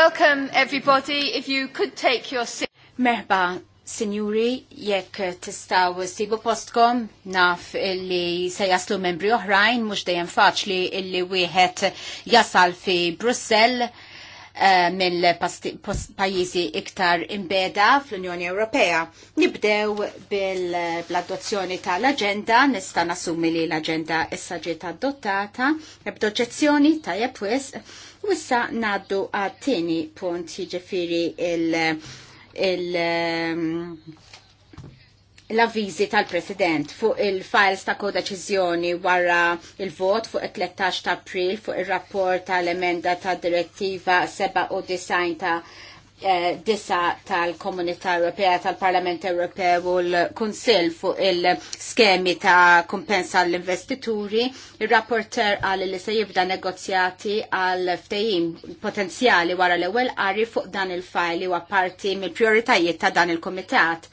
welcome everybody. If you could take your seat. Merba, Signori, jekk tistaw sibu postkom, naf illi se jaslu membri oħrajn, mux dejjem faċli illi wieħed jasal fi Brussell uh, eh, mill pajjiżi iktar imbeda fl-Unjoni Ewropea. Nibdew bil-adozzjoni tal-agenda, nista' nassumi li l-agenda issa ġiet adottata, ebdoġezzjoni tajjeb wisq U issa naddu għat-tieni punt jiġifieri il- il- um, l-avvizi tal-President fuq il-files ta' kodeċizjoni wara il-vot fuq il-13 ta' april fuq il-rapport tal-emenda ta' direttiva 9 ta' Eh, disa tal-Komunità Ewropea, tal-Parlament Ewropew u l-Kunsil fuq il-skemi ta' kompensa l-investituri. Il-rapporter għal li se jibda negozjati għal ftejim potenzjali wara l-ewel għarri fuq dan il-fajli u parti mill-prioritajiet ta' dan il-Komitat.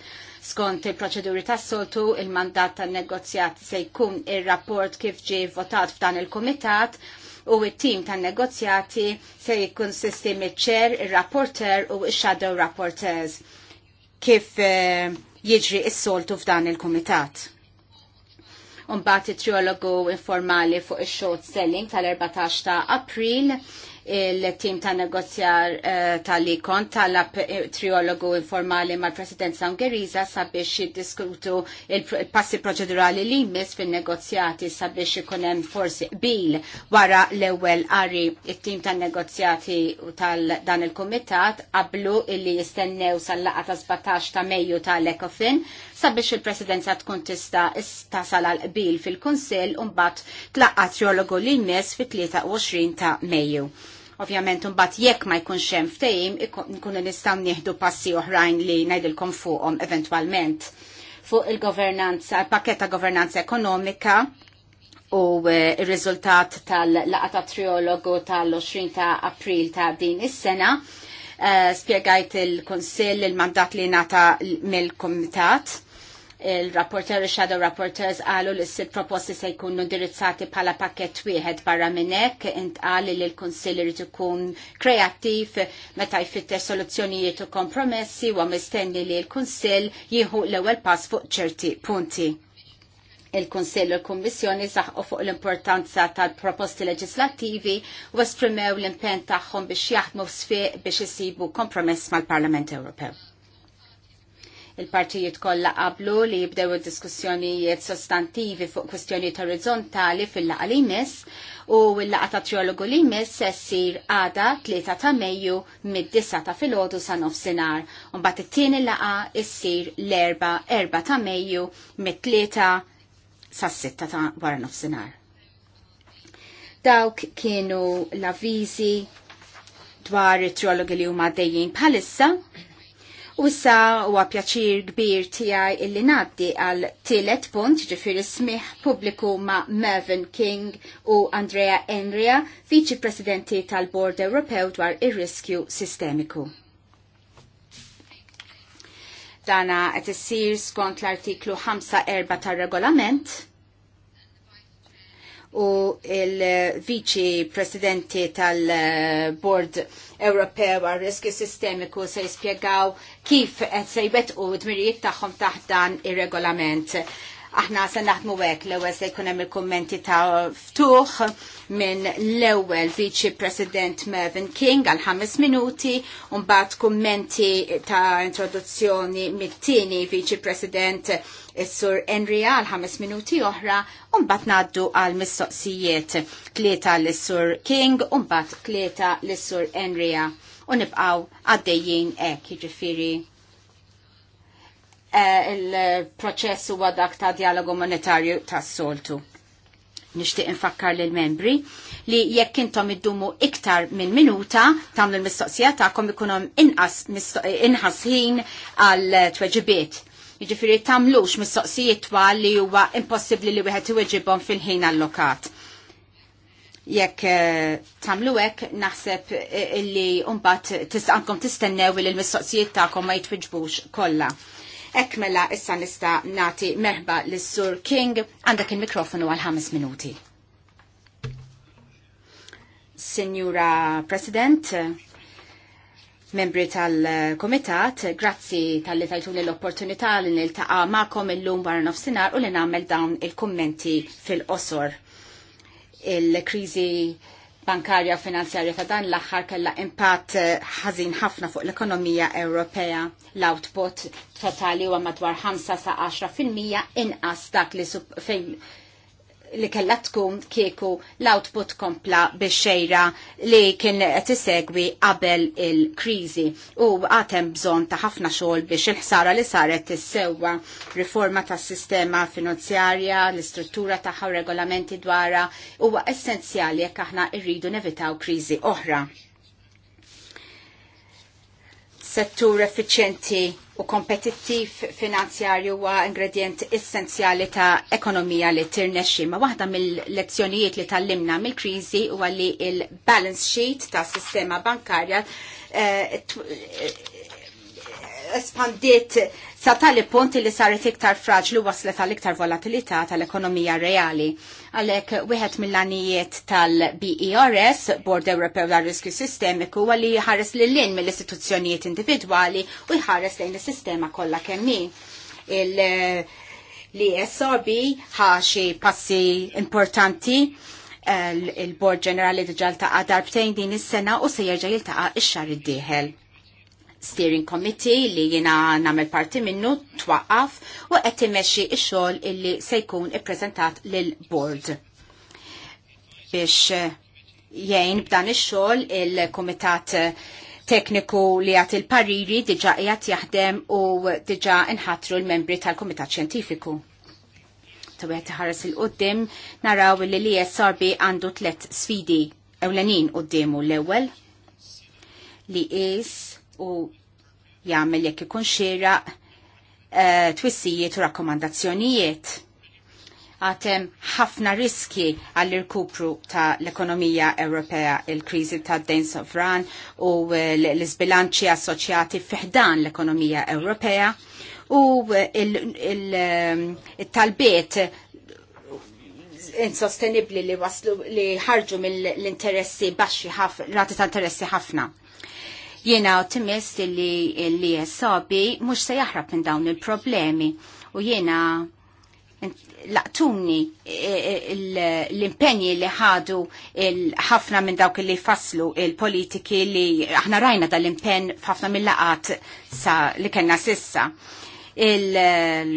Skont il-proċeduri ta' soltu, il-mandat ta' negozjati se jkun il-rapport kif ġi votat f'dan il-Komitat, il il komitat u it-tim tan negozjati se jkun sistemi ċer, il-rapporter u il-shadow rapporters kif eh, jiġri is-soltu f'dan il-komitat. Umbat it-triologu informali fuq il-short selling tal-14 ta' april il-tim ta' negozjar eh, tal-ikon talab triologu informali mal-presidenza Ungheriża sabiex jiddiskutu il-passi proċedurali li jmiss fin-negozjati sabiex ikun hemm forsi bil wara l-ewwel qari il tim ta' negozjati tal-dan il-kumitat qablu illi jistennew sal-laqa ta' 17 ta' Mejju tal-Ekofin sabiex il-presidenza tkun tista tasal salal qbil fil-Kunsill u mbagħad tlaqqa triologu li jmiss fit-23 ta' Mejju. Ovvjament imbagħad jekk ma jkunx hemm ftehim nkunu nistgħu nieħdu passi oħrajn li ngħidilkom fuqhom eventwalment fuq il-governanza, il-pakket ta' governanza ekonomika u eh, il-riżultat tal-laqa ta' triologu tal-20 ta' april ta' din is-sena. Eh, spiegajt il-Konsill il-mandat li nata mill-Komitat il-rapporter il shadow rapporters għalu li s proposti se jkunu indirizzati bħala pakket wieħed barra minnek int għalli li l-Konsil irid ikun kreattiv meta jfitter soluzzjonijiet u kompromessi u mistenni li l-Konsil jieħu l-ewwel pass fuq ċerti punti il-Konsill u l-Kommissjoni saħqu fuq l-importanza tal-proposti leġislattivi u esprimew l-impen tagħhom biex jaħdmu sfiq biex isibu kompromess mal-Parlament Ewropew. Il-partijiet kollha qablu li jibdew id-diskussjonijiet sostantivi fuq kwistjonijiet orizzontali fil-laqa li jmiss u l-laqa ta' triologu li jmiss se ssir għada 3 ta' Mejju mid-9 ta' filgħodu sa' nofsinhar. Mbagħad it-tieni laqa ssir l-erba' 4 ta' Mejju mid-3 sa' 6 ta' wara nofsinhar. Dawk kienu l-avviżi dwar it-triologi li huma dejjin bħalissa U sa huwa pjaċir kbir tiegħi illi ngħaddi għal tielet punt ġifieri smih pubbliku ma' Mervyn King u Andrea Enria, viċi presidenti tal-Bord Ewropew dwar ir-riskju sistemiku dana qed issir skont l-artiklu 5-4 tar-regolament u il-Viċi Presidenti tal-Bord Ewropew għal riskju sistemiku se jispjegaw kif se jbetqu d-mirijiet tagħhom taħt dan ir-regolament. Aħna se naħdmu hekk l-ewwel se jkun hemm il-kummenti ta' ftuħ minn l-ewwel Viċi President Mervyn King għal ħames minuti u mbagħad kummenti ta' introduzzjoni mit-tieni Viċi President Is-sur Enri għal ħames minuti oħra u mbagħad ngħaddu għal mistoqsijiet tlieta lis-sur King u mbagħad tlieta lis-sur Enria u nibqgħu għaddejjin hekk jiġifieri eh, il-proċess huwa dak ta' dialogu monetarju tas-soltu nishtiq infakkar lill membri li jekk intom iddumu iktar minn minuta tagħmlu l-mistoqsija tagħkom ikunhom inqas inħasħin għal tweġibiet jiġifieri tamlux mistoqsijiet twal li huwa impossibbli li wieħed iweġibhom fil-ħin allokat. Jekk eh, tamlu hekk naħseb eh, illi mbagħad tistaqkom tistennew li l-mistoqsijiet tagħkom ma jitwiġbux kollha. Hekk mela issa nista' nagħti merħba lis-Sur King għandek il-mikrofonu għal ħames minuti. Signora President, membri tal-komitat, grazzi tal-li tajtuni l-opportunità li nil-taqa ma'kom il-lum barra nofsinar u li namel dawn il-kommenti fil-qosor. Il-krizi bankarja u finanzjarja ta' dan l axar kella impatt ħażin ħafna fuq l-ekonomija Ewropea. L-output totali huwa madwar 5 sa 10% inqas dak li fejn li kella tkun kieku l-output kompla biex xejra li kien qed isegwi qabel il-kriżi u għatem bżonn ta' ħafna xogħol biex il-ħsara li saret issewwa riforma tas-sistema finanzjarja, l-istruttura tagħha u regolamenti dwarha huwa essenzjali jekk aħna rridu nevitaw kriżi oħra settur effiċjenti u kompetittiv finanzjarju huwa ingredient essenzjali ta' ekonomija li tirnexxi. Ma waħda mill-lezzjonijiet li tallimna mill-kriżi huwa li il-balance sheet ta' sistema bankarja eh, eh, espandiet sa tali punti li saret iktar fraġlu waslet għal iktar volatilità tal-ekonomija reali Għalek, wieħed mill-għanijiet tal-BERS, Board Ewropew għal Riskju Sistemiku, għalli jħares l lin mill-istituzzjonijiet individwali u jħares lejn is-sistema kollha kemmi. Eh, l esrb ħaxi passi importanti il-Bord eh, Ġenerali Diġal għadar btejn din is-sena u se jirġa' jiltaqa' ix-xahar id-dieħel steering committee li jina namel parti minnu twaqaf u qed imexxi xol xogħol illi se jkun ippreżentat lil board biex eh, jgħin b'dan ix-xogħol il-kumitat tekniku li għat il-pariri diġa jgħat jaħdem u diġa nħatru l-membri tal-kumitat xjentifiku. Tawi għat ħares il-qoddim naraw li li jessarbi għandu tlet sfidi ewlenin qoddimu l-ewel li is u jagħmel jekk ikun xira uh, eh, twissijiet u rakkomandazzjonijiet. Għatem ħafna riski għall-irkupru ta' l-ekonomija Ewropea, il-krizi ta' d-dejn sovran u eh, l-izbilanċi assoċjati fiħdan l-ekonomija Ewropea u eh, il-talbiet insostenibli li waslu li ħarġu mill-interessi baxxi ħafna, rati ta' interessi ħafna. Jiena ottimist li l-ISOB mhux se jaħrab minn dawn il-problemi u jiena laqtuni e, e, l-impenji li ħadu ħafna minn dawk li faslu il-politiki li aħna rajna dal-impenn ħafna mill-laqat li kena sissa l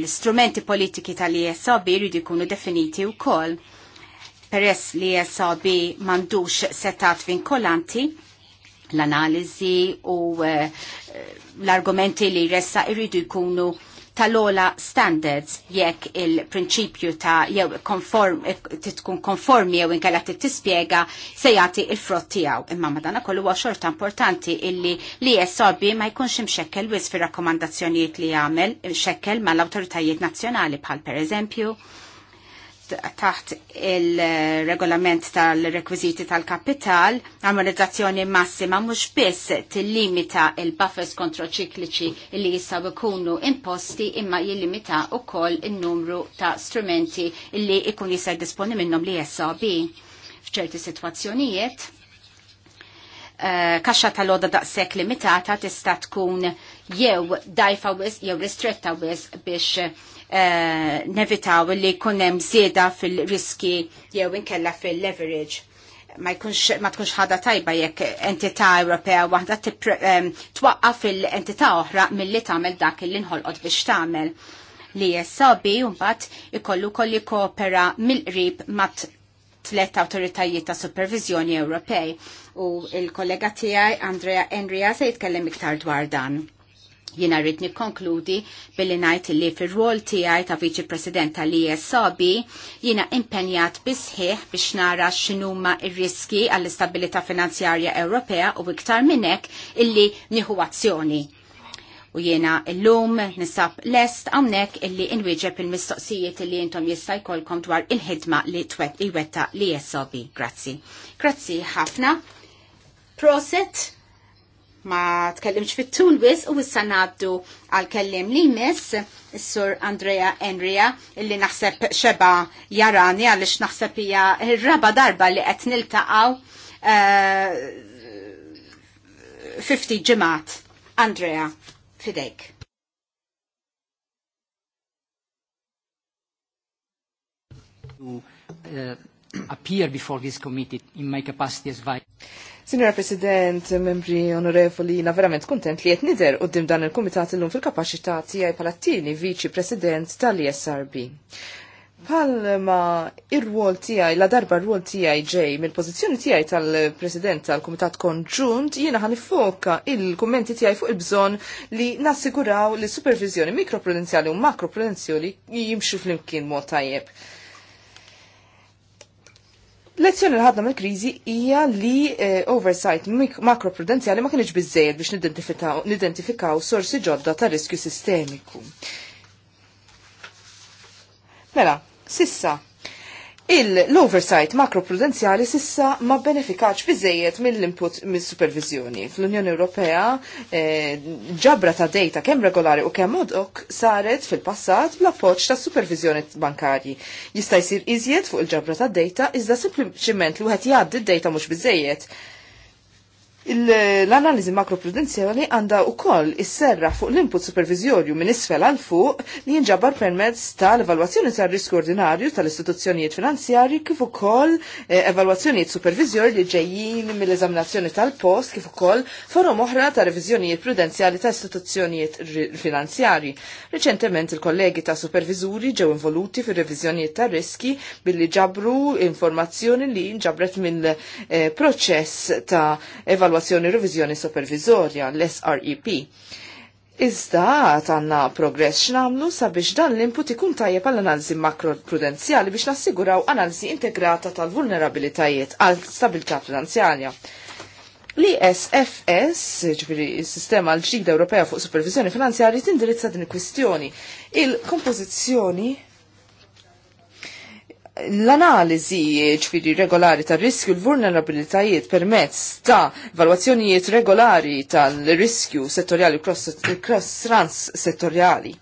istrumenti politiki tal-ISOB jridu jkunu definiti u koll. Peress li ISOB e mandux setat vinkolanti, l-analizi u eh, l-argumenti li ressa irridu jkunu tal-ola standards jekk il-prinċipju ta' jew konform, eh, tkun konformi jew inkella tispiega se jagħti il-frott tiegħu. Imma madana kollu huwa xorta importanti illi li jessobi ma jkunx imxekkel wis fir rakkomandazzjonijiet li jgħamil, imxekkel mal-awtoritajiet nazzjonali bħal pereżempju taħt il-regolament tal-rekwiziti tal-kapital, ammonizzazzjoni massima mhux biss tillimita il-buffers kontroċikliċi li jistaw ikunu imposti imma jillimita wkoll in-numru ta' strumenti li ikun jista' disponi minnhom li SAB. F'ċerti sitwazzjonijiet, eh, kaxxa tal-oda daqshekk limitata tista' tkun jew dajfa wis jew ristretta wis biex Eh, nevitaw li kunem zieda fil-riski jew inkella fil-leverage ma jkunx ma tkunx ħada tajba jekk entità Ewropea waħda twaqqaf fil-entità oħra milli tagħmel dak li nħolqod biex tagħmel li jessabi mbagħad ikollu kolli koopera mill-qrib mat tlet awtoritajiet ta' supervizjoni Ewropej u il-kollega tiegħi Andrea Enria se jitkellem iktar dwar dan. Jena rrid nikkonkludi billi ngħid li fir-rol tiegħi ta' Viċi President tal-ISAB jiena impenjat bisħiħ biex nara x'inhuma r-riski għall-istabilità finanzjarja Ewropea u iktar minn hekk illi nieħu azzjoni. U jiena llum nisab lest hawnhekk illi inwieġeb il-mistoqsijiet illi intom jista' jkollkom dwar il-ħidma li twet i wetta li jessobi. Grazzi. Grazzi ħafna. Proset ma tkellimx fit-tul wis u issa ngħaddu għal kellim li jmiss is-sur Andrea Enria illi naħseb xeba jarani għaliex naħseb hija ir raba darba li qed niltaqgħu uh, eh, 50 Andrea, fidejk. Eh, appear before this committee in my capacity as vice. Signora President, membri onorevoli, na verament kontent li jett nider u dim dan il-Komitat l-lum fil-kapacità tijaj palattini viċi President tal-ISRB. Palma ir-rwol tiegħi, la darba r-rwol tiegħi ġej mill-pożizzjoni tiegħi tal-President tal-Kumitat Konġunt, jiena ħanifoka il-kummenti tiegħi fuq il-bżonn li nassiguraw li supervizjoni mikroprudenziali u makroprudenzjali jimxu flimkien mod tajjeb. Lezzjoni li ħadna mill-kriżi hija li eh, oversight makroprudenzjali ma kienx biżejjed biex nidentifikaw sorsi ġodda ta' riskju sistemiku. Mela, sissa Il-oversight makroprudenzjali sissa ma benefikax bizzejiet mill-input mill-supervizjoni. Fl-Unjoni Ewropea eh, ġabra ta' data kemm regolari u kemm modok saret fil-passat bl-appoġġ ta' supervizjoni bankarji. Jista' jsir iżjed fuq il-ġabra ta' data iżda sempliċiment li wieħed jgħaddi d-data mhux biżejjed L-analiżi makroprudenzjali għandha wkoll isserra fuq l-input supervizjorju minn isfel għal fuq li jinġabar permezz tal-evalwazzjoni tar-riskju ordinarju tal-istituzzjonijiet finanzjarji kif ukoll eh, evalwazzjonijiet supervizjorju li ġejjin mill-eżaminazzjoni tal-post kif ukoll forum oħra ta' reviżjonijiet prudenzjali ta' istituzzjonijiet finanzjarji. Reċentement il-kollegi ta' supervizuri ġew involuti fir-reviżjonijiet ta' riski billi ġabru informazzjoni li jinġabret mill-proċess eh, ta' evalwazzjoni evaluazzjoni revizjoni supervizorja, l-SREP. Iżda għanna progress x'namlu sabiex dan l-input ikun tajjeb għall analizi makroprudenzjali biex nassiguraw analizi integrata tal-vulnerabilitajiet għal stabilità finanzjarja. L-ISFS, ġifiri sistema l-ġdida Ewropea fuq Supervizjoni finanzjarja, tindirizza din il-kwistjoni. Il-kompożizzjoni l-analizi ċfiri regolari tal riskju l-vulnerabilitajiet permezz ta' valwazzjonijiet regolari tal-riskju settorjali cross trans settorjali.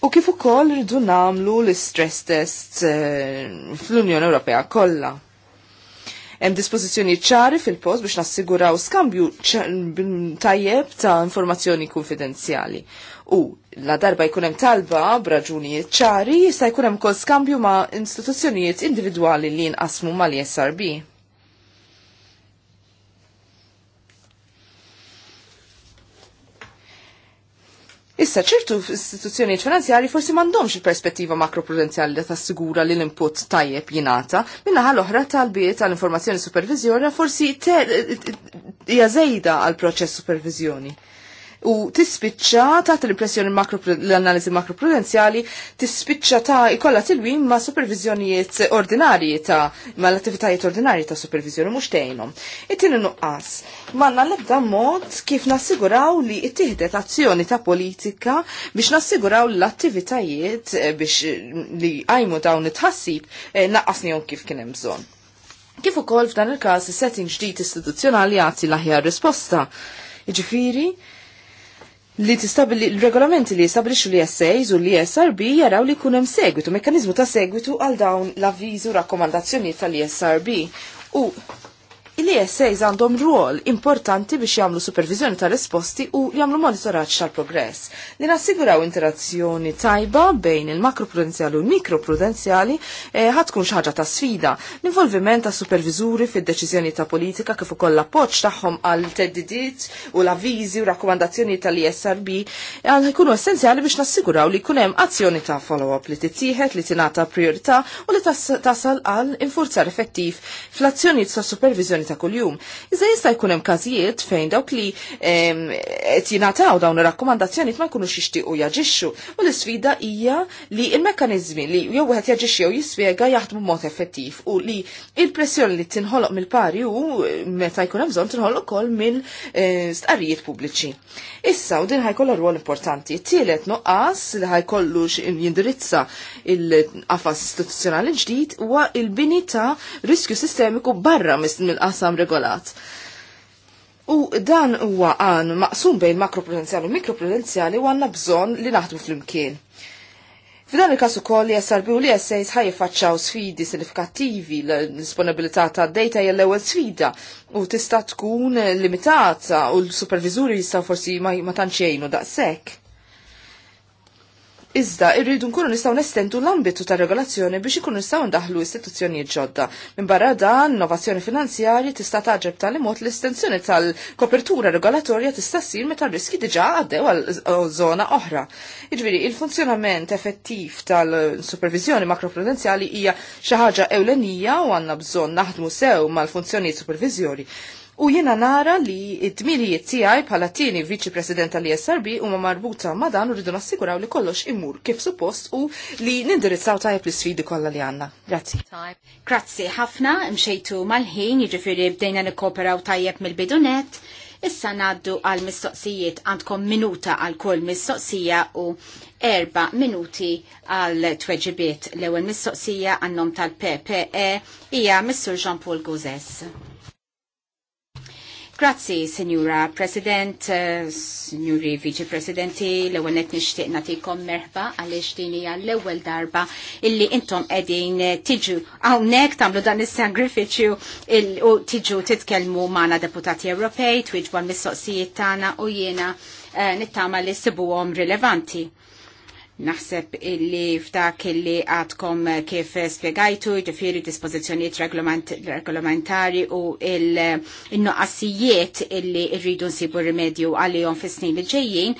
U kif ukoll rridu namlu l-stress test eh, fl-Unjoni Ewropea kollha. Hemm dispożizzjoni ċari fil-post biex nassiguraw skambju tajjeb ta' informazzjoni konfidenzjali. U la darba jkun hemm talba b'raġuni ċari jista' jkun hemm kol skambju ma' istituzzjonijiet individwali li nqasmu mal-ISRB. Issa ċertu istituzzjonijiet finanzjari forsi m'għandhomx il-perspettiva makroprudenzjali li tassigura li l-input tajjeb jingħata, minna l-oħra talbiet għall informazzjoni supervizjoni forsi hija żejda għal proċess supervizjoni u tispiċċa taħt l-impressjoni l-analiżi makroprudenzjali tispiċċa ta' ikolla tilwim ma' supervizjonijiet ordinarji ta' ma' l-attivitajiet ordinarji ta' supervizjoni mhux tgħinhom. it nuqqas. Manna l-ebda mod kif nassiguraw li ittieħdet azzjoni ta' politika biex nassiguraw l-attivitajiet eh, biex eh, li għajmu dawn it-ħassib eh, naqqasnihom kif kien hemm bżonn. Kif ukoll f'dan il-każ is-setting ġdid istituzzjonali jagħti l-aħjar risposta. Jiġifieri, li tistabili l-regolamenti li jistabilixu li sas u li SRB jaraw li kunem segwitu, mekanizmu ta' segwitu għal dawn l-avvizu rakkomandazzjoni tal-ISRB. U Il-ESAs għandhom rwol importanti biex jagħmlu supervizjoni ta' risposti u jagħmlu monitoraġġ tal-progress. Li nassiguraw interazzjoni tajba bejn il-makroprudenzjali u l-mikroprudenzjali ħatkun eh, ħaġa ta' sfida. L-involviment ta' superviżuri fid-deċiżjoni ta' politika kif ukoll l-appoġġ tagħhom għal teddidiet u l-avviżi u rakkomandazzjoni tal-ISRB għal jkunu essenzjali biex nassiguraw li jkun hemm azzjoni ta' follow-up li titieħed li tingħata priorità u li tasal għal infurzar effettiv fl-azzjonijiet ta' supervizjoni ta' kuljum. Iżda jista' jkun hemm każijiet fejn dawk li qed jingħataw dawn ir-rakkomandazzjonijiet ma jkunux jixtiequ jaġixxu. U l-isfida hija li l-mekkaniżmi li jew wieħed jaġixxi jew jispjega jaħdmu mod effettiv u li il-pressjoni li tinħoloq mill-pari u meta jkun hemm bżonn tinħoloq ukoll mill-stqarrijiet eh, pubbliċi. Issa u din ħajkollha rwol importanti. Tielet noqqas li ħajkollu jindirizza il-qafas istituzzjonali ġdid huwa il-bini ta' riskju sistemiku barra mill qasam regolat. U dan huwa għan maqsum bejn makroprudenzjali u mikroprudenzjali u għanna bżon li naħdmu fl-imkien. F'dan il-kas ukoll li SRB u li SAs ħaj jiffaċċaw sfidi sinifikattivi l-disponibilità ta' data jew l-ewwel sfida u tista' tkun limitata u l-supervizuri jistgħu forsi ma tantx jgħinu daqshekk. Iżda, irridu nkunu nistgħu nestendu l-ambitu ta' regolazzjoni biex ikunu nistgħu ndaħlu istituzzjonijiet ġodda. Minbarra dan, innovazzjoni finanzjarji tista' taġeb tal-imot l istensjoni tal-kopertura regolatorja tista' ssir meta riski diġà għaddew għal żona oħra. Jiġifieri, il-funzjonament effettiv tal-supervizjoni makroprudenzjali hija xi ħaġa ewlenija u għandna bżonn naħdmu sew mal-funzjonijiet supervizjoni u jiena nara li id-dmirijiet tiegħi bħala tieni viċi president tal u huma marbuta ma' dan u rridu nassiguraw li kollox imur kif suppost u li nindirizzaw tajjeb l-isfidi kollha li għandna. Grazzi. Grazzi ħafna mxejtu mal-ħin jiġifieri bdejna nikoperaw tajjeb mill-bidunet. Issa naddu għal mistoqsijiet għandkom minuta għal kull mistoqsija u erba minuti għal tweġibiet. L-ewwel mistoqsija għannom tal-PPE hija Mr. Jean-Paul Gozes. Grazzi, Signora President, eh, Signori Vice Presidenti, l-ewel net nishtiq natikom merħba għalix dini għall-ewel darba illi intom edin eh, tiġu għawnek tamlu dan il-sangrifiċu u tiġu titkelmu maħna deputati Ewropej, twiġbu għal-missoqsijiet tana u jena eh, nittama li sibuhom rilevanti. rilevanti Naħseb illi f'dak illi għadkom kif spiegajtu, ġifiri dispozizjoniet regolamentari u il-nuqqassijiet illi rridu nsibu rimedju għalihom fis-snin li ġejjin,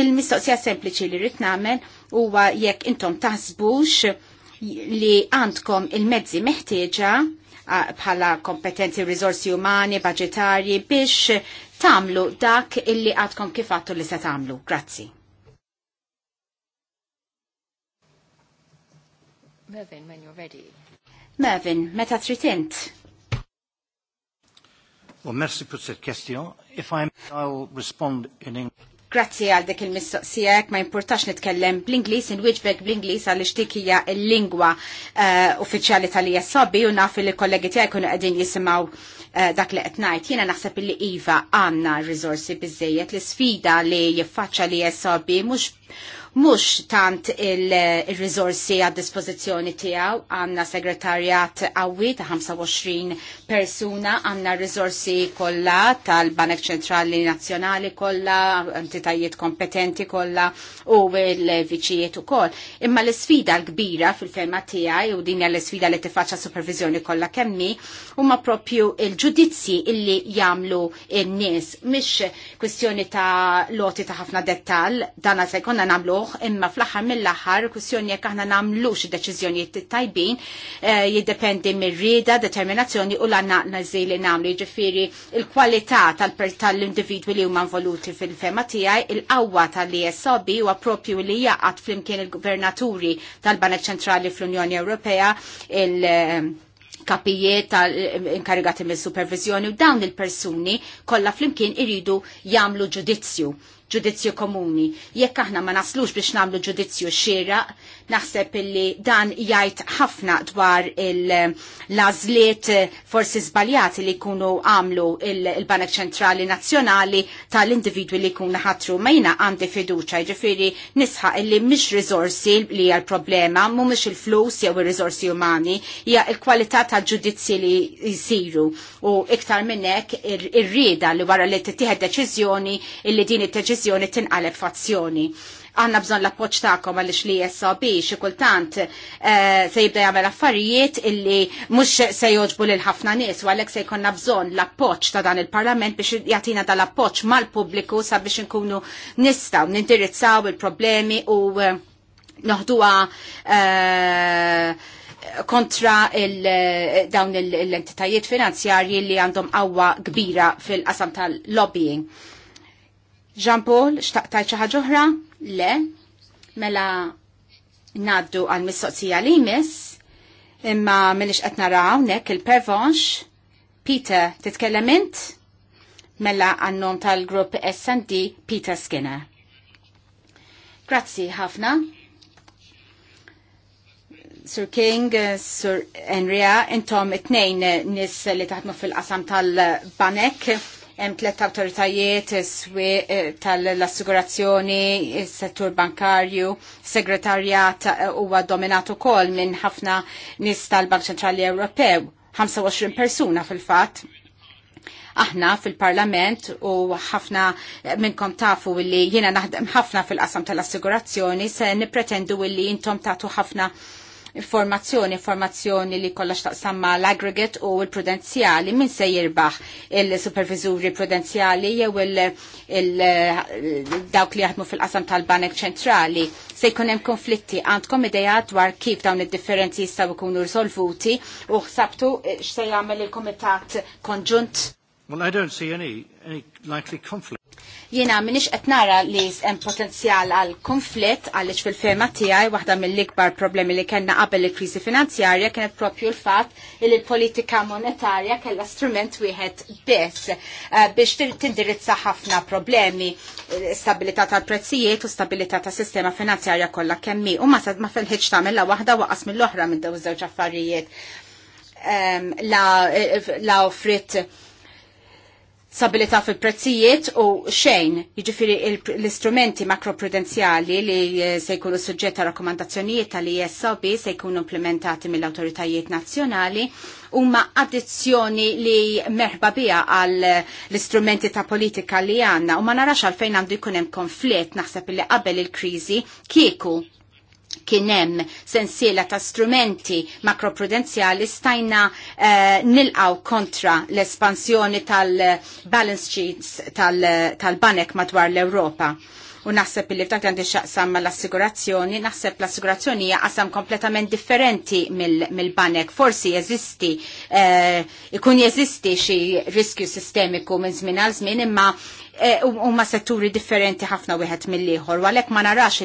il-mistoqsija sempliċi li rrid nagħmel huwa jekk intom taħsbux li għandkom il-mezzi meħtieġa bħala kompetenti risorsi umani, budgetari biex tamlu dak illi għadkom kif għattu li se tamlu. Grazzi. Mervin, when you're ready. Mervin, meta tritint? Well, merci pour cette question. If I'm, I'll respond in English. Grazzi għal dik il-mistoqsijek, ma importax nitkellem bl-Inglis, inwiġbek bl-Inglis għal ixtikija il-lingwa eh, uffiċjali tal-ISOB u naf li kollegi tiegħi kunu qegħdin jisimgħu eh, dak li qed ngħid. Jiena naħseb li iva għandna r-riżorsi biżejjed l-isfida li jiffaċċja li ISOB mhux mux tant eh, il-rizorsi il għad dispozizjoni tijaw, għanna segretarjat għawi ta' 25 persuna, għanna rizorsi kolla tal-Banek Ċentrali Nazjonali kolla, entitajiet kompetenti kolla u l-viċijiet u koll. Imma l-sfida l-kbira fil-fema tijaj u dinja l-sfida li tifaċa supervizjoni kolla kemmi, huma propju il-ġudizzi illi jamlu il-nis, mish kwestjoni ta' loti ta' ħafna dettal, dana se namlu moħ imma fl-aħħar mill-aħħar kwistjoni jekk aħna nagħmlux deċiżjonijiet tajbin eh, jiddependi mir-rieda, determinazzjoni u l-anaqnażi li nagħmlu jiġifieri il-kwalità tal-individwi li huma involuti fil-fema tiegħi, il-qawwa tal jessobi huwa propju li jaqgħad flimkien il-gvernaturi tal-Banek Ċentrali fl-Unjoni Ewropea il- eh, kapijiet inkarigati mill supervizjoni u dawn il-persuni kollha flimkien iridu jagħmlu ġudizzju ġudizzju komuni. Jekk aħna ma naslux biex nagħmlu ġudizzju xieraq, Naħseb illi dan jgħid ħafna dwar il-lażliet eh, forsi żbaljati li jkunu għamlu il-Banek Ċentrali Nazzjonali tal-individwi li jkunu ħatru mejna għandi fiduċa, ġifiri nisħa illi mhix rizorsi li hija l-problema, mhumiex il-flus jew ir rizorsi umani, hija l-kwalità tal ġudizzi li jsiru u iktar minn hekk ir-rieda li wara li tittieħed deċiżjoni illi din id-deċiżjoni tinqaleb fazzjoni għanna bżon l-appoċ ta'kom għalix li jessab xi kultant eh, se jibda jagħmel affarijiet illi mhux se joġbu lil ħafna nies u għalhekk se jkollna bżonn l-appoċ ta' dan il-Parlament biex jagħtina dal-appoċ mal-pubbliku sabiex inkunu nistgħu nindirizzaw il-problemi u eh, noħduha eh, kontra il, dawn l-entitajiet finanzjarji li għandhom għawa kbira fil-qasam tal-lobbying. Jean Paul, xtaqtaj ċaħġa oħra? Le, mela naddu għal mistoqsija li miss, imma millix qed naraw nek il-pervonx. Peter, titkellem int? Mela għannom tal-grupp S&D Peter Skinner. Grazzi ħafna. Sir King, Sir Enria, intom it-nejn nis li taħdmu fil-qasam tal-Banek hemm tliet awtoritajiet is-swieq eh, tal-assigurazzjoni, is-settur bankarju, segretarjat eh, huwa dominat ukoll minn ħafna nies tal-Bank Ċentrali Ewropew, 25 persuna fil-fatt aħna fil-parlament u ħafna eh, minnkom tafu li jiena naħdem ħafna fil-qasam tal-assigurazzjoni se nipretendu li intom tatu ħafna informazzjoni, informazzjoni li kollha taqsamma l-aggregate u l-prudenzjali, min se jirbaħ il-supervizuri prudenzjali jew il-dawk li jaħdmu fil-qasam tal-Banek Ċentrali. Se jkun hemm konflitti għandkom idea dwar kif dawn id-differenzi jistgħu jkunu risolvuti u ħsabtu eh, x'se jagħmel il-Kumitat Konġunt? Well, I don't see any, any likely conflict. Jiena minix qed nara li hemm potenzjal għal konflitt għaliex fil-firma tiegħi waħda mill-ikbar problemi li kellna qabel il-kriżi finanzjarja kienet propju l-fatt li l-politika monetarja kellha strument wieħed biss eh, biex tindirizza ħafna problemi eh, stabilità tal-prezzijiet u stabilità tas sistema finanzjarja kollha kemmi u ma sad ma fil-ħiġ tagħmilha waħda waqas mill-oħra minn dawn żewġ affarijiet eh, la offrit stabilità fil-prezzijiet u xejn, jiġifieri l-istrumenti makroprudenzjali li eh, se jkunu suġġetta rakkomandazzjonijiet tal ISOB se jkunu implementati mill-awtoritajiet nazzjonali huma addizzjoni li merħba biha għal l-istrumenti ta' politika li għandna u ma narax għalfejn għandu jkun hemm konflitt naħseb li qabel il-kriżi kieku Kien hemm sensiela ta' strumenti makroprudenzjali stajna eh, nilqaw kontra l-espansjoni tal-balance sheets tal-banek tal madwar l-Europa. U naħseb li f'dak għandi xaqsam l-assigurazzjoni, naħseb l-assigurazzjoni hija qasam kompletament differenti mill-banek. Mil Forsi jeżisti, eh, ikun jeżisti xi riskju sistemiku minn żmien għal żmien, imma huma eh, setturi differenti ħafna wieħed mill-ieħor, għalhekk ma narax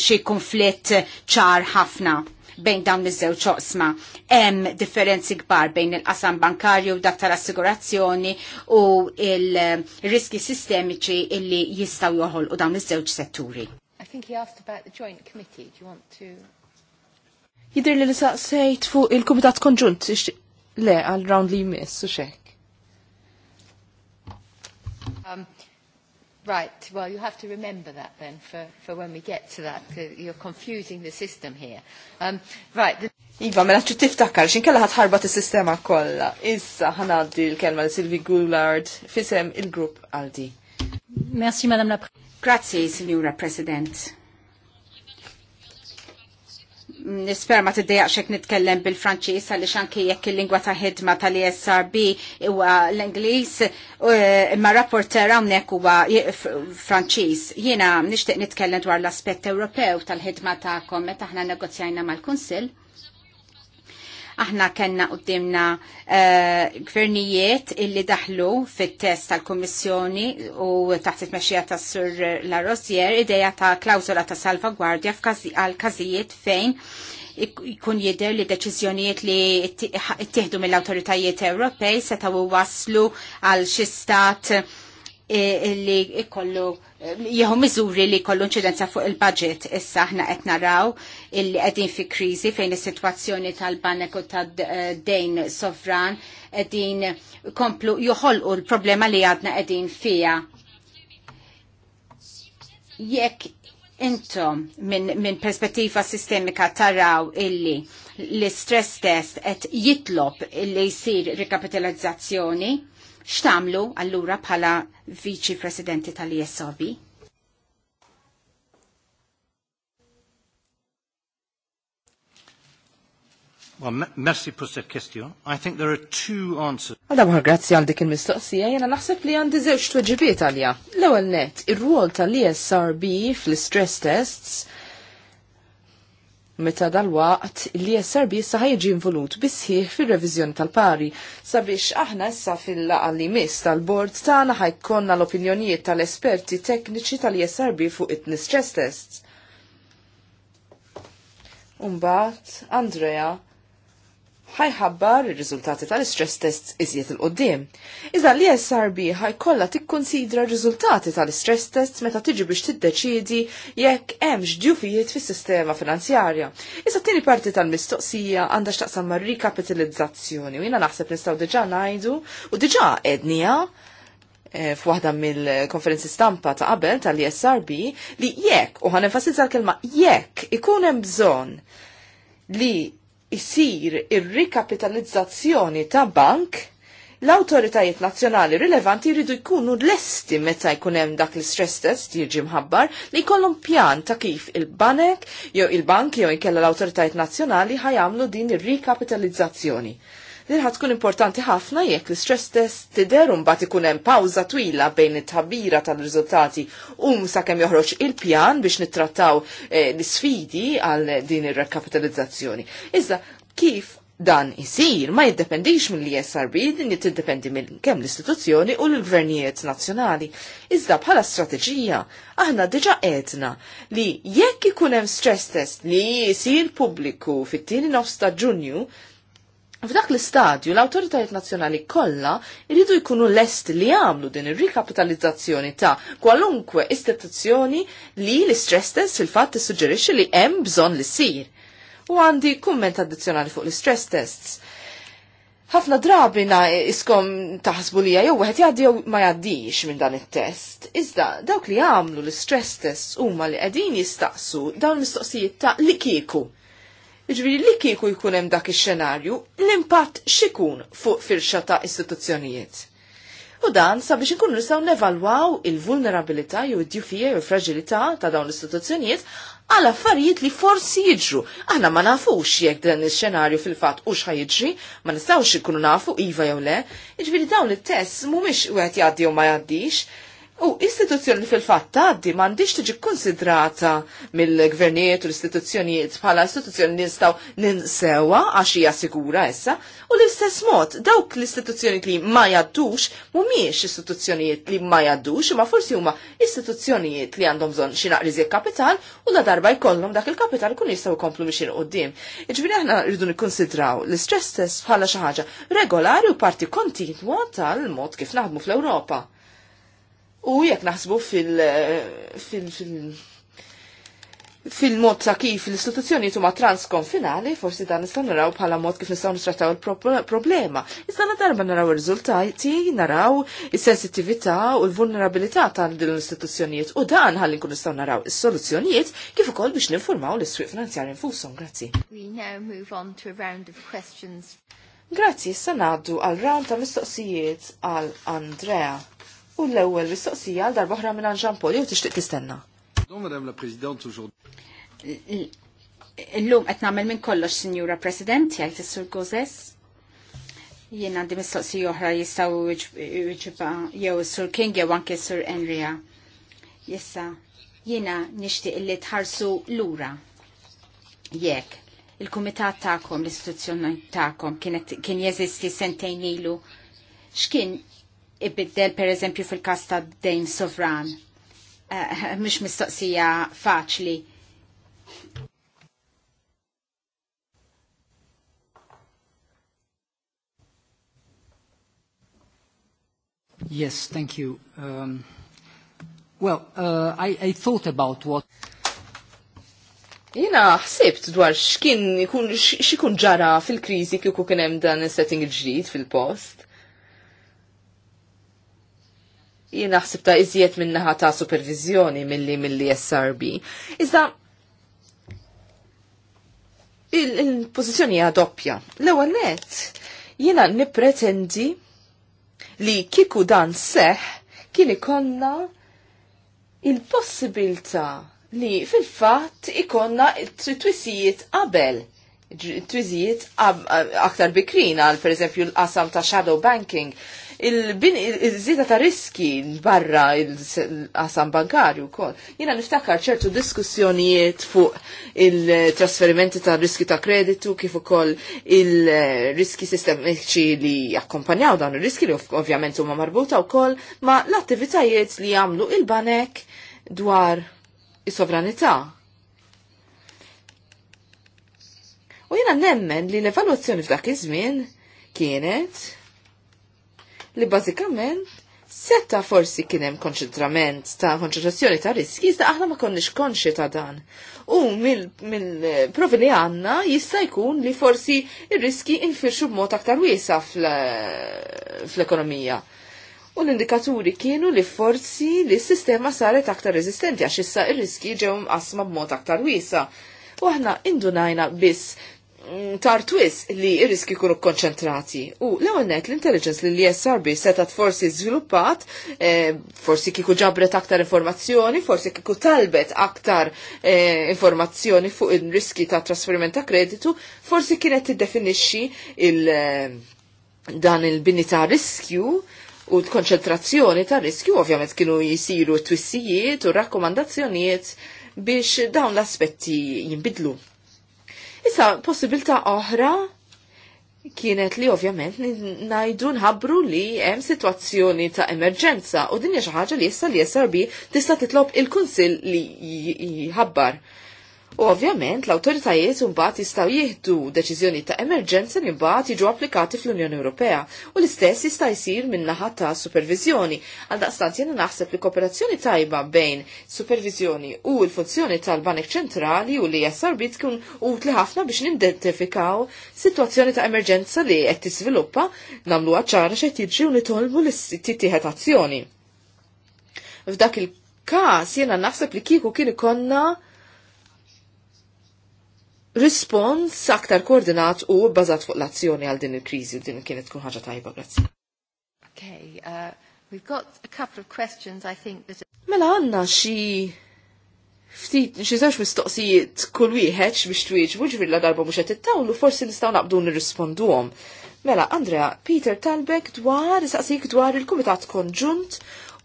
xi konflitt ċar ħafna bejn dawn iż-żewġ oqsma. Hemm differenzi kbar bejn il-qasam bankarju u dak tal-assigurazzjoni u il-riski sistemiċi illi jistgħu joħolqu dawn iż-żewġ setturi. I think he asked about the joint committee. Do you want to li l-saqsejt fuq il-Kumitat Konġunt, le, għal-round li jmiss, u xek. Right, well, you have to remember that then for, for when we get to that. You're confusing the system here. Um, right. The... Iva, mela ċu tiftakar, xin kalla ħatħarbat il-sistema kolla. Issa ħanaddi l-kelma li Silvi Goulard fisem il-grupp Aldi. Merci, Madame la Grazie, Signora President nispera ma tiddejaq xek nitkellem bil-Franċis għalli xanki jekk il-lingwa ta' ħidma tal-ISRB huwa l inglis eh, imma rapporter hawnhekk huwa Franċis. Jiena nixtieq nitkellem dwar l-aspett Ewropew tal-ħidma ta' meta aħna negozjajna mal-Kunsill Aħna kellna qudiemna eh, gvernijiet illi daħlu fit-test tal-Kummissjoni u taħt it-mexxija tas-Sur La Rosier ideja ta' klawzola ta' salvagwardja għal każijiet fejn jkun jidher li deċiżjonijiet li ttieħdu mill-awtoritajiet Ewropej setgħu waslu għal xi stat eh, li ikollu eh, jieħu miżuri li jkollu inċidenza fuq il-budget issa aħna qed naraw illi qegħdin fi kriżi fejn is-sitwazzjoni tal-banek u tad-dejn sovran qegħdin komplu joħolqu l-problema li għadna qegħdin fija. Jekk intom minn min perspettiva sistemika taraw illi l-stress test qed jitlob illi jsir rikapitalizzazzjoni, x'tamlu allura bħala viċi presidenti tal-ISOB? Well, merci pour cette question. I think there are two answers. grazzi għal dik il-mistoqsija, jena naħseb li għandi żewġ tweġibiet għalja. L-ewwel net, ir-rwol tal-ESRB fl-stress tests meta dal-waqt li jessarbi issa ħajġi involut bisħiħ fil-revizjoni tal-pari sabiex aħna issa fil-laqalli mis tal-bord tagħna ħajkonna l-opinjonijiet tal-esperti tekniċi tal-jessarbi fuq it-stress tests. Umbat, Andrea, ħajħabbar il riżultati tal-istress test iżjed il-qoddim. Iżda li SRB ħajkolla tikkonsidra r-riżultati tal stress test meta tiġi biex tiddeċiedi jekk hemmx djufijiet fis-sistema finanzjarja. Iżda tieni parti tal-mistoqsija għandha x'taqsam ma' rikapitalizzazzjoni u jiena naħseb nistgħu diġà ngħidu u diġà qednija eh, f'waħda mill-konferenzi stampa ta' qabel tal-ISRB li jekk u ħanenfasizza l-kelma jekk ikun hemm bżonn li isir ir-rikapitalizzazzjoni ta' bank, l-autoritajiet nazzjonali rilevanti jridu jkunu lesti meta jkun hemm dak l-stress test jiġi mħabbar li jkollhom pjan ta' kif il-banek jew il-bank jew inkella l-autoritajiet nazzjonali ħajamlu din ir-rikapitalizzazzjoni. Din tkun importanti ħafna jekk l-stress test tidher mbagħad ikun hemm pawża twila bejn it tabira tal-riżultati u um sakemm joħroġ il-pjan biex nittrattaw eh, l-sfidi għal din ir-rekapitalizzazzjoni. Iżda kif dan isir ma jiddependix mill-ISRB din tiddependi minn kemm l-istituzzjoni u l-gvernijiet nazzjonali. Iżda bħala strateġija aħna diġa qedna li jekk ikun hemm stress test li jisir pubbliku fit-tieni nofs ta' Ġunju, F'dak l-istadju, l-autoritajiet nazzjonali kollha jridu jkunu lest li jagħmlu din ir-rikapitalizzazzjoni ta' kwalunkwe istituzzjoni li l-istress test fil-fatt tissuġġerixxi li hemm bżonn li ssir. U għandi kumment addizzjonali fuq l-istress tests. Ħafna drabi na iskom taħsbu li jew wieħed jgħaddi jew ma jgħaddix minn dan it-test. Iżda dawk li jagħmlu l-istress test huma li qegħdin jistaqsu dawn l mistoqsijiet ta' li kieku Iġviri, li kieku jkun hemm dak ix-xenarju, l-impatt xikun fuq firxa ta' istituzzjonijiet. U dan sabiex nkunu nistgħu nevalwaw il-vulnerabilità jew id-djufija jew fragilità ta' dawn l-istituzzjonijiet għal affarijiet li forsi jiġru. Aħna ma nafux jekk dan ix xenarju fil-fatt u jiġri, ma nistgħux ikunu nafu iva jew le, iġviri dawn it tess mhumiex wieħed jgħaddi jew ma jgħaddix, U istituzzjoni fil-fatt tgħaddi m'għandix tiġi konsidrata mill-gvernijiet u l-istituzzjonijiet bħala istituzzjoni nistgħu ninsewa għax hija sigura issa, u l-istess mod dawk l-istituzzjoni li ma jgħaddux mhumiex istituzzjonijiet li ma jgħaddux, imma forsi huma istituzzjonijiet li għandhom bżonn xi kapital u la darba jkollhom dak il-kapital kun jistgħu jkomplu biex qudiem. Iġbiri aħna rridu nikkonsidraw l-istress test bħala xi ħaġa regolari u parti kontinwa tal-mod kif naħdmu fl-Ewropa U jekk naħsbu fil- fil- fil- fil-mod ta' kif l-istituzzjoni tuma konfinali, forsi dan nistgħu naraw bħala mod kif nistgħu nistrattaw il-problema. Issa darba naraw il riżultati naraw is sensitivita u l-vulnerabilità ta' din l-istituzzjonijiet u dan ħalli nkun nistgħu naraw is-soluzzjonijiet kif ukoll biex ninformaw l-iswiq finanzjarji infushom. Grazzi. We now move on to a round of questions. Grazzi, issa ngħaddu għal round ta' mistoqsijiet għal Andrea. U l-ewwel mistoqsija għal darba oħra minn Ġan Poli u tixtieq tistenna. Illum qed nagħmel minn kollox, Sinjura President, jgħid is-Sur Gozes. Jien għandi mistoqsija oħra jistgħu jġibha jew is-Sur King jew anke s-Sur Enria. Issa, jiena nixtieq li tħarsu lura. Jekk, il-kumitat tagħkom, l-istituzzjoni tagħkom kien jeżisti sentejn ilu x'kien ibiddel per eżempju fil-kas ta' dejn sovran. Eh, eh, Mux mistoqsija faċli. Yes, thank you. Um, well, uh, I, I thought about what... Jena ħsibt dwar xkien xikun ġara fil-krizi kiku kienem dan setting il ġrid fil-post jinaħsib ta' iżjed minnaħa ta' supervizjoni milli milli SRB. Iżda il-pozizjoni il hija doppja. L-ewwel jina jiena nippretendi li kiku dan seħ kien ikonna il-possibilità li fil-fatt ikonna t twisijiet qabel twizijiet aktar bikrina għal per eżempju l-qasam ta' shadow banking il-żieda ta' riski barra il-qasam bankarju wkoll. Jiena niftakar ċertu diskussjonijiet fuq il-trasferimenti ta' riski ta' kreditu kif ukoll il-riski sistemiċi li jakkompanjaw dan ir-riski li ovvjament huma marbuta wkoll ma' l-attivitajiet li jagħmlu il-banek dwar is-sovranità U jina nemmen li l-evaluazzjoni f'dak iż-żmien kienet li bażikament setta forsi kien hemm konċentrament ta' konċentrazzjoni ta' riski, iżda aħna ma konniex konxi ta' dan. U mill-provi li għanna jista' jkun li forsi ir-riski infirxu b'mod aktar wiesa fl-ekonomija. U l-indikaturi kienu li forsi li s-sistema saret aktar rezistenti għax issa ir-riski ġew asma b'mod aktar wiesa. U aħna indunajna biss tar twis li ir-riski kunu konċentrati. U l-għonnet l-intelligence li l-ISRB setat forsi zviluppat, eh, forsi kiku ġabret aktar informazzjoni, forsi kiku talbet aktar eh, informazzjoni fuq il-riski ta' trasferiment ta' kreditu, forsi kienet tiddefinixxi il- eh, dan il-bini ta' riskju u l-konċentrazzjoni ta' riskju, ovvjament kienu jisiru t-twissijiet u rakkomandazzjonijiet biex dawn l-aspetti jimbidlu. Issa, possibilità oħra kienet li ovvjament najdu nħabru li hemm situazzjoni ta' emerġenza u din hija xi ħaġa li issa li SRB tista' titlob il-Kunsill li jħabbar. U ovvjament l-autoritajiet imbagħad jistgħu jieħdu deċiżjoni ta' emerġenza li mbagħad jiġu applikati fl-Unjoni Ewropea u l-istess jista' jsir minn naħa ta' supervizjoni. Għaldaqstant jiena naħseb li kooperazzjoni tajba bejn supervizjoni u l-funzjoni tal-Banek Ċentrali u li SRB tkun utli ħafna biex nidentifikaw sitwazzjoni ta' emerġenza li qed tiżviluppa nagħmluha ċara xejn jiġri u nitolbu l tittieħed azzjoni. F'dak il-każ jiena naħseb li kieku kien ikonna rispons aktar koordinat u bbażat fuq l-azzjoni għal din il-kriżi u din kienet kun ħaġa tajba, grazzi. Okay, uh, we've got a couple of questions I think that Mela għanna xi ftit xi żewġ mistoqsijiet kull wieħed biex u ġifieri darba mhux qed ittawlu forsi nistgħu naqbdu nirrisponduhom. Mela, Andrea, Peter Talbek dwar isaqsik dwar il-Kumitat Konġunt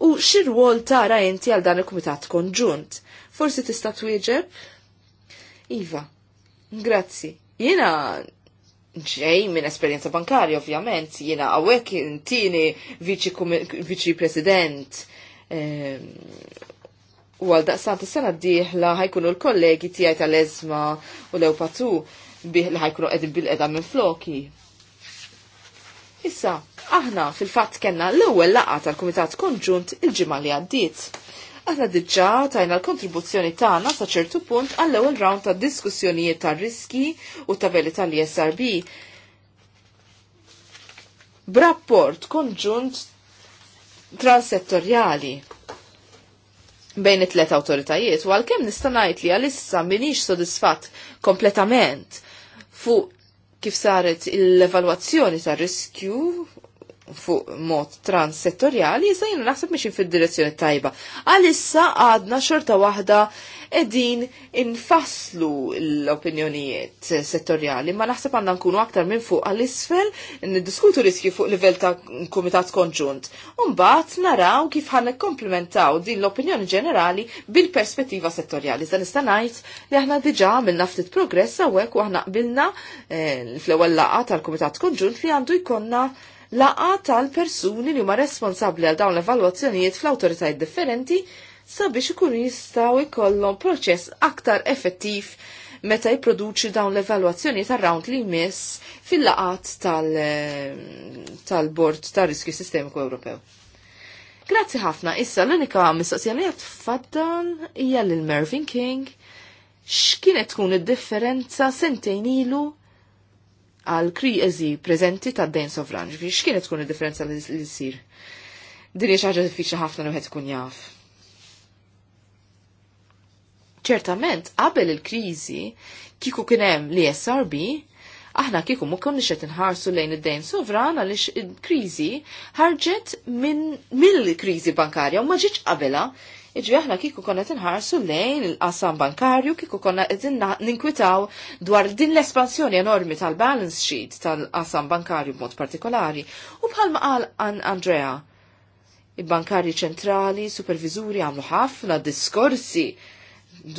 u x'irwol tara inti għal dan il-Kumitat Konġunt. Forsi tista' twieġeb? Iva, Grazzi. Jiena ġej minn esperjenza bankarja ovvjament, jiena għawek tini viċi president ehm, u għal daqsant s-sena diħla ħajkunu l-kollegi tijaj tal-ezma u l-ewpatu li ħajkunu għedin bil-edha minn floki. Issa, aħna fil-fat kena l-ewel laqa tal-Kumitat Konġunt il ġimali li għaddit. Aħna diġà tajna l-kontribuzzjoni tagħna sa ċertu punt għall-ewwel round ta' diskussjonijiet ta' riski u ta' veli tal-ISRB. B'rapport konġunt transettorjali bejn it-tlet awtoritajiet u għalkemm nista' ngħid li għalissa minix sodisfatt kompletament fuq kif saret l-evalwazzjoni ta' riskju fuq mod transsettorjali, jizda jina naħseb miexin fil-direzzjoni tajba. Għalissa għadna xorta wahda edin infaslu l-opinjonijiet settorjali, ma naħseb għanna nkunu aktar minn fuq għal-isfel, niddiskutu riski fuq livell ta' komitat konġunt. Umbat naraw kif għanna komplementaw din l-opinjoni ġenerali bil-perspettiva settorjali. Zan istanajt li aħna diġa għamilna ftit progress għawek u aħna qbilna eh, fl-ewwel laqa tal-komitat konġunt li għandu jkonna laqa tal-persuni li huma responsabbli għal dawn l-evalwazzjonijiet fl-awtoritajiet differenti sabiex ikunu jistgħu jkollhom proċess aktar effettiv meta jipproduċi dawn l-evalwazzjoni tar round li jmiss fil-laqat eh, tal-Bord tal tar-Riskju Sistemiku Ewropew. Grazzi ħafna, issa l-unika mistoqsija li tfaddan hija lil Mervyn King x'kienet tkun id-differenza sentejn ilu għal kriżi preżenti tad dejn sovran. Ġifi x'kienet tkun id-differenza li s-sir. Din hija xi ħaġa ħafna nuħet tkun jaf. Ċertament, qabel il-kriżi, kieku kien hemm li SRB, aħna kieku mu konni qed inħarsu lejn id-dejn sovran għaliex il-kriżi ħarġet minn mill-kriżi bankarja u ma ġietx Iġvi aħna kiku konna tinħarsu lejn il-qasam bankarju, kiku konna ninkwitaw dwar din l-espansjoni enormi tal-balance sheet tal-qasam bankarju b'mod partikolari. U bħalma qal an Andrea, il-bankarji ċentrali, supervizuri għamlu ħafna diskorsi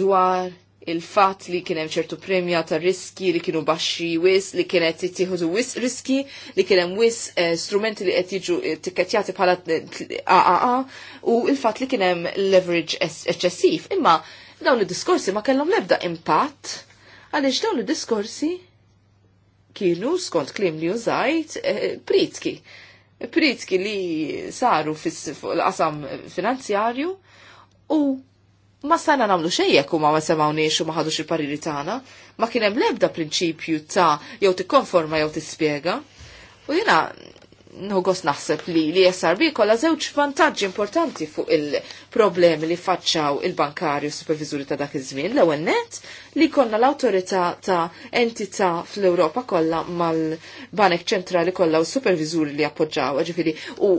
dwar il-fat li kien hemm ċertu premja ta' riski li kienu baxxi wis, li kienet jittieħdu wis riski, li kien hemm wis eh, strumenti li qed jiġu eh, tikkettjati bħala AAA eh, u il-fatt li kien hemm leverage eċċessiv. Imma dawn id-diskorsi ma kellhom l-ebda impatt għaliex dawn id-diskorsi kienu skont klim li użajt pritki. Pritki li saru fil-qasam finanzjarju u ma stajna namlu xejjek u ma ma semawniex u ma ħadux il-pariri tagħna, ma kien hemm l-ebda prinċipju ta' jew tikkonforma jew tispjega. U jiena nħogos naħseb li li SRB kolla żewġ vantaġġi importanti fuq il-problemi li faċċaw il-bankarju supervizuri ta' dak iż-żmien. L-ewwel net li konna l-awtorità ta' entita fl-Ewropa kollha mal-Banek Ċentrali kollha u supervizuri li appoġġaw, ġifiri, u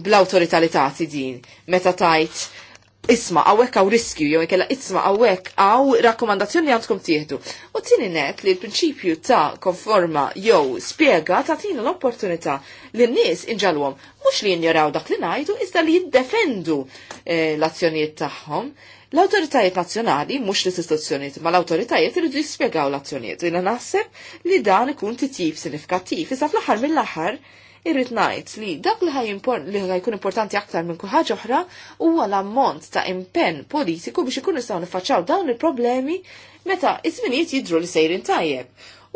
bl autorita li ta' din meta tajt isma għawek għaw riskju, jew kella isma għawek għaw rakkomandazzjoni għandkom tieħdu. U tini net li l-prinċipju ta' konforma jew spiega ta' tina l-opportunità li n-nis inġalwom, mux li ignoraw dak li najdu, iżda li jiddefendu eh, l-azzjonijiet tagħhom. L-autoritajiet nazzjonali, mux l-istituzzjoniet, ma l-autoritajiet irridu jispiegaw l-azzjonijiet. Jina naħseb li dan ikun titjib sinifikattiv, iżda fl-aħħar mill-aħħar irrid ngħid li dak li ħajkun importanti aktar minn kull oħra huwa l-ammont ta' impenn politiku biex ikun nistgħu niffaċċaw dawn il-problemi meta iż-żminijiet jidru li sejrin tajjeb.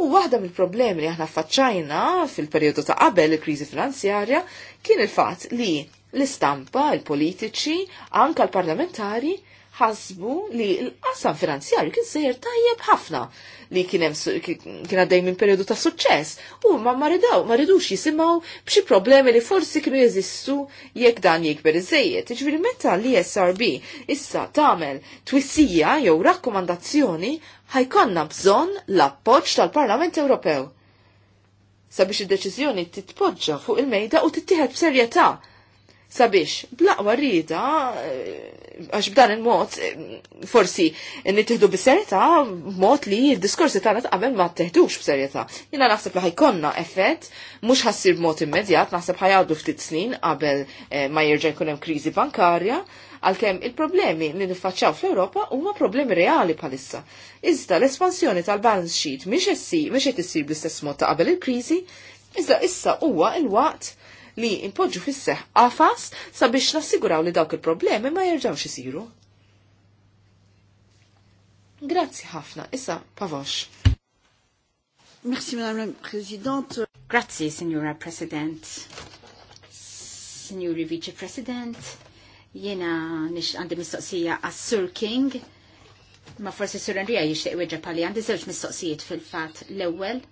U waħda mill-problemi li aħna faċċajna fil-perjodu ta' qabel il-kriżi finanzjarja kien il-fatt li l-istampa, il-politiċi, anka l-parlamentari ħasbu li l-qasam finanzjarju kien sejjer tajjeb ħafna li kienem kien għaddej minn periodu ta' suċċess u ma maridaw, ma ridux jisimaw b'xi problemi li forsi kienu jeżistu jekk dan jikber iżejjed. Iġifieri meta li SRB issa tagħmel twissija jew rakkomandazzjoni ħajkonna bżonn l-appoġġ tal-Parlament Ewropew sabiex id-deċiżjoni titpoġġa fuq il-mejda u tittieħed b'serjetà sabiex blaqwa rida għax b'dan il-mod forsi nittieħdu b'serjetà mod li d-diskorsi tagħna qabel ma teħdux b'serjetà. Jiena naħseb li ħajkonna effett mhux ħassir b'mod immedjat, naħseb ħajgħaddu ftit snin qabel eh, ma jerġa' jkun hemm kriżi bankarja, għalkemm il-problemi li niffaċċaw fl-Ewropa huma problemi reali bħalissa. Iżda l-espansjoni tal-balance sheet mhix qed issir bl-istess mod ta' qabel il-kriżi, iżda issa huwa il-waqt li impoġġu fisseħ qafas sabiex nassiguraw li dawk il-problemi ma jerġgħux isiru. Grazzi ħafna, issa Pavosh. Merci Madame la Présidente. Grazzi, Signora President. Signori Vice President, jena nix għandi mistoqsija għas-Sur King. Ma forsi Sir Andrija jishtiq weġa pali għandi zewġ mistoqsijiet fil-fat l-ewwel.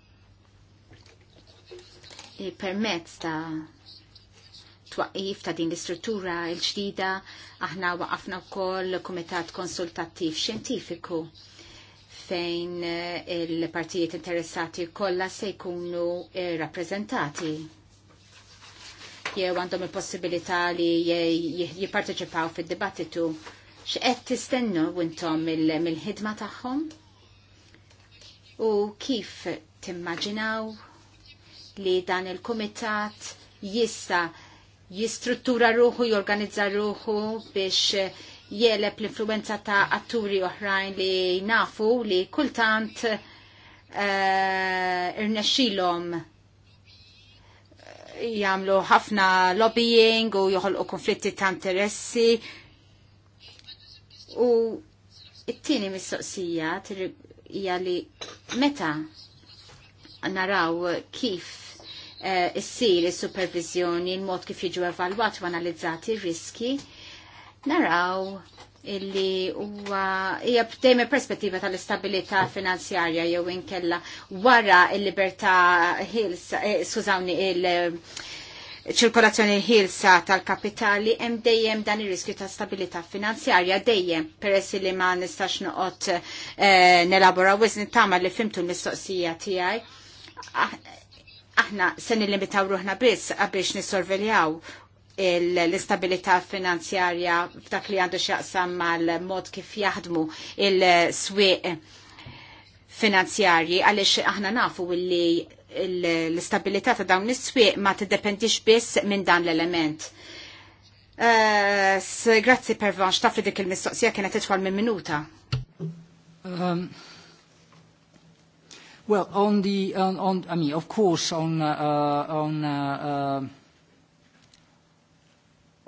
Permezz ta' twaqif ta' din l-istruttura l-ġdida aħna waqafna wkoll kumitat konsultattiv xjentifiku fejn eh, il-partijiet interessati kollha se jkunu eh, rappreżentati jew għandhom il-possibilità li jipparteċipaw fid-dibattitu x'qed tistennu intom mill-ħidma tagħhom? U kif timmaġinaw li dan il-kumitat jista' jistruttura ruħu, jorganizza ruħu biex jeleb l-influenza ta' atturi oħrajn li nafu li kultant uh, irnexxilhom eh, jagħmlu ħafna lobbying u joħolqu konflitti ta' interessi. U it-tieni mistoqsija hija li meta naraw kif Eh, issir is-supervizjoni, il-mod kif jiġu evalwat u analizzati r-riski, naraw illi huwa hija dejjem perspettiva tal-istabilità finanzjarja jew inkella wara l-libertà ħilsa eh, skużawni il- ċirkolazzjoni ħilsa tal-kapitali hemm dejjem dan ir-riskju ta' stabilità finanzjarja dejjem peressi li ma nistax noqgħod eh, nelabora wisni tagħmel li fimtu l-mistoqsija tiegħi ah, aħna se nillimitaw ruħna biss għabiex nissorveljaw l-istabilità finanzjarja f'dak li għandu xaqsam mal-mod kif jaħdmu il-swieq finanzjarji għaliex aħna nafu li l-istabilità ta' dawn is-swieq ma tiddependix biss minn dan l-element. Uh, Grazzi Pervanx, taf li dik il-mistoqsija kienet itwal minn minuta. Um, Well, on the, on, on I mean, of course, on, uh, uh on, uh, uh,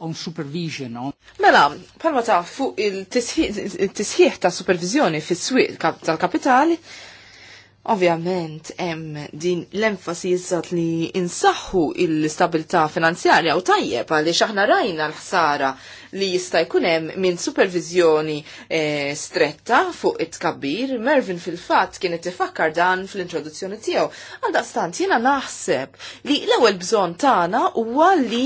on supervision. On... Mela, palma ta' fuq il-tisħiħ ta' supervizjoni fis-swieq tal-kapitali, Ovvjament, hemm din l-enfasi jizzat li insaħħu l-istabilità finanzjarja u tajjeb għaliex aħna rajna l-ħsara li jista' jkun hemm minn supervizjoni e, stretta fuq it-tkabbir. Mervin fil-fatt kienet tifakkar dan fl-introduzzjoni tiegħu. Għaldaqstant jiena naħseb li l-ewwel bżonn tagħna huwa li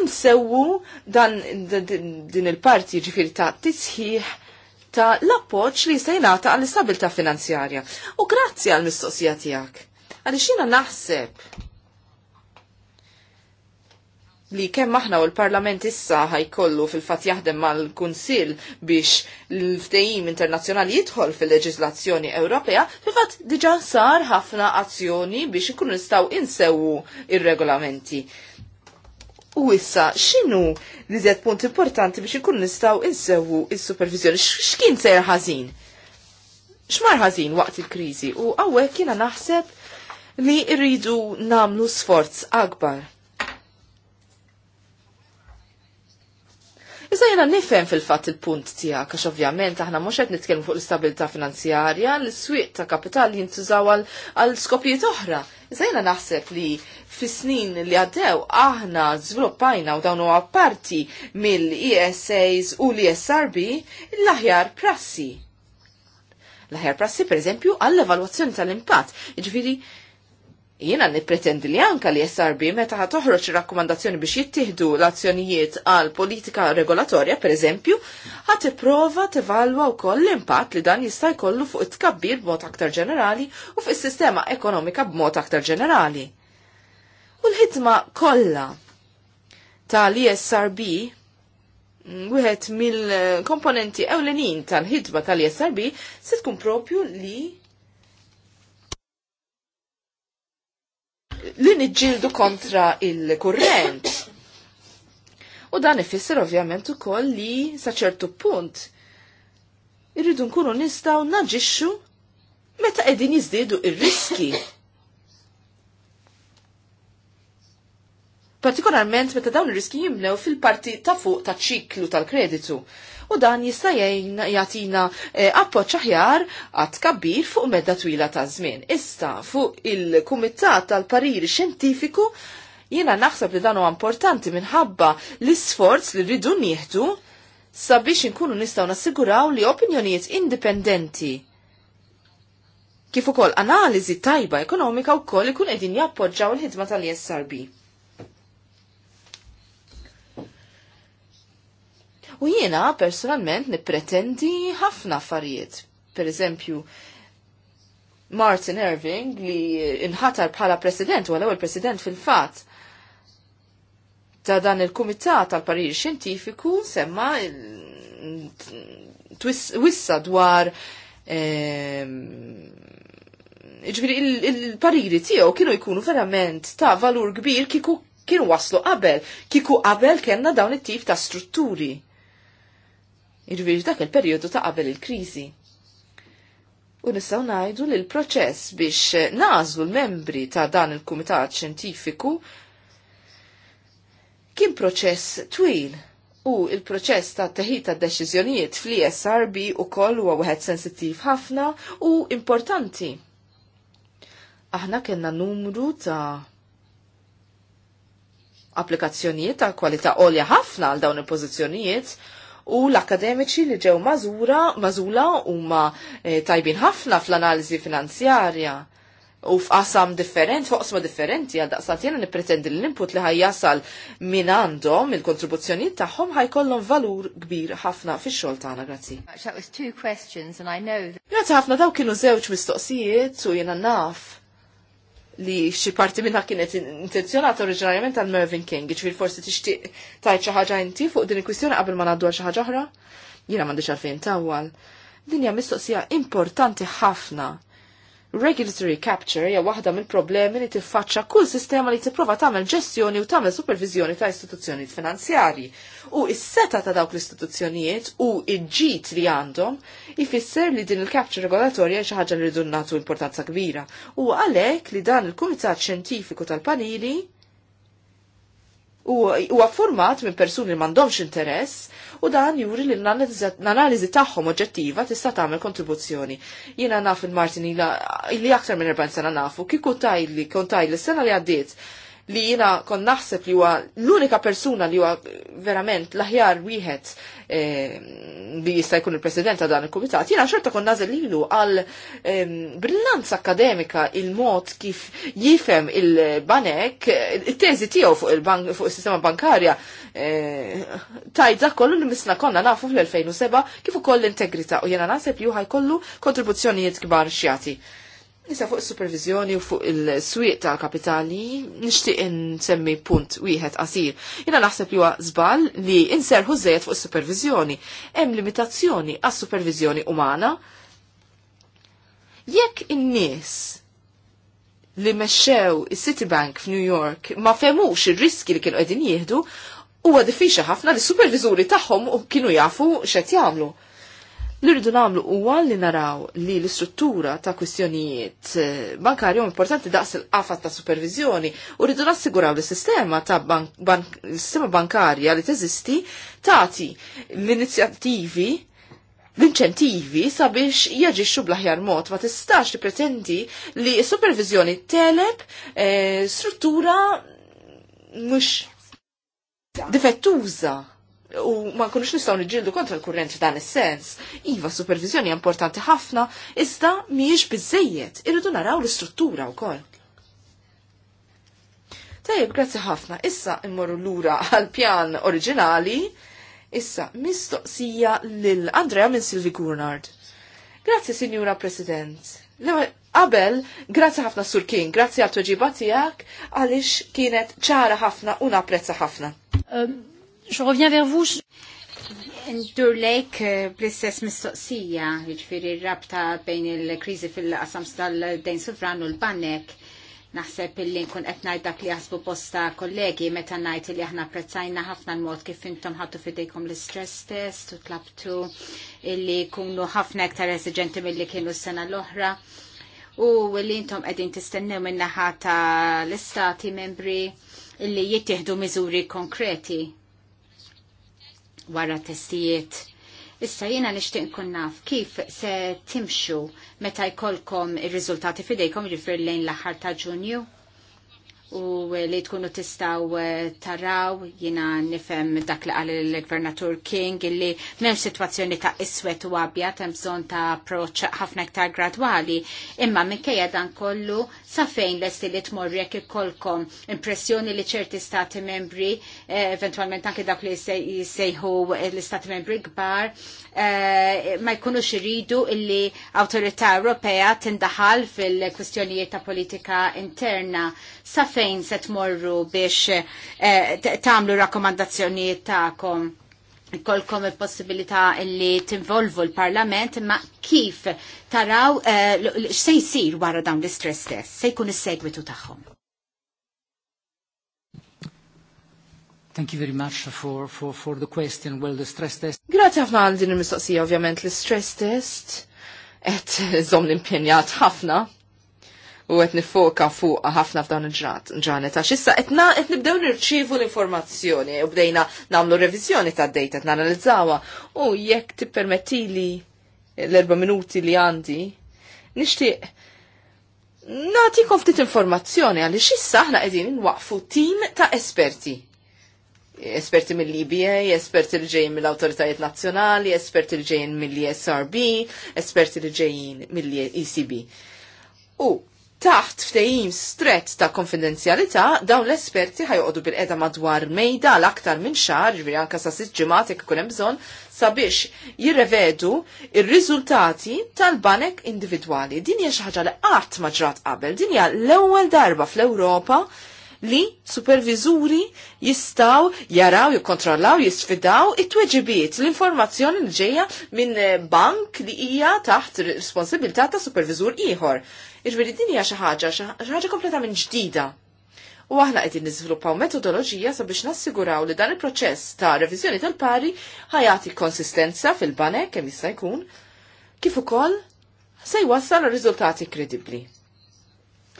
insewwu dan din il-parti ġifieri ta' tisħiħ ta' l-appoċ li jistajnata għall-istabilta finanzjarja. U grazzi għal-mistoqsija tijak. Għalix jina naħseb li kemm aħna u l-Parlament issa ħajkollu fil-fatt jaħdem mal-Kunsill biex l-ftehim internazzjonali jidħol fil-leġislazzjoni Ewropea, fil-fatt diġà sar ħafna azzjoni biex ikunu nistgħu insewu ir-regolamenti. U issa, xinu li zed punt importanti biex ikun nistaw insewu il-supervizjoni? X'kien sejr ħażin? X'mar ħażin waqt il-kriżi? U għawek kiena naħseb li rridu namlu sforz akbar Iżda jena nifhem fil-fatt il-punt tiegħek għax ovvjament aħna mhux qed nitkellmu fuq l istabilta finanzjarja, l swiet ta' kapital jintużaw għal skopijiet oħra. Iżda jena naħseb li fis-snin li għaddew aħna żviluppajna u dawn huwa parti mill-ESAs u l-ESRB l-aħjar prassi. L-aħjar prassi, per eżempju, għall-evalwazzjoni tal-impatt. Ġifiri, Jiena nippretendi li anka li SRB meta ħad toħroġ rakkomandazzjoni biex jittieħdu l-azzjonijiet għal politika regolatorja, per eżempju, ħa tipprova tevalwa wkoll l-impatt li dan jista' jkollu fuq it-tkabbir b'mod aktar ġenerali u fis sistema ekonomika b'mod aktar ġenerali. U l-ħidma kollha tal-ISRB mm, wieħed mill-komponenti ewlenin tal-ħidma tal-ISRB se tkun propju li li niġġieldu kontra il-kurrent. U dan ifisser ovvjament ukoll li sa ċertu punt irridu nkunu nistgħu naġixxu meta qegħdin jiżdiedu ir-riski. Partikolarment meta dawn ir-riski jimlew fil-parti ta' fuq ta' ċiklu tal-kreditu u dan jista' jagħtina eh, appoġġ aħjar għad kabbir fuq medda twila ta' żmien. Issa fuq il-Kumitat tal-Pariri Xjentifiku jiena naħseb li dan huwa importanti minħabba l-isforz li rridu nieħdu sabiex inkunu nistgħu nassiguraw li opinjonijiet indipendenti kif ukoll analiżi tajba ekonomika wkoll ikun qegħdin jappoġġaw il-ħidma tal-ISRB. U jiena personalment nippretendi ħafna affarijiet. Per eżempju, Martin Irving li inħatar bħala president, u għal-ewel president fil-fat, ta' dan il-Kumitat tal-Parir Xjentifiku semma wissa dwar ehm, ġviri il-pariri tiegħu kienu jkunu verament ta' valur kbir kiku kienu waslu qabel, kiku qabel kellna dawn it-tip ta' strutturi. Iġviri dak il-periodu ta' qabel il-krizi. U nistaw najdu li l-proċess biex nażlu l-membri ta' dan il-Kumitat Xjentifiku kien proċess twil u il-proċess ta' teħid ta' deċiżjonijiet fl-ISRB u koll huwa wieħed sensittiv ħafna u importanti. Aħna kellna numru ta' applikazzjonijiet ta' kwalità għolja ħafna għal dawn il-pożizzjonijiet u l-akademiċi li ġew mażura mażula huma eh, tajbin ħafna fl-analiżi finanzjarja u f'qasam differenti, f'qosma differenti, għal daqsat jena nipretendi l-input li ħajjasal minn għandhom il-kontribuzzjoni tagħhom ħajkollhom valur kbir ħafna fix-xogħol tagħna, grazzi. Grazzi ħafna daw kienu żewġ mistoqsijiet u jiena naf li xi parti minnha kienet intenzjonata oriġinarjament għal Mervyn King, ġifier forsi tixtieq tajt xi ħaġa inti fuq din il-kwistjoni qabel ma naddu għal xi ħaġa oħra? Jiena m'għandix għalfejn tawwal. Din hija mistoqsija importanti ħafna Regulatory capture hija waħda mill-problemi li tiffaċċa kull sistema li tipprova tagħmel ġestjoni u tagħmel supervizjoni ta' istituzzjonijiet finanzjarji. U is-seta ta' dawk l-istituzzjonijiet u l-ġit li għandhom ifisser li din il-capture regolatorja xi ħaġa li rridu nagħtu importanza kbira. U għalhekk li dan il-Kumitat Xjentifiku tal-Panili u huwa format minn persuni li m'għandhomx interess u dan juri li l-analiżi tagħhom oġġettiva tista' tagħmel kontribuzzjoni. Jiena naf il-Martin li aktar minn 40 sena nafu kieku tajli kontajli s-sena li għaddiet li jina kon naħseb li huwa l-unika persuna li huwa verament l-aħjar wieħed eh, li jista' jkun il-president ta' dan il-kumitat, jina xorta kon nażel lilu għal ehm, brillanza akademika il-mod kif jifem il-banek, it-teżi tiegħu fuq is-sistema bankarja eh, tajt dak kollu li misna konna nafu fl-2007 kif ukoll l-integrità u jena naħseb li huwa kontribuzzjonijiet kbar xjati. Nisa fuq supervizjoni u fuq il-swieq tal-kapitali, nixtieq insemmi punt wieħed qasir. Jiena naħseb li huwa żball li inserħu żejjed fuq is-supervizjoni. Hemm limitazzjoni għas-supervizjoni umana. Jekk in-nies li mexxew is-Citibank f'New York ma femux ir-riski li kienu qegħdin jieħdu, huwa diffiċli ħafna li s-supervizuri tagħhom kienu jafu x'qed jagħmlu. Li rridu nagħmlu huwa li naraw li l-istruttura ta' kwistjonijiet eh, bankarju importanti daqs il-qafat ta' supervizjoni u rridu nassiguraw li sistema ta' bank, bank, sistema bankarja li teżisti tagħti l-inizjattivi l-inċentivi sabiex jaġixxu blaħjar mod ma tistax li pretendi li supervizjoni teleb e, struttura mhux difettuża u ma nkunux nistgħu niġġieldu kontra l-kurrent f'dan is-sens. Iva supervizjoni importanti ħafna, iżda mhijiex biżejjed, irridu naraw l-istruttura wkoll. Tajjeb, grazzi ħafna. Issa immorru lura għal-pjan oriġinali. Issa mistoqsija lil Andrea minn Silvi Gurnard. Grazzi, Sinjura President. Qabel, grazzi ħafna Sur King, grazzi għal-toġiba tiegħek għaliex kienet ċara ħafna u napprezza ħafna. Um... Je reviens vers vous. Ndur eh, bl-istess mistoqsija, jiġifieri rabta bejn il-kriżi fil qasams tal-dejn sovran u l-banek. Naħseb illi nkun qed ngħid dak li jaħsbu posta kollegi meta ngħid li aħna apprezzajna ħafna n mod kif intom ħadtu fidejkom l-istress test u tlabtu illi jkunu ħafna iktar eżiġenti milli kienu s-sena l-oħra. U li intom qegħdin tistennew min-naħa tal istati membri illi jittieħdu miżuri konkreti wara testijiet. Issa jiena nixtieq nkun naf kif se timxu meta jkollkom ir-riżultati fidejkom jifir lejn l-aħħar ta' Ġunju u li tkunu tistaw eh, taraw jiena nifhem dak li qal il-Gvernatur King illi m'hemm sitwazzjoni ta' iswet u għabja tem bżonn ta' approċċ ħafna iktar gradwali imma minkejja dan kollu sa fejn lesti li tmorrek jekk ikolkom impressjoni li ċerti stati membri, eh, eventualment anke dak li jsejħu l-istati membri kbar, eh, ma jkunux iridu illi Awtorità Ewropea tindaħal fil-kwistjonijiet ta' politika interna. Sa fejn se tmorru biex eh, tagħmlu rakkomandazzjonijiet tagħkom? kolkom il-possibilità li tinvolvu l-parlament, ma kif taraw eh, x'se jsir wara dawn l-istress test, se jkun is-segwitu tagħhom. Thank you very much for, for, for the question. Well, the stress test... Grazie għafna għal din il-mistoqsija, ovvjament, l-stress test. Et zomni l-impjenjat ħafna u qed nifoka fuq ħafna f'dawn il-ġranet. ġrat Għax issa qed nibdew nirċievu l-informazzjoni u bdejna nagħmlu reviżjoni tad-dejta qed analizzawa u jekk tippermettili l-erba' minuti li għandi nixtieq nati ftit informazzjoni għaliex issa aħna qegħdin nwaqfu tim ta' esperti esperti mill-EBA, esperti li ġejjin mill-autoritajiet nazzjonali, esperti li ġejjin mill-ESRB, esperti li ġejjin mill-ECB. E u taħt ftehim stret ta' konfidenzjalità dawn l-esperti ħajqodu bil-qeda madwar mejda l-aktar minn xar, ġviri anka sa' sitt ġimgħat jekk ikun hemm bżonn, sabiex jirrevedu ir-riżultati tal-banek individwali. Din hija xi ħaġa li qatt ma ġrat qabel, din hija l-ewwel darba fl-Ewropa li supervizuri jistaw jaraw, jikontrollaw, jisfidaw it-tweġibiet, l-informazzjoni li ġeja minn bank li hija taħt responsabilità ta' supervizur ieħor Iġveri din hija xi ħaġa, xi ħaġa kompletament ġdida. U aħna qegħdin niżviluppaw metodoloġija sabiex nassiguraw li dan il-proċess ta' reviżjoni tal-pari ħajati konsistenza fil-banek kemm jista' jkun, kif ukoll se jwassal riżultati kredibbli.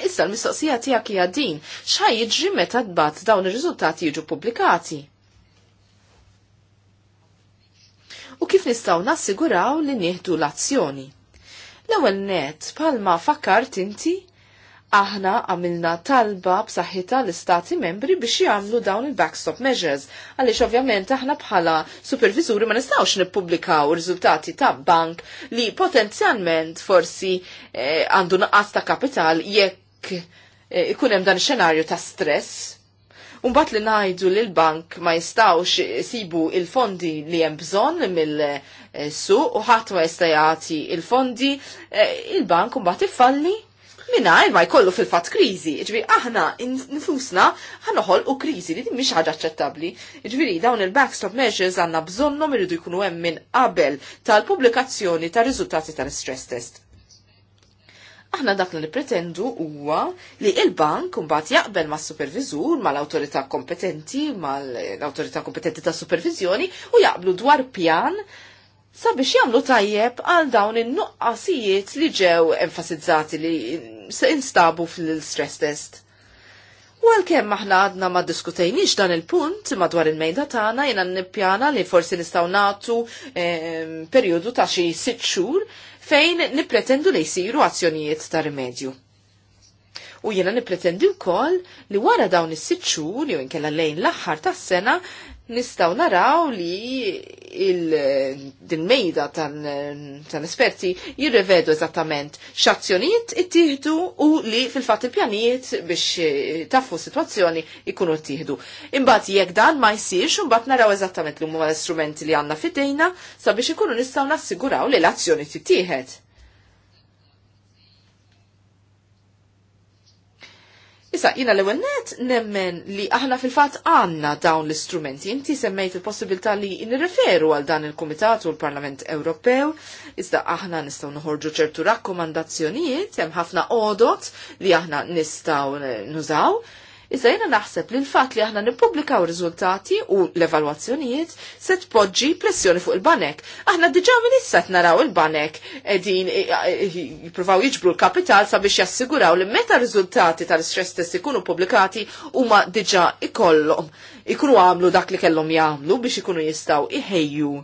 Issa l-mistoqsija tiegħek hija din x'ħaj jiġri meta tbagħat dawn ir-riżultati jiġu publikati. u kif nistaw nassiguraw li nieħdu l-azzjoni. L-ewwel net, palma fakkart inti, aħna għamilna talba b'saħħitha l-istati membri biex jagħmlu dawn il-backstop measures, għaliex ovvjament aħna bħala supervizuri ma nistgħux nippubblikaw riżultati ta' bank li potenzjalment forsi eh, għandu eh, naqas ta' kapital jekk eh, ikun hemm dan xenarju ta' stress. Umbat li najdu li l-bank ma jistawx sibu il-fondi li hemm bżonn mill Eh, su u ħadd ma jista' jagħti il-fondi eh, il-bank u mbagħad ifalli mingħajr ma jkollu fil-fatt kriżi. Iġviri, aħna nfusna ħanoħol u kriżi li din mhix ħaġa aċċettabbli. Ġifieri dawn il-backstop measures għandna bżonnhom iridu jkunu hemm minn qabel tal-pubblikazzjoni tar-riżultati tal-stress test aħna dak li pretendu huwa li il-bank mbagħad jaqbel mas supervizur mal-awtorità kompetenti, mal-awtorità kompetenti tas supervizjoni u jaqblu dwar pjan sabiex jagħmlu tajjeb għal dawn in-nuqqasijiet li ġew enfasizzati li instabu fil-stress test. U għalkemm aħna għadna ma diskutejniex dan il-punt madwar il-mejda tagħna jiena nippjana li forsi nistgħu nagħtu ehm, perjodu ta' xi sitt xhur fejn nippretendu li jsiru azzjonijiet ta' rimedju. U jiena nippretendi wkoll li wara dawn is-sitt xhur jew inkella lejn l-aħħar tas-sena nistaw naraw li il-mejda tal-esperti jirrevedu eżattament x'azzjonijiet tihdu u li fil-fatt il pjaniet biex eh, tafu situazzjoni ikunu it-tihdu. Imbagħad jekk dan ma jsirx, imbagħad naraw eżattament li huma l-istrumenti li għandna fidejna sabiex ikunu nistgħu nassiguraw li l-azzjoni tittieħed. Issa, jina l ewwel nemmen li aħna fil-fat għanna dawn l-istrumenti. Inti semmejt il-possibilità li nirreferu għal dan il-Kumitat u l-Parlament Ewropew. Iżda aħna nistaw noħorġu ċertu rakkomandazzjonijiet, hemm ħafna odot li aħna nistaw eh, nużaw Iżda jena naħseb li l-fat li aħna nippubblikaw riżultati u l-evalwazzjonijiet se tpoġġi pressjoni fuq il-banek. Aħna diġà minn issa naraw il-banek edin eh, eh, jippruvaw jiġbru l-kapital sabiex jassiguraw li meta riżultati tal-stress test ikunu pubblikati huma diġà ikollhom ikunu għamlu dak li kellhom jagħmlu biex ikunu jistgħu iħejju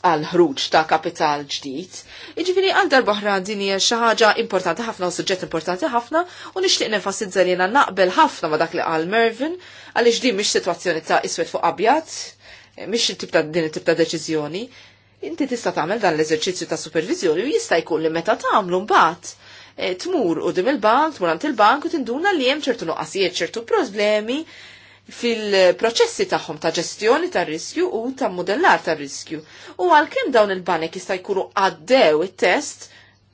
għal ħruġ ta' kapital ġdid. Iġviri għal darboħra din hija xi ħaġa importanti ħafna u suġġett importanti ħafna u nixtieq nenfasizza li naqbel ħafna ma' dak li qal Mervin għaliex din mhix sitwazzjoni ta' iswed fuq abjad, mhix tip ta' din it-tip ta' deċiżjoni. Inti tista' tagħmel dan l-eżerċizzju ta' supervizjoni u jista' jkun li meta tagħmlu mbagħad eh, tmur u dim il-bank, tmur għant il-bank u tinduna li hemm ċertu nuqqasijiet, ċertu problemi fil-proċessi tagħhom ta' ġestjoni ta' riskju u ta' modellar ta' riskju. U għalkemm dawn il-banek jista' jkunu għaddew it-test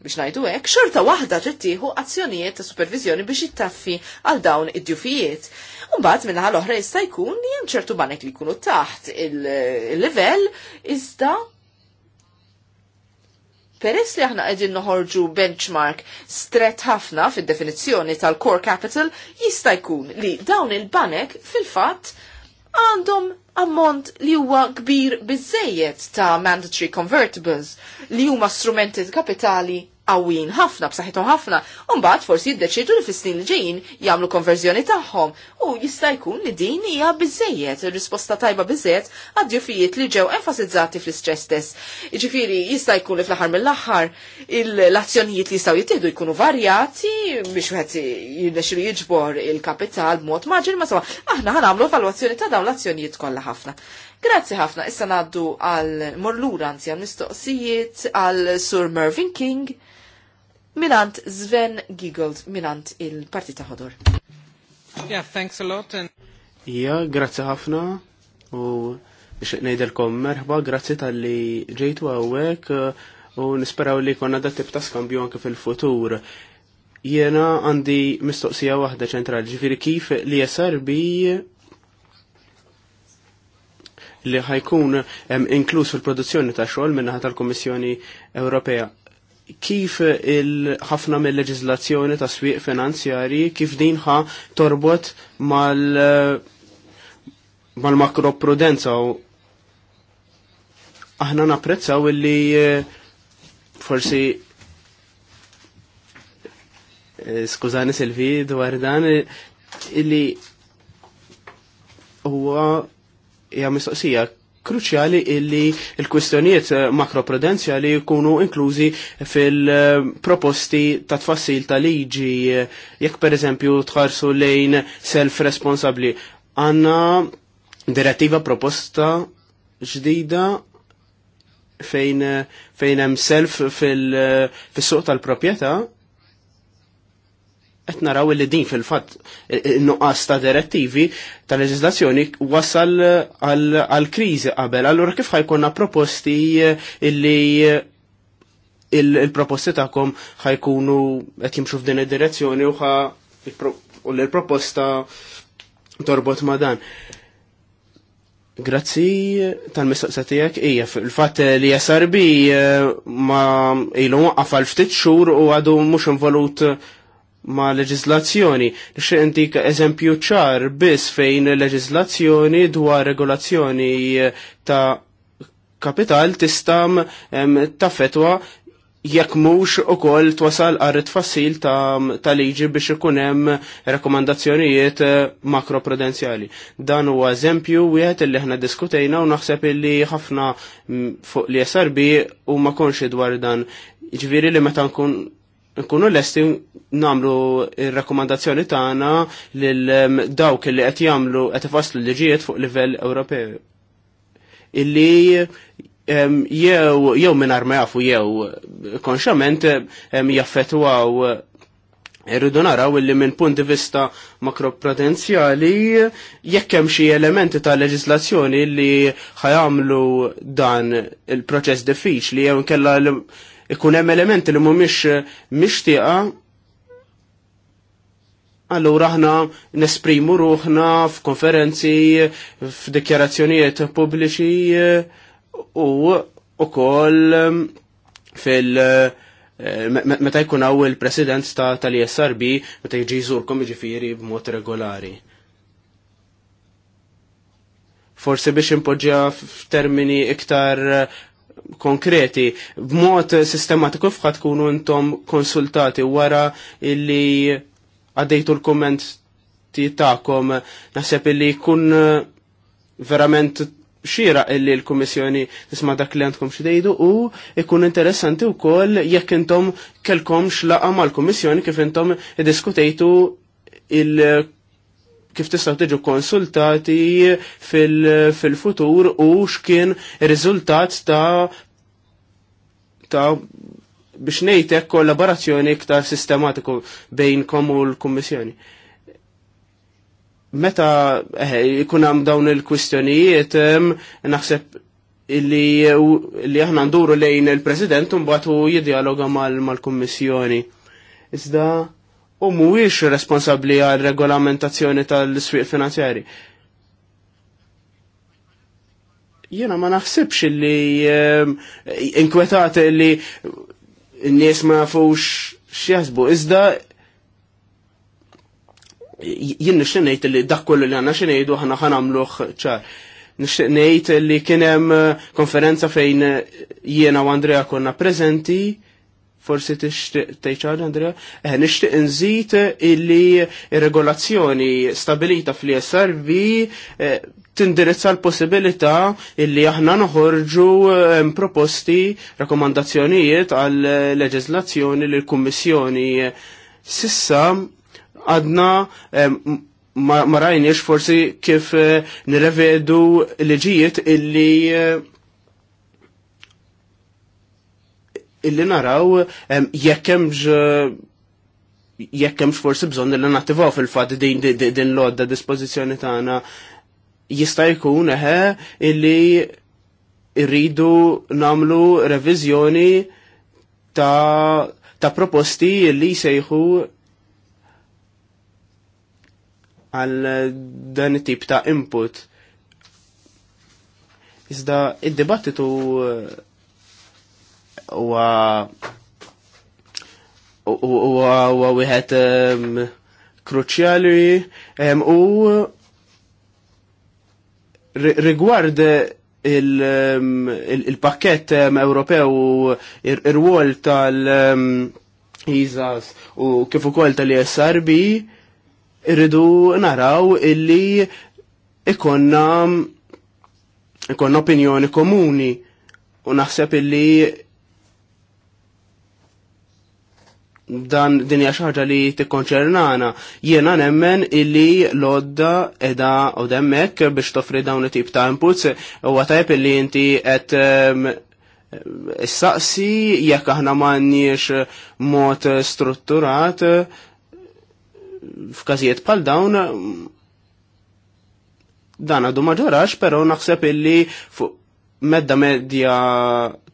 biex ngħidu hekk, xorta waħda trid tieħu azzjonijiet ta' supervizjoni biex jittaffi għal dawn id-djufijiet. U mbagħad minnaħa l-oħra jista' jkun li hemm ċertu banek li jkunu taħt il-livell iżda Peress li aħna qegħdin noħorġu benchmark stret ħafna fid-definizzjoni tal-core capital jista' jkun li dawn il-banek fil-fatt għandhom ammont li huwa kbir biżejjed ta' mandatory convertibles li huma strumenti kapitali għawin ħafna b'saħħithom ħafna, u mbagħad forsi jiddeċidu li fis-snin li ġejjin jagħmlu konverżjoni tagħhom u jista' jkun li din hija biżejjed ir-risposta tajba biżejjed għad-ġufijiet li ġew enfasizzati fl-istress stess. Jiġifieri jista' jkun li fl-aħħar mill-aħħar l-azzjonijiet li jistgħu jittieħdu jkunu varjati biex wieħed jirnexxielu jiġbor il-kapital b'mod maġir ma sema aħna ħanamlu evalwazzjoni ta' dawn l-azzjonijiet kollha ħafna. Grazzi ħafna, issa naddu għal morlura anzi għal mistoqsijiet għal Sur Mervyn King minant Sven Giggold, minant il-Partita Ħodor. Yeah, thanks a lot. And... Ja, grazzi ħafna u biex nejdelkom merħba, grazzi tal-li ġejtu għawek u nisperaw li konna da tip ta' skambju anke fil-futur. Jena għandi mistoqsija waħda ċentrali, ġifiri kif li bi li ħajkun inkluż fil-produzzjoni ta' xogħol minnaħa tal-Kummissjoni Ewropea kif il-ħafna mill-leġizlazzjoni ta' swieq finanzjari kif din ħa torbot mal mal-makroprudenza u aħna napprezzaw illi eh, forsi eh, skużani Silvi dwar dan illi huwa hija mistoqsija kruċjali illi il-kwistjonijiet eh, makroprudenzjali jkunu inklużi fil-proposti ta' tfassil ta' liġi eh, jekk per eżempju tħarsu lejn self-responsabli. Għanna direttiva proposta ġdida fejn eh, fejn hemm self fil-suq tal-proprjetà qed naraw li din fil-fatt e, e, nuqqas ta' direttivi ta' leġislazzjoni wasal għal kriżi qabel. Allura kif ħajkonna proposti e, illi il-proposti tagħkom ħajkunu qed jimxu f'din id-direzzjoni u u l-proposta torbot ma' dan. Grazzi tal-mistaqsa tijak, ija, fil-fat li jasarbi ma ilu waqqaf għal ftit xhur u għadu mhux involut ma' leġislazzjoni. Nixtieq intik eżempju ċar biss fejn leġislazzjoni dwar regolazzjoni eh, ta' kapital tistam ta' fetwa jekk mhux ukoll twasal għar tfassil ta', ta liġi biex ikun hemm rakkomandazzjonijiet eh, makroprudenzjali. Dan huwa eżempju wieħed li ħna diskutejna u naħseb illi ħafna mm, fuq li SRB u ma konxi dwar dan. Ġviri li meta nkun nkunu l-esti namlu il-rakkomandazzjoni tagħna lil dawk li qed jagħmlu qed ifasslu liġijiet fuq livell Ewropew. Illi jew jew mingħajr ma jafu jew konxament jaffetwaw Irridu naraw illi minn punt di vista makroprudenzjali jekk hemm xi elementi ta' leġislazzjoni li ħajamlu dan il-proċess diffiċli jew kella ikun hemm elementi li mhumiex eh, mixtieqa Allura aħna nesprimu ruħna f'konferenzi, f'dikjarazzjonijiet pubbliċi eh, u ukoll eh, fil- meta jkun hawn il-president ta' tal-ISRB meta jiġi jżurkom jiġifieri b'mod regolari. Forsi biex impoġġja f'termini iktar konkreti b'mod sistematiku fħat tkunu intom konsultati wara illi għaddejtu l-komment ta'kom naħseb illi kun eh, verament xira illi l-Komissjoni tisma dak li għandkom xidejdu u ikun interessanti u koll jekk intom kelkom xlaqa mal-Komissjoni kif intom diskutejtu il- kif tistaw tiġu konsultati fil-futur u x'kien riżultat ta' ta' biex nejtek kollaborazzjoni iktar sistematiku bejnkom u l-Kummissjoni. Meta ikun hemm dawn il-kwistjonijiet naħseb illi aħna nduru lejn il-President u mbagħad u jiddialoga mal-Kummissjoni. Iżda u mhuwiex responsabbli għal regolamentazzjoni tal sfiq finanzjari. Jiena ma naħsibx li ehm, inkwetati li n-nies ma jafux x'jaħsbu. Iżda jien nixtieq ngħid li dak kollu li għandna xi ngħidu aħna ħanamluh ċar. Nixtieq ngħid li kien hemm eh, konferenza fejn eh, jiena u Andrea konna preżenti forsi tixtieq tgħid Andrea, eh nixtieq inżid illi regolazzjoni stabilita fl-ISRB eh, tindirizza l-possibilità illi aħna noħorġu eh, proposti, rakkomandazzjonijiet għal leġizlazzjoni l-Kummissjoni sissa għadna eh, ma rajniex forsi kif nirrevedu liġijiet illi illi naraw eh, jekk hemmx forsi bżonn li nattivaw fil-fatt din din l odda dispożizzjoni tagħna jista' jkun eħe illi rridu namlu reviżjoni ta' ta' proposti li jsejħu għal dan it-tip ta' input. Iżda id-dibattitu eh, huwa wieħed ehm, kruċjali ehm, u rigward ehm, il-pakket Ewropew ir-rwol tal-ISAS u kif ukoll tal-ISRB irridu naraw illi ikonna ikonna opinjoni komuni u naħseb illi dan din hija xaħġa li tikkonċernana. Jiena nemmen illi lodda edha u demmek biex toffri dawn it-tip ta' inputs u għatajp illi inti qed saqsi jekk aħna m'għandniex mod strutturat f'każijiet bħal dawn dan għadu ma pero però naħseb illi medda medja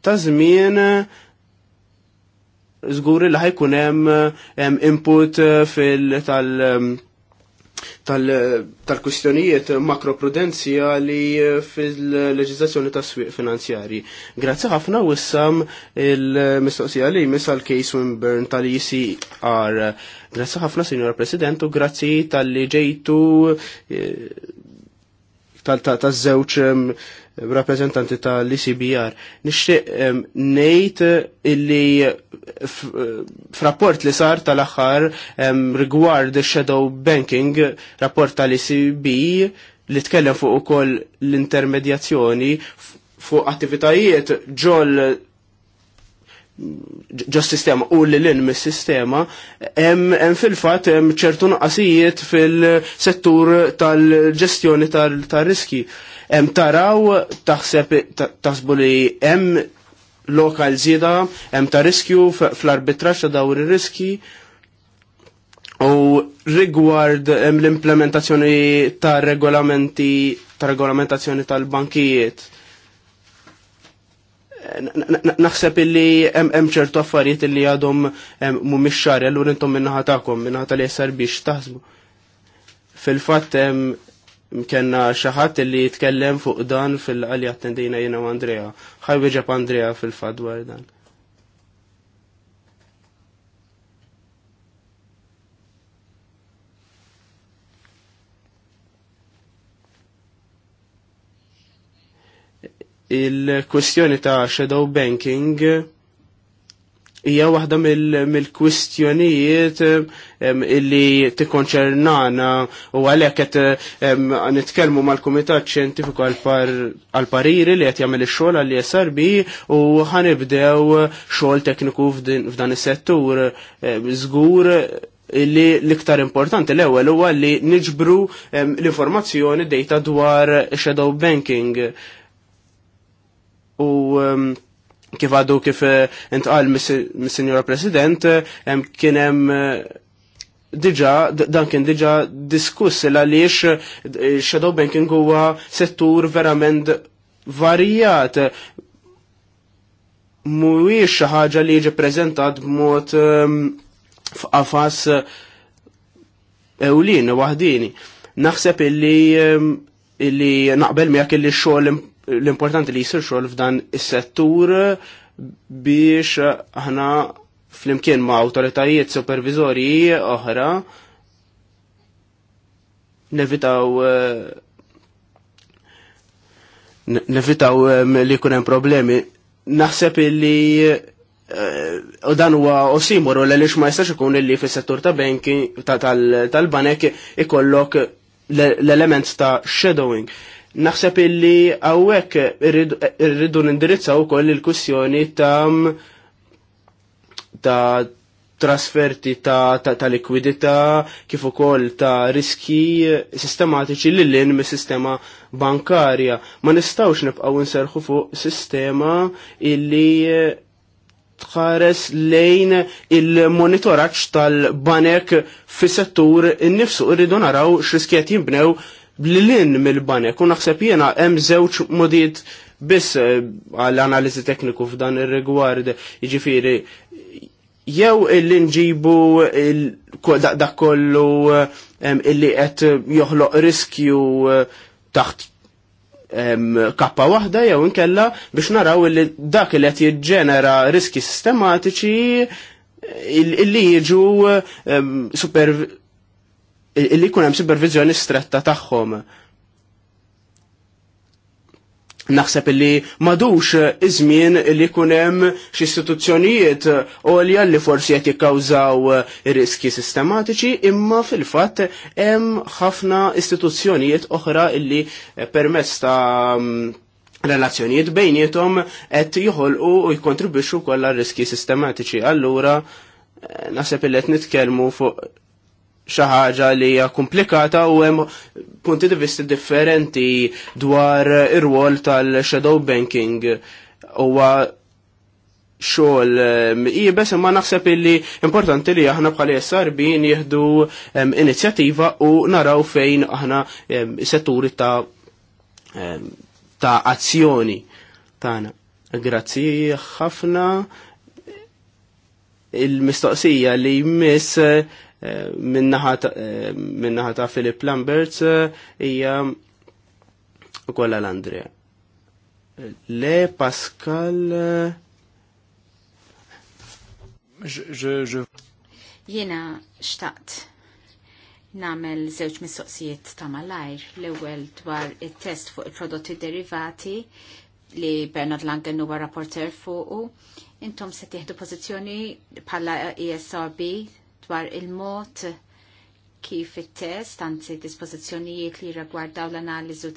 ta' żmien zguri li ħajkun hemm input eh, fil tal tal-kwistjonijiet tal makroprudenzjali eh, fil-leġizzazzjoni ta' swieq finanzjari. Grazzi ħafna u issam il-mistoqsija li misal Case Winburn tal-ECR. Grazzi ħafna, Signora President, u grazzi tal-li ġejtu eh, tal-żewċ rappresentanti tal-ICBR. Nixtieq ngħid illi f'rapport li sar tal-aħħar rigward shadow banking, rapport tal-ICB li tkellem fuq ukoll l-intermedjazzjoni fuq attivitajiet ġol ġo sistema u li l-in mis sistema hemm fil-fatt hemm ċertu naqasijiet fil-settur tal-ġestjoni tal-riski. tal ġestjoni tal riski Em taraw taħseb taħsbu li hemm lokal zida, hemm ta' riskju fl-arbitrax ta' dawri ir-riski u rigward l-implementazzjoni ta' regolamenti ta' regolamentazzjoni tal-bankijiet. Naħseb illi hemm ċertu affarijiet illi għadhom mhumiex xar, allura intom minnaħa tagħkom, minnaħa tal biex x'taħsbu. Fil-fatt hemm Mkenna xaħat li jitkellem fuq dan fil-qali attendina jena u Andrea. ħajbi ġab Andrea fil fadwar dan. Il-kwestjoni ta' shadow banking hija waħda mill-kwistjonijiet illi tikkonċernana u għalhekk qed nitkellmu mal-Kumitat Xjentifiku għal-Pariri li qed jagħmel ix-xogħol għal SRB u ħanibdew xogħol tekniku f'dan is-settur żgur li l-iktar importanti l-ewwel huwa li niġbru l-informazzjoni dejta dwar shadow banking u kif għaddu kif eh, intqal mis-Sinjora President, eh, kien hemm eh, diġa, dan kien diġa diskuss għaliex shadow banking huwa settur verament varjat. Mhuwiex xi ħaġa li jiġi preżentat b'mod ehm, f'qafas ewlin waħdini. Naħseb illi ehm, illi naqbel miegħek illi x-xogħol l-importanti li jisir xogħol f'dan is-settur biex aħna flimkien ma' awtoritajiet supervizori oħra nevitaw eh, nevitaw eh, li kunem problemi. Naħseb illi eh, u dan huwa u l ma jistax ikun illi fis-settur ta' banking tal-banek ikollok l-element ta' shadowing. Naħseb illi għawek irridu nindirizzaw koll il-kussjoni ta' ta' trasferti ta', ta, ta likwidità kif ukoll ta' riski sistematiċi li lin mis sistema bankarja. Ma nistawx nibqgħu nserħu fuq sistema illi tħares lejn il-monitoraġġ tal-banek fis-settur innifsu irridu naraw x'riskiet jinbnew blilin mill-banek u naħseb jena hemm żewġ modiet biss eh, għall analiżi tekniku f'dan ir-rigward jiġifieri jew illi nġibu dak kollu eh, illi qed joħloq riskju eh, taħt kappa waħda jew inkella biex naraw illi dak li qed jiġġenera riski sistematiċi illi jiġu illi jkun hemm supervizjoni stretta tagħhom. Naħseb illi madux iż-żmien illi jkun hemm xi istituzzjonijiet għolja li forsi qed jikkawżaw riski sistematiċi, imma fil-fatt hemm ħafna istituzzjonijiet oħra illi permezz ta' mm, relazzjonijiet bejnietom qed joħolqu u jkontribwixxu kollha riski sistematiċi. Allura eh, naħseb illi qed nitkellmu fuq xi ħaġa li hija komplikata u hemm punti di vista differenti dwar ir-rwol tal-shadow banking huwa xogħol ehm, ibes, imma naħseb illi importanti li aħna bħala SRBin jieħdu ehm, inizjattiva u naraw fejn aħna ehm, setturi ta' ta' azzjoni tagħna. Grazzi ħafna il-mistoqsija li jmiss minnaħa ta' Philip Lambert eh, hija kolla l-Andrea. Le Pascal eh, Jena xtaqt namel żewġ mistoqsijiet ta' malajr l-ewwel dwar it-test fuq il-prodotti derivati li Bernard Langen huwa rapporter fuq. Intom se tieħdu pożizzjoni bħala ESRB dwar il-mod kif it-test, anzi dispożizzjonijiet li rigwardaw l-analiżi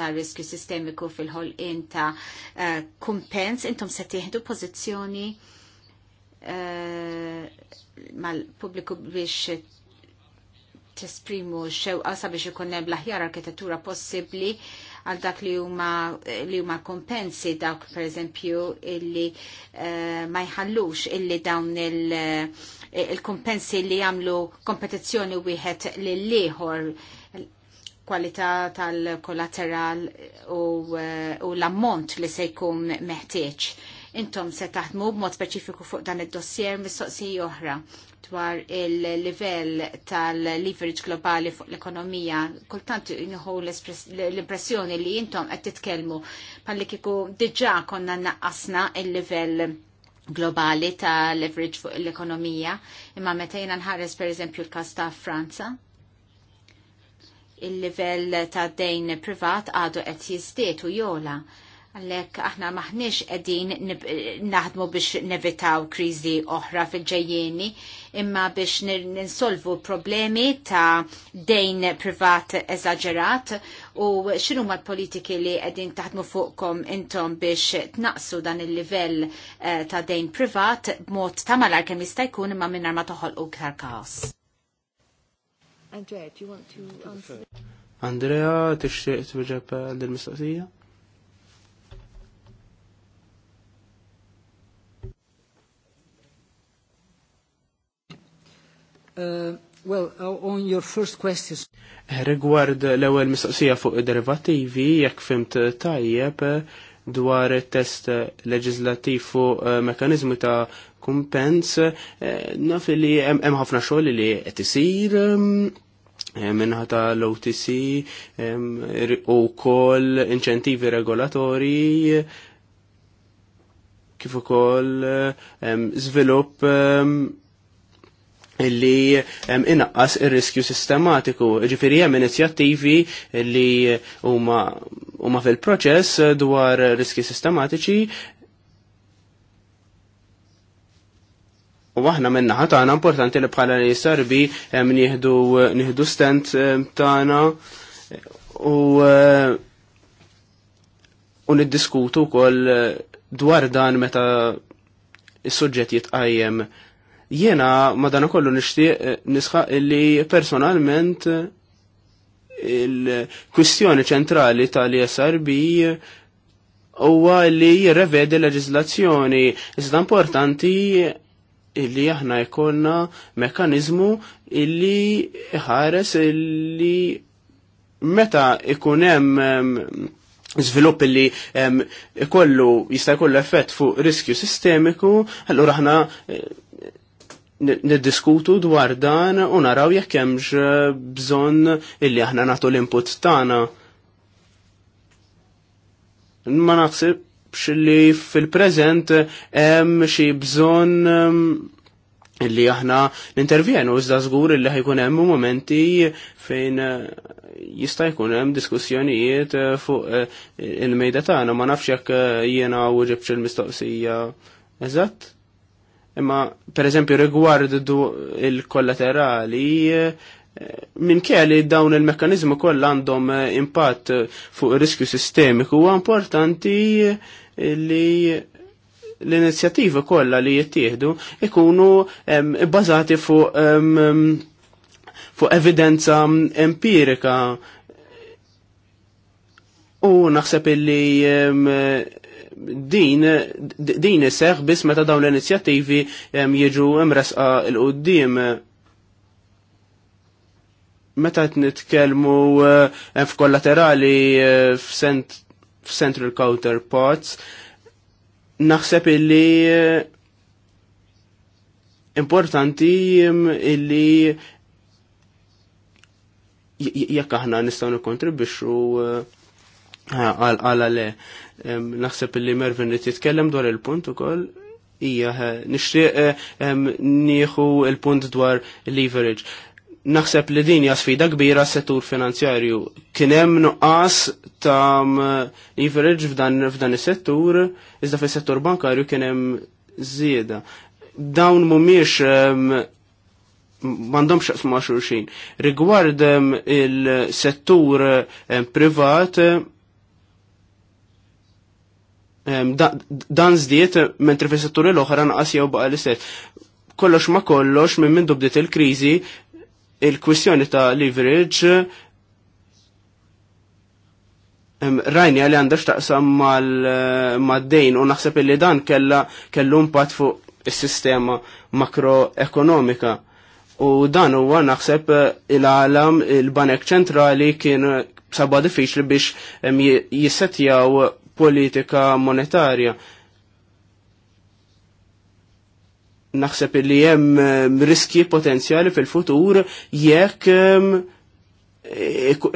ta' riskju sistemiku fil-ħolqien ta' eh, kumpens, intom se tieħdu pożizzjoni eh, mal-pubbliku biex tesprimu xewqa sabiex ikun hemm l-aħjar arkitettura possibbli għal dak li huma li huma kompensi dawk pereżempju illi eh, ma jħallux illi dawn il Eh, il-kompensi li jagħmlu kompetizzjoni wieħed lil ieħor kwalità tal-kollateral u, eh, u l-ammont li se jkun meħtieġ. Intom se taħdmu b'mod speċifiku fuq dan id-dossier mistoqsija oħra dwar il-livell tal-leverage globali fuq l-ekonomija, kultant inħu l-impressjoni li jintom għed titkelmu pal-li kiku diġa konna naqqasna il-livell globali ta' leverage fuq l-ekonomija, imma meta jena nħares per eżempju l-kas ta' Franza, il-livell ta' dejn privat għadu qed jistiet u jola Għallek, aħna maħniex edin naħdmu biex nevitaw krizi oħra fil-ġejjeni, imma biex ninsolvu problemi ta' dejn privat eżagġerat u xinu ma' politiki li edin taħdmu fuqkom intom biex tnaqsu dan il-livell eh, ta' dejn privat b'mod ta' malar kemm jista' jkun imma minnar ma toħol u ktar kaos. Andrea, do you want to answer? Andrea, tixtieq tweġeb l-mistoqsija? Uh, well, uh, on your first question. Eh, rigward l-ewwel mistoqsija fuq derivativi, jekk fimt tajjeb dwar test leġizlativ fuq eh, mekanizmu ta' kumpens, eh, naf li hemm ħafna xogħol li qed isir mm, minnaħa ta' l-OTC u kol inċentivi regolatori kif ukoll żvilupp illi inaqqas ir-riskju sistematiku. Ġifiri hemm inizjattivi li huma fil-proċess dwar riski sistematiċi U aħna minna ħatana importanti li bħala li sarbi nieħdu stent tagħna u u niddiskutu wkoll dwar dan meta s suġġett jitqajjem Jiena madana kollu nishtiq eh, nisħaq illi personalment eh, il-kwistjoni ċentrali tal-ISRB eh, huwa li jirrevedi leġizlazzjoni. Iżda importanti illi aħna jkollna mekanizmu illi ħares illi meta ikun hemm żvilupp illi ikollu jista' jkollu effett fuq riskju sistemiku, allura aħna niddiskutu dwar dan u naraw jekk hemmx eh, bżonn illi aħna nagħtu l-input tagħna. Ma naħsibx li fil-preżent eh, hemm xi bżonn eh, illi aħna nintervjenu iżda żgur illi ħajkun hemm momenti fejn jista' jkun hemm diskussjonijiet fuq il-mejda tagħna ma nafx jekk jiena u ġibx il-mistoqsija eżatt. Imma, per eżempju, rigwardu il-kollaterali, minn kelli dawn il-mekkanizmu koll għandhom eh, impatt fuq riskju sistemiku, huwa importanti li l inizjativa kollha li jittieħdu ikunu bbażati fuq fuq evidenza empirika u naħseb illi din din iseħ biss meta dawn l-inizjattivi jiġu imresqa l-qoddim meta qed nitkellmu eh, f'kollaterali eh, f'central counterparts naħseb illi eh, importanti illi jekk aħna nistgħu nikkontribwixxu għal għal naħseb li Mervin li titkellem dwar il-punt ukoll hija eh, nixtieq eh, nieħu il-punt dwar leverage. Naħseb li din hija sfida kbira settur finanzjarju. Kien hemm nuqqas ta' leverage f'dan is-settur, iżda fis-settur bankarju kien hemm żieda. Dawn mhumiex m'għandhomx xaqsma xulxin. Rigward il-settur privat, dan zdiet mentri fi settur l-oħra naqas jew baqa li istess Kollox ma kollox minn minn dubdiet il-kriżi il-kwistjoni ta' leverage rajni għalli għandax taqsam mal-dejn u naħseb illi dan kella kellu impatt fuq is-sistema makroekonomika. U dan huwa naħseb il-għalam il-banek ċentrali kien saba diffiċli biex jissetjaw politika monetarja. Naħseb li hemm ehm, riski potenzjali fil-futur jekk ehm,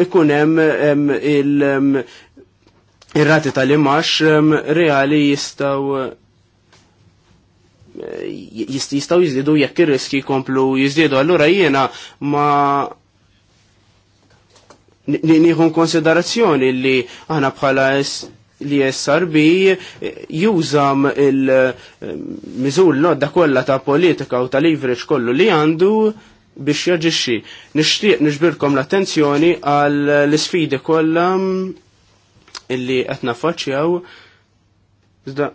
ikun hemm ehm, il-rati tal-imax reali jistgħu eh, jistaw jizdidu jekk ir-riski komplu jizdidu. Allura jiena ma nieħu konsiderazzjoni li aħna bħala li SRB eh, jużam il-mizur eh, l-odda kollha ta' politika u ta' leverage kollu li għandu biex jaġixxi. Nixtieq nixbirkom l-attenzjoni għal l-isfidi kollha mm, illi qed faċjaw. Zda,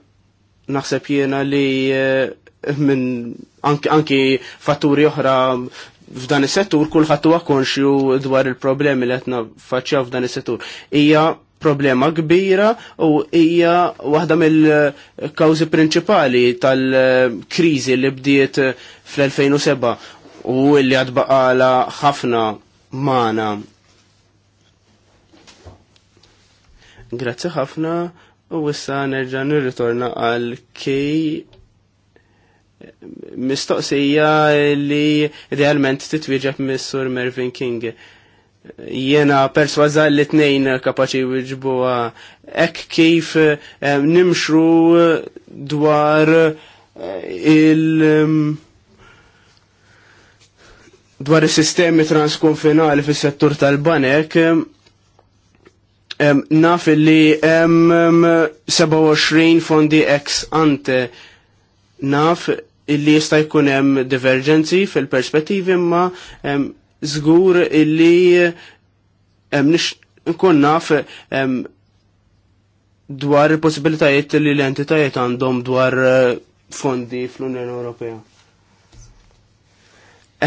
naħseb jiena li eh, minn anki fatturi oħra f'dan is-settur kulħadd huwa konxju dwar il-problemi li qed nafaċċjaw f'dan is-settur. Hija problema kbira u hija waħda mill-kawzi prinċipali tal-kriżi li bdiet fl-2007 u li għad baqala ħafna mana. Grazzi ħafna u issa nerġa' nirritorna għal kej mistoqsija li idealment titwieġeb miss sur Mervin King jena perswaza li tnejn kapaċi wieġbu ek kif eh, nimxru dwar eh, il mm, dwar is-sistemi transkonfinali fis-settur tal-banek eh, naf li hemm 27 mm, fondi ex ante naf illi jista' jkun hemm divergenzi fil-perspettivi imma zgur illi nix nkun naf dwar il-possibilitajiet li l-entitajiet għandhom dwar eh, fondi fl-Unjoni Ewropea.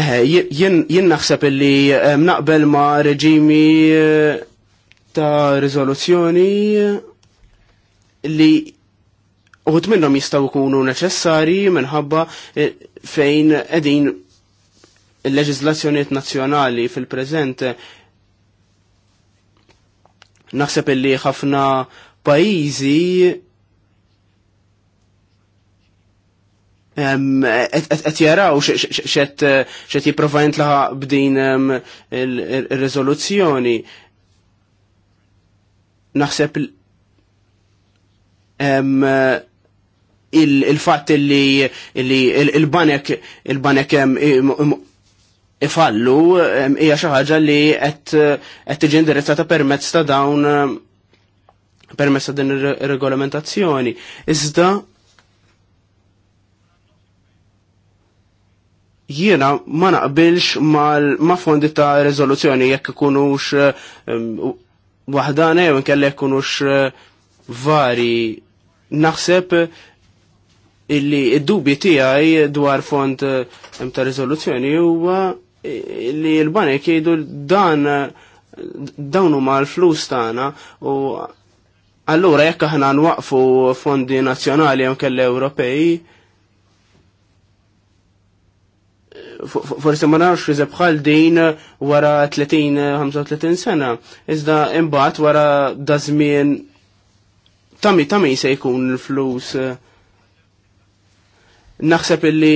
Eħe, eh, jien naħseb illi naqbel ma' reġimi eh, ta' rizoluzzjoni li uħut minnom jistaw kunu neċessari minħabba fejn edin il-leġizlazzjoniet nazzjonali fil-preżent naħseb illi ħafna pajjiżi qed jaraw x'qed jipprova jintlaħa b'din ir-riżoluzzjoni. Naħseb il-fatt li il-banek il-banek ifallu hija xi ħaġa li qed tiġi indirizzata permezz ta' dawn permezz ta' din ir-regolamentazzjoni. Iżda jiena ma naqbilx ma' fondi ta' rezoluzzjoni jekk ikunux waħdana jew inkella jkunux eh, vari naħseb illi id-dubji tiegħi dwar fond ta' rezoluzzjoni huwa li l-banek jgħidu dan dawnu ma l-flus tagħna u allura jekk aħna nwaqfu fondi nazzjonali hemm kelli Ewropej forse ma nafx iżeb bħal din wara 30-35 sena, iżda imbagħad wara da żmien tammi tami se jkun l-flus. Naħseb illi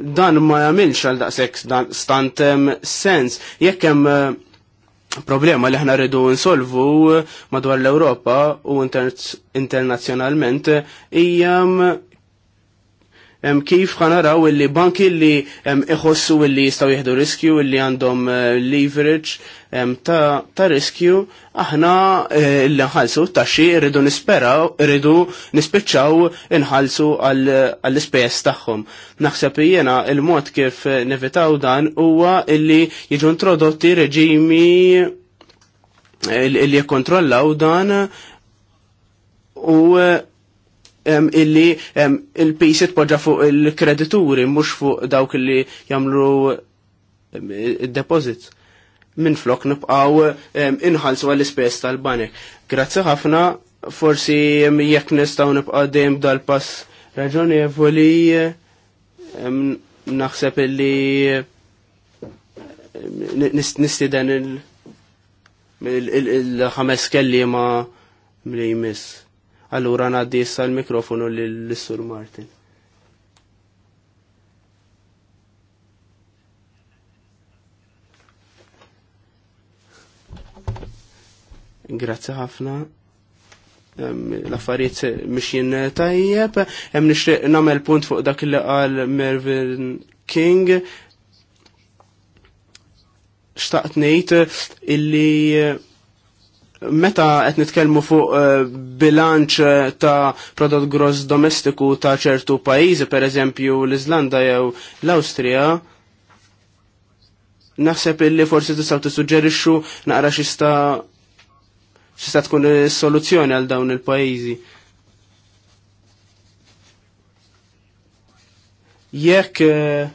dan ma jagħmilx għal daqshekk stant sens jekk hemm eh, problema li ħna rridu nsolvu eh, madwar l-Ewropa u internazzjonalment eh, hija kif ħanaraw illi banki li iħossu illi jistaw jihdu riskju illi għandhom eh, leverage ta', ta riskju aħna eh, illi nħalsu taxxi rridu nisperaw rridu nispiċċaw inħalsu għall-ispejjeż tagħhom. Naħseb jiena il-mod kif nevitaw dan huwa illi jiġu introdotti reġimi eh, illi jikkontrollaw dan u illi il-pis jitpoġġa fuq il-kredituri, mhux fuq dawk illi jagħmlu il-deposit. Minn flok nibqaw inħalsu għall-ispess tal-banek. Grazzi ħafna, forsi jekk nistgħu nibqa' dejjem dal-pass raġonevoli naħseb illi nistieden il-ħames kellima mli jmiss. Allura ngħaddi jissa l-mikrofonu lill-Sur Martin. Grazzi ħafna. L-affarijiet mixjin tajjeb. Hemm nixtieq nagħmel punt fuq dak li qal Mervyn King. Xtaqt ngħid illi meta qed nitkellmu fuq eh, bilanċ eh, ta' prodott gross domestiku ta' ċertu pajjiżi, pereżempju l-Iżlanda jew l-Awstrija, naħseb illi forsi tistgħu tissuġġerixxu naqra xista xista tkun is-soluzzjoni għal dawn il-pajjiżi. Jekk eh,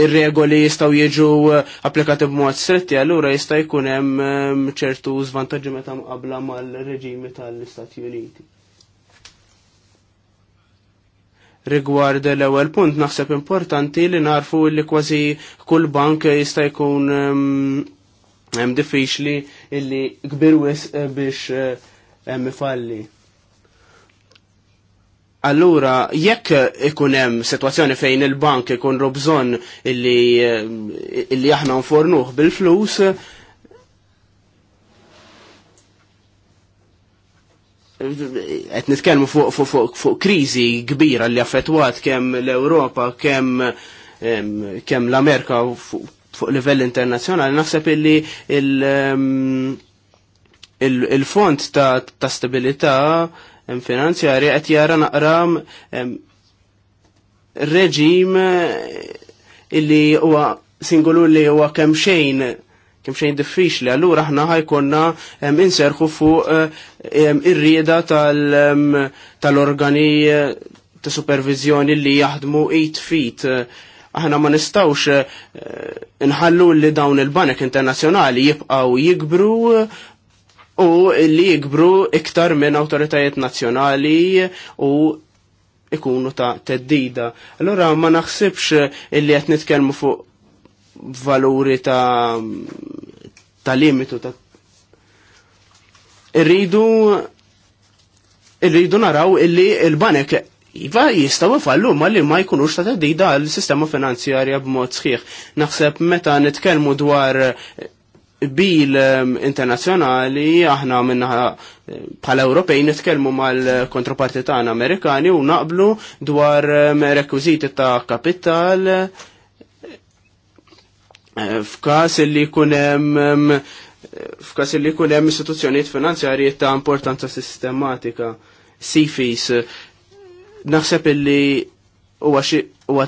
ir-regoli jistgħu jiġu eh, applikati b'mod stretti, allura jista' jkun hemm ehm, ċertu żvantaġġi meta mqabla mal-reġimi tal-Istati Uniti. Rigward l-ewwel punt naħseb importanti li narfu li kważi kull bank jista' jkun ehm, hemm diffiċli illi kbir wisq eh, biex eh, hemm falli. Allura, jekk ikun hemm sitwazzjoni fejn il-bank ikun bżonn illi, eh, illi aħna nfornuh bil-flus, qed nitkellmu fuq fuq fuq kriżi kbira li affettwat kemm l-Ewropa, kemm l-Amerika fuq fuq livell internazzjonali, naħseb illi il-fond il, il ta', ta stabilità finanzjari qed jara naqram reġim eh, illi huwa singolu li huwa kemm xejn kemm xejn diffiċli, allura aħna ħajkonna inserħu fuq eh, ir-rieda tal-organi eh, ta' supervizjoni li jaħdmu 8 feet aħna ma nistawx nħallu li dawn il-banek internazjonali jibqaw jikbru u li jikbru iktar minn autoritajiet nazzjonali u ikunu ta' teddida. Allora ma naħsibx illi qed nitkellmu fuq valuri ta' ta' limitu ta' irridu irridu naraw illi il-banek Iva jistaw fallu ma li ma jkunux ta' teddida għal sistema finanzjarja b'mod sħiħ. Naħseb meta nitkellmu dwar bil ehm, internazzjonali aħna minna pal eh, Ewropej nitkellmu mal kontroparti tagħna Amerikani u naqblu dwar ehm, rekwiżiti ta' kapital eh, f'każ li jkun hemm ehm, f'każ li jkun hemm istituzzjonijiet finanzjarji ta' importanza sistematika CFIs naħseb illi huwa xi huwa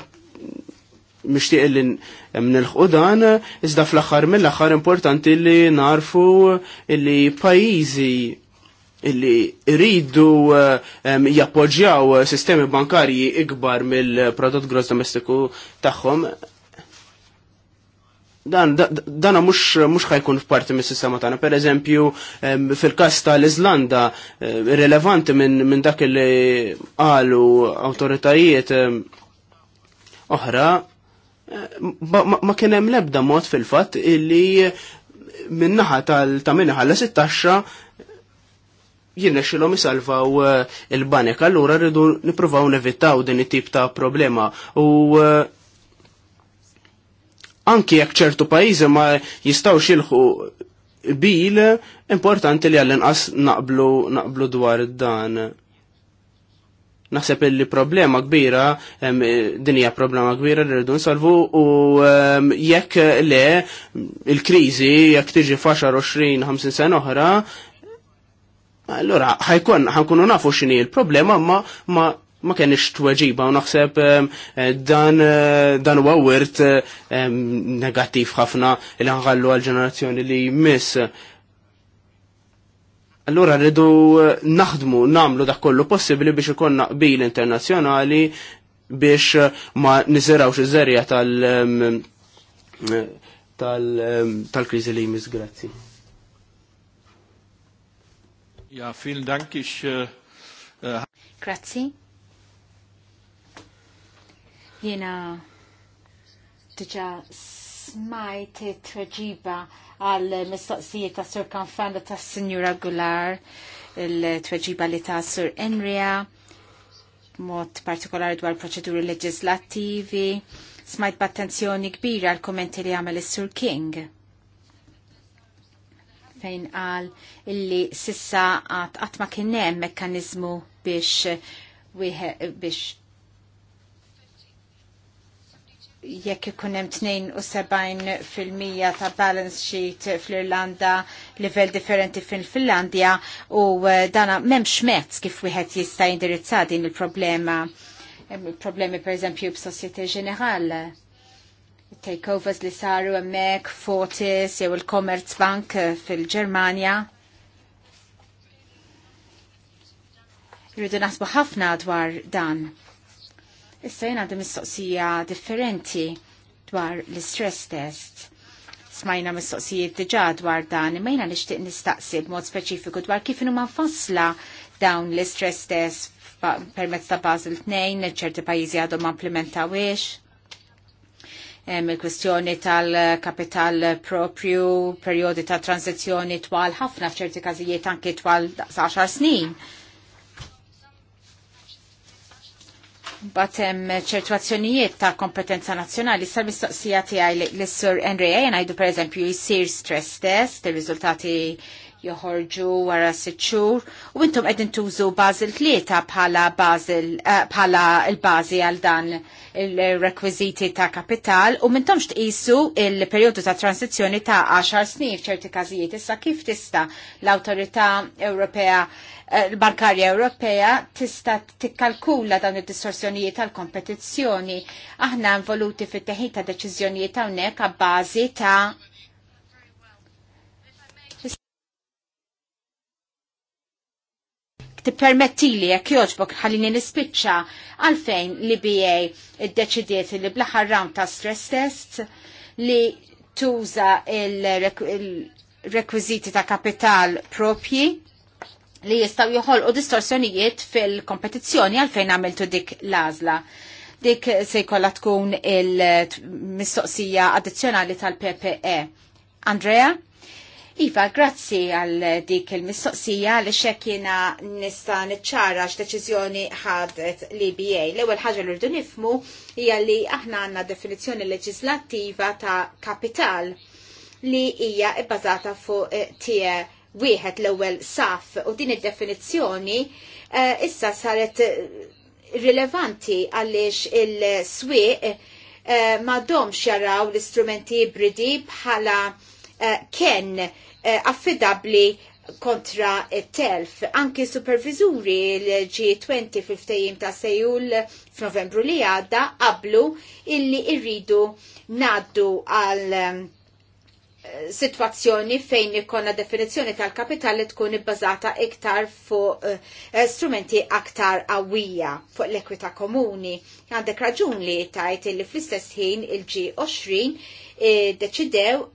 mixtieq li nilħqu dan, iżda fl-aħħar mill-aħħar importanti li narfu li pajjiżi illi rridu jappoġġjaw sistemi bankarji ikbar mill-prodott gross domestiku tagħhom dan dana mux mux ħajkun f'parti mis-sistema tagħna. Pereżempju fil-każ tal-Iżlanda rilevanti minn min dak li qalu awtoritajiet oħra ma kien hemm l-ebda mod fil-fatt illi minnaħa tal-tamina l 16 jirna xilom jisalvaw eh, il-banek. Allura rridu niprofaw nevitaw din it-tip ta' problema. U eh, anki jekk ċertu pajizi ma jistaw xilħu bil, importanti li għallin qas naqblu, naqblu dwar dan. Naħseb li problema kbira, dinja problema kbira li rridu nsolvu u jekk le il-krizi, jekk tiġi faxar 20-50 sen oħra, allora ħajkun ħankunu nafu x'inhi il-problema ma ma ma kenix tweġiba u naħseb dan dan huwa wirt negattiv ħafna li ħallu għal ġenerazzjoni li jmiss Allura rridu eh, naħdmu, namlu dak kollu possibli biex ikonna qbil internazzjonali biex eh, ma nisirawx iż-żerja tal- tal li jmiss, grazzi. Ja, fil Dank, äh, äh, Grazzi. Jena diġa smajt treġiba għal mistoqsijiet ta' Sur Kanfanda ta' Signora Gular, il-tweġiba li ta' Sur Enria, mod partikolari dwar proċeduri leġislattivi, smajt b'attenzjoni kbira għal kommenti li għamel is-Sur King fejn għal illi sissa għat ma kien hemm mekkaniżmu biex biex jekk ikun hemm 72% ta' balance sheet fl-Irlanda, livell differenti fil-Finlandja u eh, dana m'hemmx mezz kif wieħed jista' jindirizza din il-problema. Problemi pereżempju b'Sosjetà Ġenerali takeovers li saru emmek, Fortis, jew il Bank fil-Germania. Rridu nasbu ħafna dwar dan. Issa jena għandi mistoqsija differenti dwar l-stress test. Smajna mistoqsijiet diġa dwar dan, imma li nishtiq nistaqsi b'mod speċifiku dwar kif huma fosla dawn l-stress test permezz ta' Basel 2, ċerti pajjiżi għadhom ma' implementawiex. Il-kwestjoni tal-kapital propju, periodi ta' tranzizjoni twal ħafna f'ċerti każijiet anki twal 10 snin batem ċertuazzjonijiet ta' kompetenza nazjonali sa' mistoqsija għaj l-Sur Enri jgħidu per eżempju jisir stress test, ir-riżultati joħorġu wara sitt xhur u intom qegħdin tużu bazil tlieta bħala Basel eh, bħala l-bażi għal dan il-rekwiżiti ta' kapital u m'intomx tqisu il-perjodu ta' transizzjoni ta' 10 snin f'ċerti każijiet. Issa kif tista' l-Awtorità Ewropea eh, l-Bankarja Ewropea tista' tikkalkula dawn id-distorsjonijiet tal-kompetizzjoni. Aħna involuti fit teħin ta' deċiżjonijiet hawnhekk għabbażi ta' tippermettili jekk jogħġbok ħallini nispiċċa għalfejn li id-deċidiet li bl-aħħar round ta' stress test li tuża il-rekwiziti ta' kapital propji li jistaw joħolqu distorsjonijiet fil-kompetizzjoni għalfejn għamiltu dik l-għażla. Dik se jkollha tkun il-mistoqsija addizzjonali tal-PPE. Andrea? Iva, grazzi għal dik il-mistoqsija li xekjina nista nċara x-deċizjoni ħadet l-EBA. L-ewel ħagġa l-urdu nifmu hija li aħna għanna definizjoni leġislattiva ta' kapital li hija ibbażata fuq eh, tie wieħed l-ewwel saf u din id-definizzjoni eh, issa saret rilevanti għaliex il-swieq eh, ma domx jaraw l-istrumenti ibridi bħala Eh, kien eh, affidabli kontra telf. Anki supervizuri l-G20 fil ta' Sejul f'Novembru li għadda qablu illi irridu naddu għal eh, situazzjoni fejn ikonna definizjoni tal-kapitali tkun ibbażata iktar fuq strumenti aktar għawija fuq l-ekwita komuni. Għandek raġun li tajt li fl-istess ħin il-G20 deċidew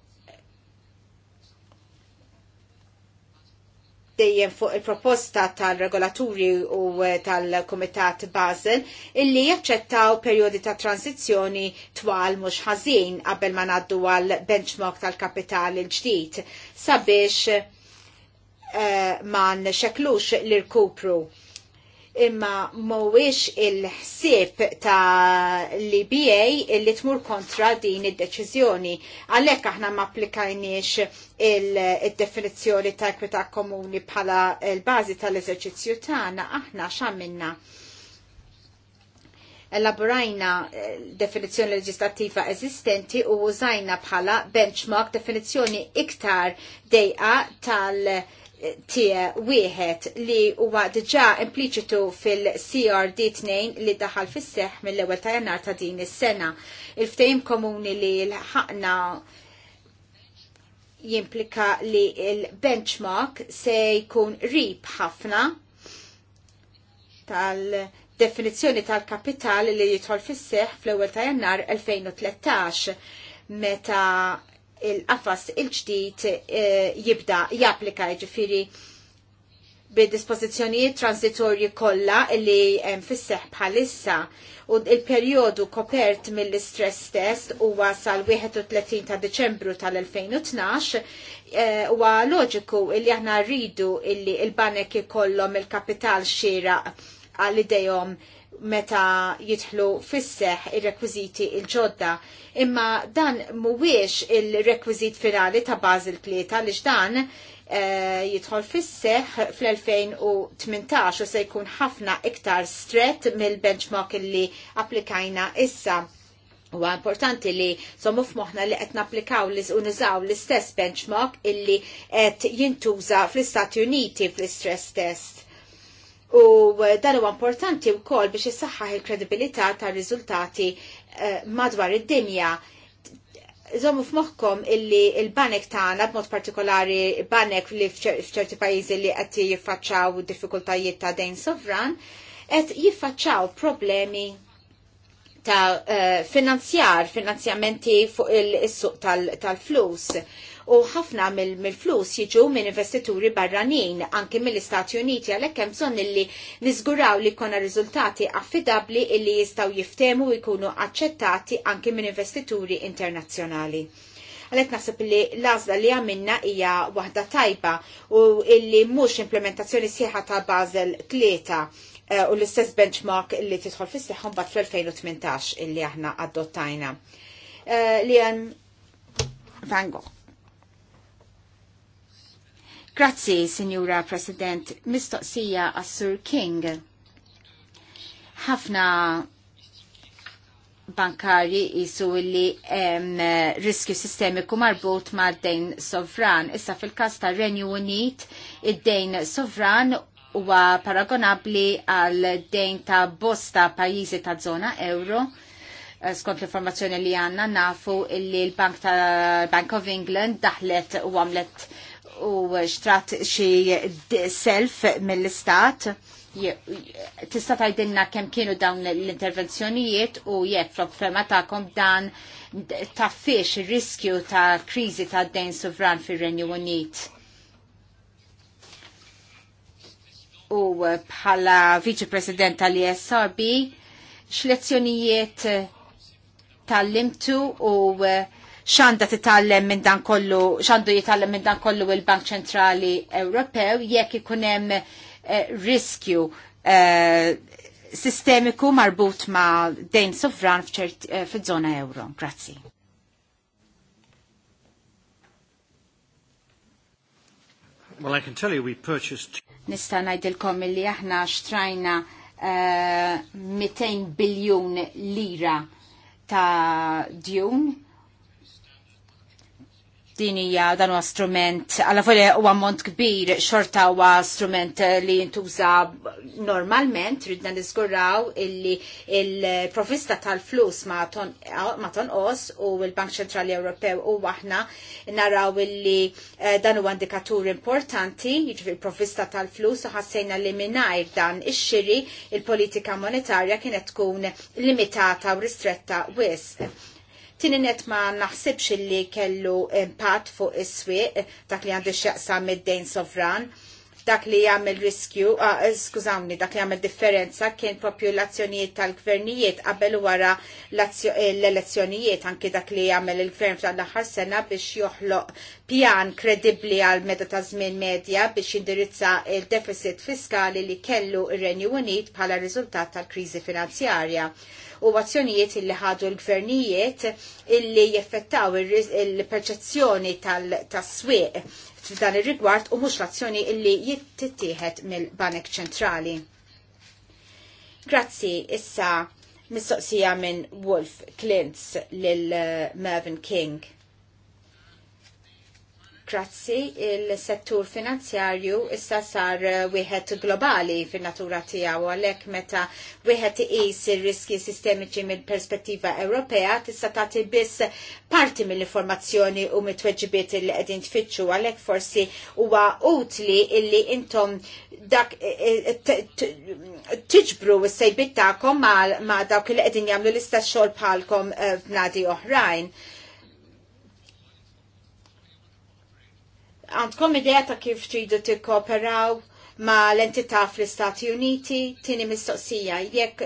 dejjem fuq il-proposta tal-regolaturi u eh, tal-Komitat Basel illi jaċċettaw perjodi ta' transizzjoni twal mhux ħażin qabel ma ngħaddu għal benchmark tal-kapital il-ġdid sabiex uh, ma nxeklux l-irkupru imma mhuwiex il-ħsieb ta' l iba li tmur kontra din id-deċiżjoni. Għalhekk aħna ma applikajniex il-definizzjoni ta' ekwità komuni bħala l-bażi tal-eżerċizzju tagħna aħna x'għamilna elaborajna eh, definizzjoni leġislattiva eżistenti u użajna bħala benchmark definizzjoni iktar dejqa tal- tie wieħed li huwa diġà impliċitu fil-CRD2 li daħal fis seħħ mill-ewwel ta' jannar ta' din is-sena. Il-ftehim komuni li l-ħaqna jimplika li il-benchmark se jkun rib ħafna tal-definizzjoni tal-kapital li jidħol fis seħħ fl-ewwel ta' jannar 2013 meta il-qafas il-ġdid eh, jibda japplika ġifiri bid-dispozizjonijiet transitorji kollha li hemm fisseħ bħalissa u il-perjodu kopert mill-istress test huwa sal-31 ta' Deċembru tal-2012 eh, huwa loġiku li aħna rridu illi il-banek ikollhom il-kapital xieraq għal idejhom meta jidħlu fisseħ il-rekwiziti il-ġodda. Imma dan mhuwiex il-rekwizit finali ta' Basel Kleta li dan eh, jidħol fisseħ fl-2018 u se jkun ħafna iktar stret mill-benchmark li applikajna issa. Huwa importanti li sommu f'moħna li qed napplikaw li uniżaw l-istess benchmark illi qed jintuża fl-Istati Uniti fl-istress test U eh, dan huwa importanti wkoll biex issaħħaħ il-kredibilità tar-riżultati eh, madwar id-dinja Zomu f'moħkom illi il-banek tagħna b'mod partikolari banek li f'ċerti pajjiżi li qed jiffaċċaw diffikultajiet ta' dejn sovran, qed jiffaċċaw problemi ta' eh, finanzjar, finanzjamenti fuq il-suq tal-flus. Tal u ħafna mill-flus jiġu minn investituri barranin anki mill-Istati Uniti għalhekk hemm bżonn illi niżguraw li jkollna riżultati affidabbli illi jistgħu jiftemu u jkunu aċċettati anki minn investituri internazzjonali Għalhekk nasib li l għażla li għamilna hija waħda tajba u illi mhux implementazzjoni sieħa ta' Basel 3 eh, u l-istess benchmark li tidħol fis seħħom bat fl-2018 illi aħna adottajna. Uh, Lian Van Gogh. Grazzi, Signora President. Mistoqsija għas-Sur King. Ħafna bankari jisu li um, riskju sistemiku marbut ma' d-dejn sovran. Issa fil-kas ta' Renju Unit, id-dejn sovran huwa paragonabli għal dejn ta' bosta pajizi ta' zona euro. Eh, skont l-informazzjoni li għanna nafu illi l-Bank ta' Bank of England daħlet u għamlet u xtrat xie self mill-istat tista tajdilna kem kienu dawn l-intervenzjonijiet u jekk flok ferma ta'kom dan taffiex il-riskju ta' krizi ta' dejn sovran fir renju Unit. U bħala Viċi President tal-ISRB, x'lezzjonijiet tal-limtu u uh, xanda titallem minn dan kollu, xandu jitallem minn dan kollu il-Bank Ċentrali Ewropew jekk ikunem eh, riskju eh, sistemiku marbut ma' dejn sovran eh, fil-zona euro. Grazzi. Well, I can tell you we purchased... Nista najdilkom li aħna xtrajna uh, eh, 200 biljun lira ta' djun din hija dan huwa strument alla volja huwa mont kbir xorta huwa strument li jintuża normalment ridna niżguraw illi il-provista tal-flus ma tonqos u l-Bank Ċentrali Ewropew u aħna naraw illi eh, dan huwa indikatur importanti jiġri provista tal-flus u ħassejna li mingħajr dan ix-xiri il-politika monetarja kienet tkun limitata u ristretta wisq Tini net ma naħsibx li kellu impatt fuq is-swieq dak li għandu x'jaqsam mid-dejn sovran dak li jagħmel riskju, eh, skużawni, dak li jagħmel differenza kien propju l-azzjonijiet tal-gvernijiet qabel wara l-elezzjonijiet anki dak li jagħmel il-gvern tal-aħħar sena biex joħloq pjan kredibbli għal meta ta' żmien medja biex jindirizza il-deficit fiskali li kellu ir-Renju Unit bħala riżultat tal-kriżi finanzjarja u azzjonijiet illi ħadu l-gvernijiet illi jeffettaw il-perċezzjoni tal-swieq f'dan ir-rigward u mhux l-azzjoni illi jittieħed mill-Banek Ċentrali. Grazzi issa mistoqsija minn Wolf Clintz lil eh, Mervyn King. Grazzi, il-settur finanzjarju issa sar eh, wieħed globali fin-natura tiegħu għalhekk meta wieħed iqis ir-riski sistemiċi mill-perspettiva Ewropea tista' tagħti biss parti mill-informazzjoni u mit-tweġibiet li qegħdin tfittxu għalhekk forsi huwa utli illi intom dak eh, eh, tiġbru s-sejbit tagħkom ma' dawk li qegħdin jagħmlu l-istess xogħol bħalkom f'nadi oħrajn. Uh, għandkom idea ta' kif tridu tikkooperaw ma' l-entità fl-Istati Uniti, tini mistoqsija, jekk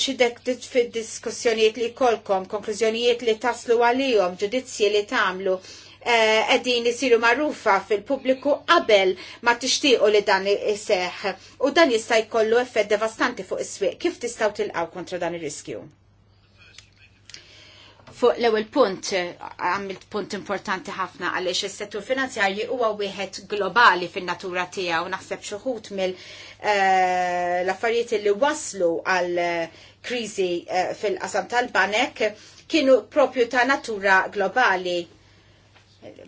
xidek fid diskussjonijiet li kolkom, konklużjonijiet li taslu għalijom, ġudizzji li tamlu, eh, għedin jisiru marrufa fil-publiku qabel ma tixtiequ li dan iseħ. U dan jista' jkollu effett devastanti fuq is-swieq. Kif tistgħu tilqaw kontra dan ir-riskju? Fuq l-ewwel punt għamilt punt importanti ħafna għaliex is-settur finanzjarji huwa wieħed globali fin-natura tiegħu naħseb xi wħud mill uh, eh, affarijiet li waslu għal eh, kriżi uh, fil-qasam tal-banek kienu propju ta' natura globali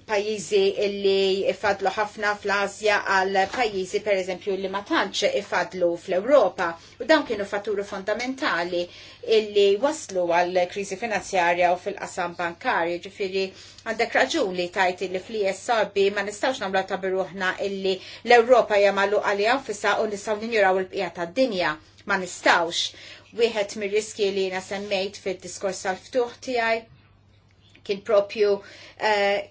pajizi illi ifadlu ħafna fl-Asja għal pajizi per eżempju li ma tantx ifadlu fl-Ewropa u dawn kienu fatturi fondamentali illi waslu għal krizi finanzjarja u fil-qasam bankarju ġifiri għandek raġuli tajt illi fl-ISRB ma nistawx namlu tabiruħna illi l-Ewropa jamalu għalli għafisa u nistaw ninjuraw il-bqija tad-dinja ma nistawx. Wieħed mir-riski li nasemmejt semmejt fil-diskors tal ftuħ tiegħi kien propju uh,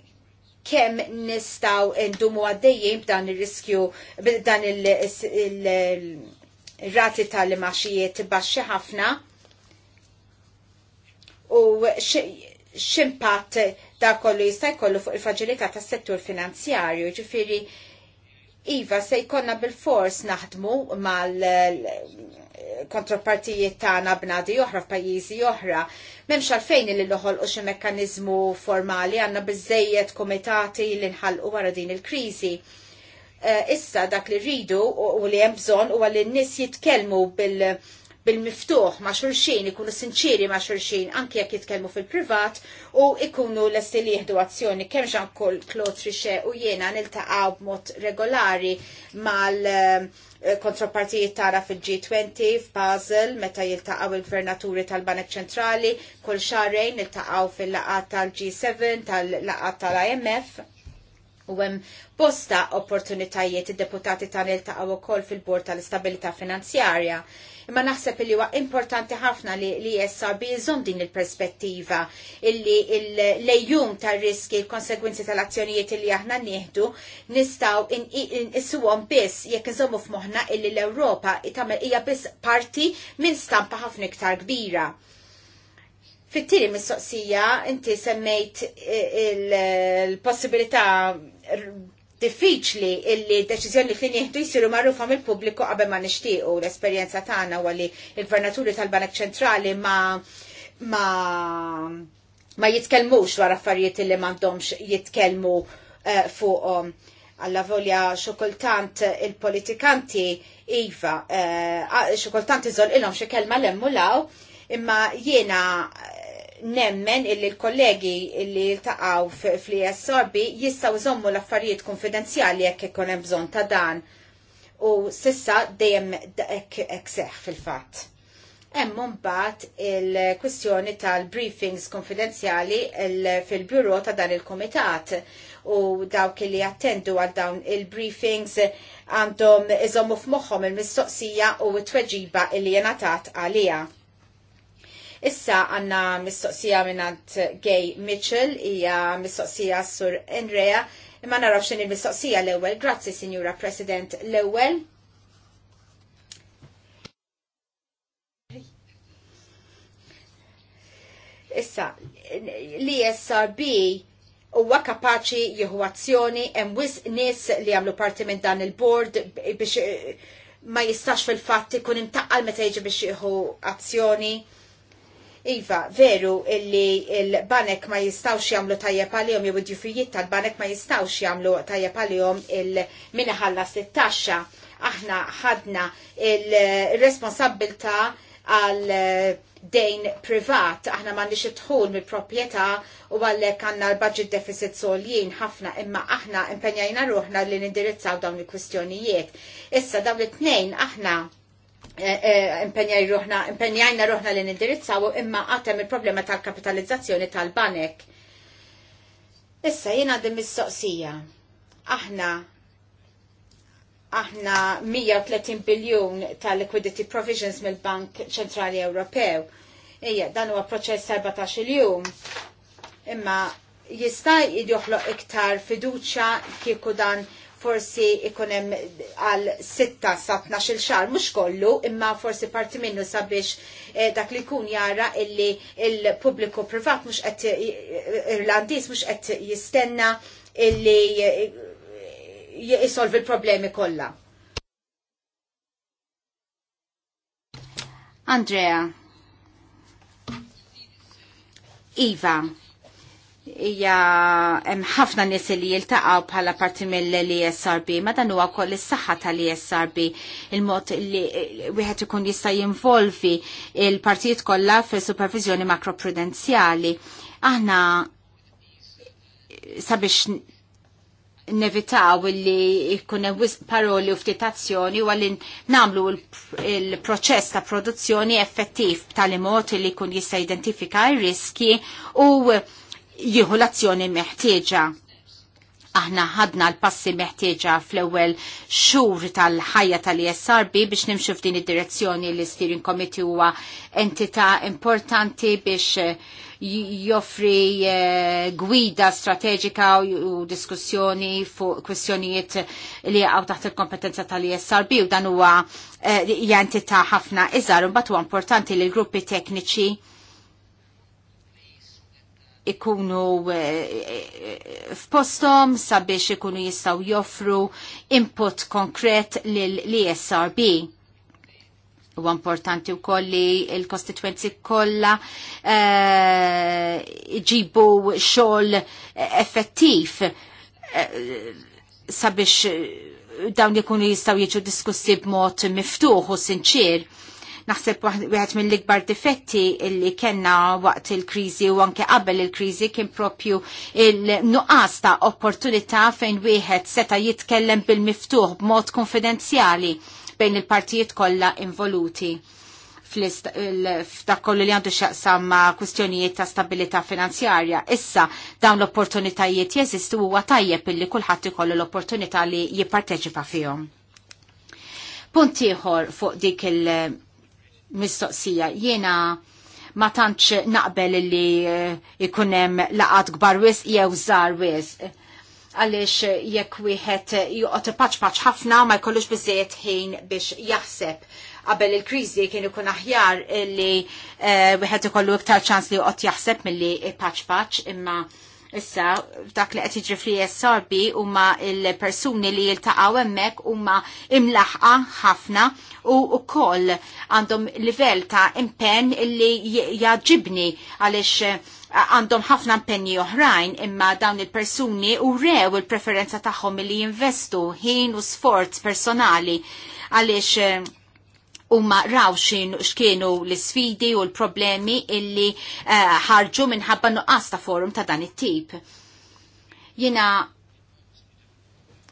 kemm nistaw ndumu għaddejjien b'dan ir-riskju b'dan il-rati tal-maxijiet baxxi ħafna u ximpat da kollu jista' jkollu fuq il-fragilità tas-settur finanzjarju, ġifiri Iva, se jkonna bil-fors naħdmu mal kontropartijiet tagħna b'nadi oħra f'pajjiżi oħra. memx għalfejn li loħol u xi mekkaniżmu formali għandna bizzejiet komitati li nħalqu wara din il-kriżi. Eh, issa dak li rridu u li hemm bżonn huwa li n-nies jitkellmu bil- bil-miftuħ ma' xulxin, ikunu sinċiri ma' xulxin, anki jekk jitkellmu fil-privat u ikunu l-estil jihdu azzjoni. kem ġan kol Trixxe u jiena niltaqgħu b'mod regolari mal- eh, kontropartijiet tara fil-G20, f'Basel, meta jiltaqgħu il-gvernaturi tal-Banek Ċentrali, kull xarrejn niltaqgħu fil-laqat tal-G7, tal-laqat tal-IMF. U hemm bosta opportunitajiet id-deputati tan iltaqgħu wkoll fil-Bord tal-Istabilità Finanzjarja imma naħseb li huwa importanti ħafna li li jessa jżomm din il-perspettiva illi l-lejjum tar-riski, l-konsegwenzi tal-azzjonijiet li aħna nieħdu nistgħu nqisuhom biss jekk nżommu f'moħħna illi l-Ewropa hija biss parti minn stampa ħafna iktar kbira. Fit-tieni mistoqsija inti semmejt eh, il-possibilità diffiċli illi deċiżjoni li nieħdu jsiru magħrufa mill-pubbliku qabel ma nixtiequ l-esperjenza tagħna li il-gvernaturi tal-Banek Ċentrali ma ma ma jitkellmux dwar affarijiet li m'għandhomx jitkellmu eh, fuqhom. alla volja xokultant il-politikanti Iva, eh, uh, iżol ilhom xi kelma lemmu law, imma jiena nemmen illi l-kollegi illi taqaw fl-ISRB e jistaw zommu l-affarijiet konfidenzjali jekk ikun hemm bżonn ta' dan. U sissa dejjem hekk seħ fil-fatt. Hemm mbagħad il-kwistjoni tal-briefings konfidenzjali fil bureau ta' dan il-kumitat u dawk li attendu għal dawn il-briefings għandhom iżommu f'moħħom il-mistoqsija u t-tweġiba li jenatat għalija Issa għanna mistoqsija minnant Gay Mitchell, hija mistoqsija sur Enrea, imma naraw xin il-mistoqsija l-ewel. Grazzi, Signora President, l-ewel. Issa, li SRB huwa kapaċi jieħu azzjoni hemm wis nies li għamlu parti minn dan il bord biex ma jistax fil-fatt ikun imtaqqal meta jiġi biex jieħu azzjoni Iva, veru illi il-banek ma jistawx jamlu tajja palijom, jew id-ġifijiet tal-banek ma jistawx jamlu tajjeb għalihom il-mina ħallas Aħna ħadna il-responsabilta għal dejn privat, aħna ma nix idħul mill-proprjetà u għallek għanna l-budget deficit soljien ħafna imma aħna impenjajna ruħna li nindirizzaw dawn il-kwistjonijiet. Issa dawn it-tnejn aħna E, e, impenjajna ruħna li nindirizzaw imma għatem il-problema tal-kapitalizzazzjoni tal-banek. Issa jena għandim mistoqsija. Aħna aħna 130 biljun ta' liquidity provisions mill-Bank Ċentrali Ewropew. Ija, dan huwa proċess 14 il jum. Imma jista' jidjoħloq iktar fiduċa kieku dan forsi ikunem għal 6 sa 12 xar, mux kollu, imma forsi parti minnu sabiex eh, dak li kun jara illi il-publiku privat mux għet irlandis mux għet jistenna illi eh, jisolvi il-problemi kolla. Andrea. Iva ija hemm ħafna nies li jiltaqgħu bħala parti mill-ESRB, ma dan huwa wkoll is-saħħa tal isrb il-mod li wieħed ikun jista' jinvolvi il-partijiet kollha fis-supervizjoni makroprudenzjali. Aħna sabiex nevitaw li jkun hemm paroli u ftit azzjoni u għallin namlu il-proċess ta' produzzjoni effettiv tal-imot li jkun jista' identifika r riski u jieħu l-azzjoni meħtieġa. Aħna ħadna l-passi meħtieġa fl-ewwel xhur tal-ħajja tal-ISRB biex nimxu f'din id-direzzjoni li steering committee huwa entità importanti biex eh, joffri eh, gwida strateġika u diskussjoni fuq kwestjonijiet li għaw taħt il-kompetenza tal-ISRB u dan huwa eh, entità ħafna iżgħar u mbagħad huwa importanti li l-gruppi tekniċi ikunu eh, eh, f'postom sabiex ikunu jistaw joffru input konkret l-ESRB. U importanti u kolli il-kostituenzi kolla eh, ġibu xol effettiv sabiex dawn ikunu jistaw jieġu diskussi b'mod miftuħ u sinċir Naħseb wieħed mill-ikbar difetti illi kellna waqt il-kriżi u anke qabel il-kriżi kien propju il-nuqqas ta' opportunità fejn wieħed seta' jitkellem bil-miftuħ b'mod konfidenzjali bejn il-partijiet kollha involuti f'dak kollu li għandu xaqsam ma' kwistjonijiet ta' stabilità finanzjarja. Issa dawn l-opportunitajiet jeżistu huwa tajjeb illi kulħadd ikollu l-opportunità li jipparteċipa fihom. Punt ieħor fuq dik il- mistoqsija. Jiena ma tantx naqbel li eh, ikunem laqat gbar wisq jew żar wis. Għaliex eh, jekk wieħed eh, joqgħod paċ ħafna ma jkollux biżejjed ħin biex jaħseb qabel il-kriżi kien ikun aħjar li wieħed ikollu iktar ċans li joqgħod jaħseb milli paċ paċ imma Issa, dak li qed jiġri jessorbi isrb huma il-persuni li jiltaqgħu hemmhekk huma imlaħqa ħafna u wkoll għandhom livell ta' impenn li jaġibni għaliex eh, għandhom ħafna impenni oħrajn imma dawn il-persuni u rew il-preferenza tagħhom li jinvestu ħin u sforz personali għaliex eh, ma raw x'kienu l-isfidi u l-problemi illi eh, ħarġu minħabba nuqqas ta' forum ta' dan it-tip. Jina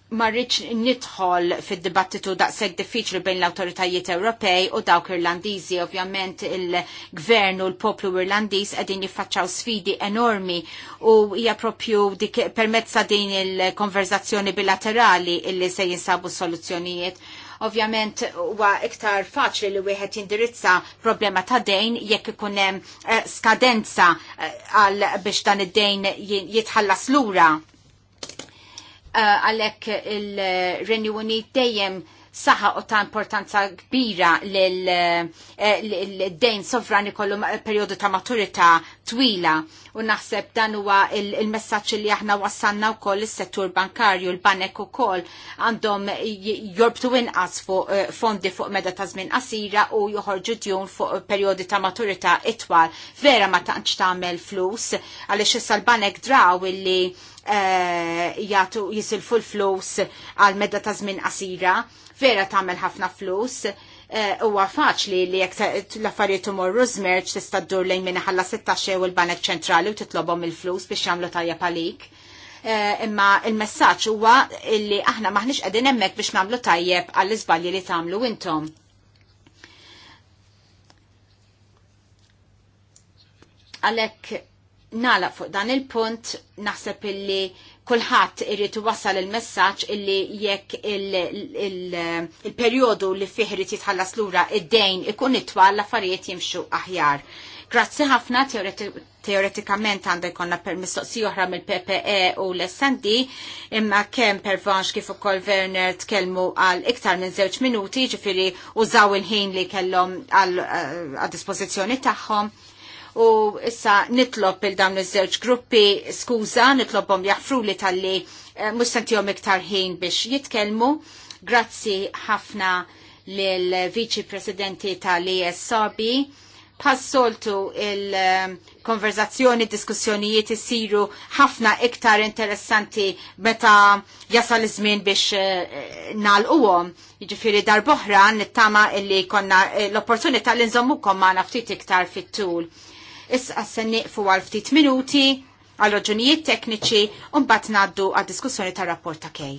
marriċ nidħol fil-dibattitu seg diffiċli bejn l-autoritajiet Ewropej u dawk Irlandiżi. Ovvjament il-gvern u l-poplu Irlandiż qegħdin jiffaċċaw sfidi enormi u hija propju permezz ta' din il-konverzazzjoni bilaterali illi se jinsabu soluzzjonijiet Ovvjament huwa iktar faċli li wieħed jindirizza problema ta' dejn jekk ikun hemm eh, skadenza eh, għal biex dan id-dejn jitħallas lura. Eh, għalhekk il-Renju Unit dejjem saħa u ta' importanza kbira l-dejn eh, sovran ikollu periodu ta' maturita twila u naħseb dan huwa il-messaċ li aħna wassanna u koll il-settur bankarju, l-banek u koll għandhom jorbtu inqas fuq eh, fondi fuq meda ta' żmien qasira u joħorġu djun fuq periodi ta' maturita itwal. Vera ma ta' tagħmel flus għaliex issa l-banek draw illi eh, jagħtu jisilfu l-flus għal medda ta' żmien qasira vera tagħmel ħafna flus eh, huwa faċli li jekk l-affarijiet imorru żmerġ tista' ddur lejn minn ħalla 16 u l-Banek Ċentrali u titlobhom il-flus biex jagħmlu tajjeb għalik. Eh, imma il-messaġġ huwa li aħna maħniex qegħdin hemmhekk biex nagħmlu tajjeb għall-iżbalji li tagħmlu intom. Għalhekk nagħlaq fuq dan il-punt naħseb illi kulħadd irid wasal il-messaġġ illi jekk il-perjodu li fih irid jitħallas lura id-dejn ikun itwal l-affarijiet jimxu aħjar. Grazzi ħafna teoretikament għandu jkollna permistoqsi oħra mill-PPE u l-SND imma kemm pervanx kif ukoll Werner tkellmu għal iktar minn żewġ minuti ġifieri użaw il-ħin li kellhom għal eh, dispożizzjoni tagħhom u issa nitlob il-dawn iż-żewġ gruppi skuża, nitlobhom jaffru li talli li eh, mhux sentihom iktar ħin biex jitkellmu. Grazzi ħafna lill-Viċi Presidenti tal-ESRB passoltu il-konverzazzjoni, diskussjonijiet isiru ħafna iktar interessanti meta jasal iż-żmien biex eh, nalquhom. Jiġifieri darboħra nittama illi konna eh, l-opportunità li nżommukom ma naftit iktar fit-tul. Issa se nieqfu għal ftit minuti għal raġunijiet tekniċi u mbagħad ngħaddu għad diskussjoni tar-rapport ta' Kej.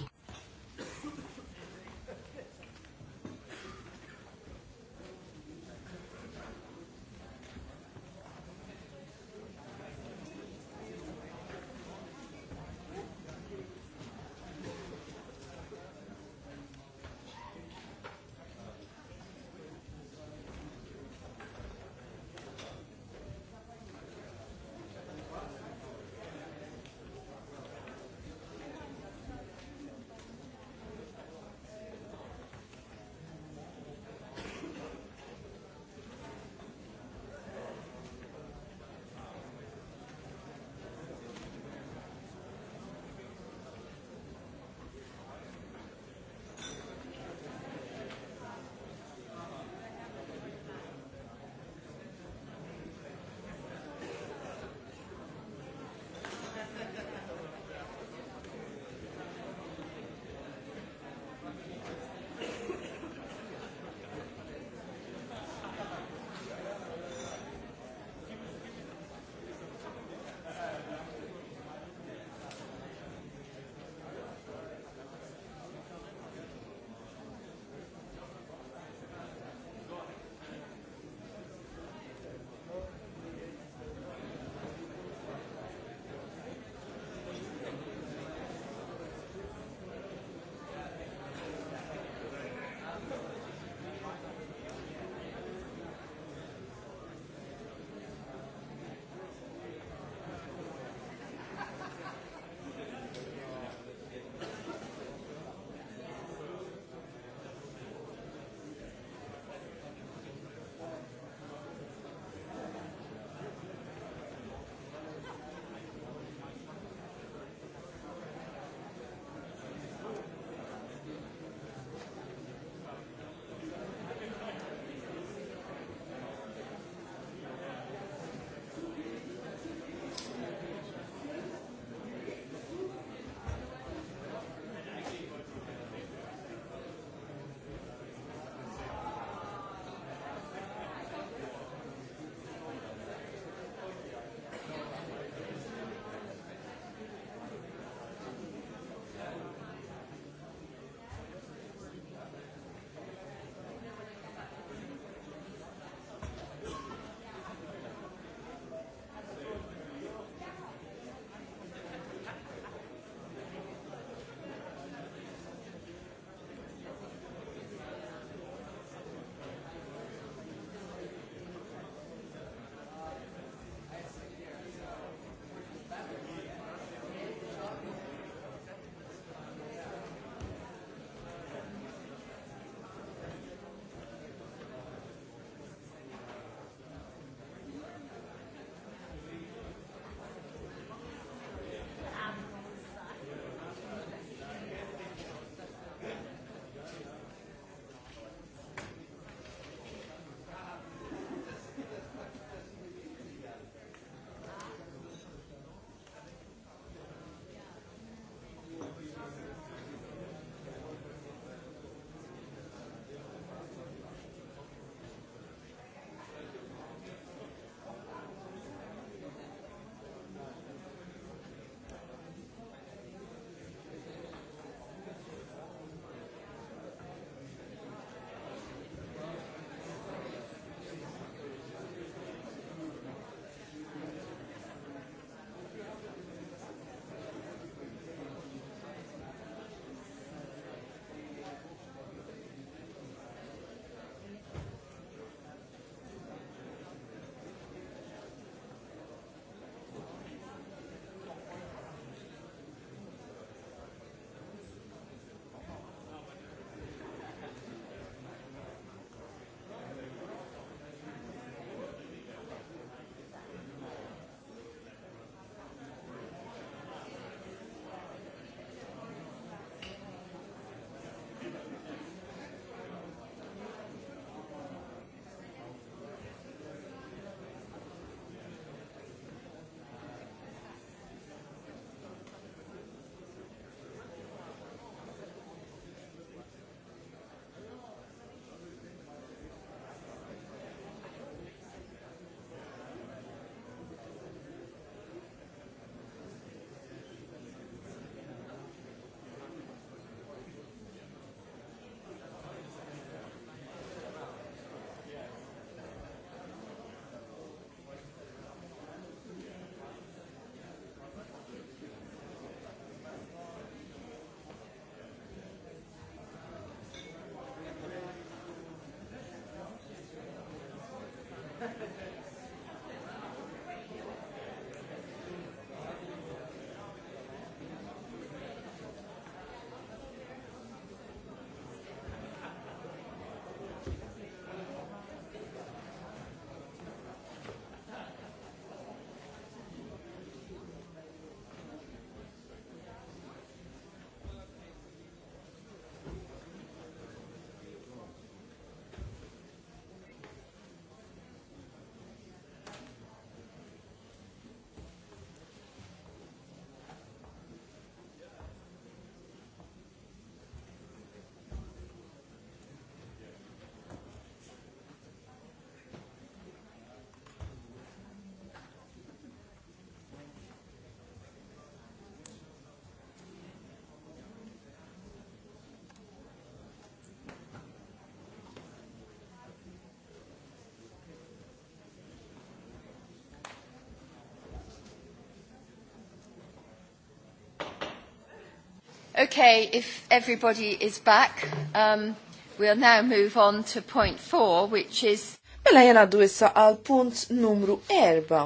Okay, if everybody is back, um, we'll now move on to point four, which is... Mela jenaddu issa għal punt numru erba.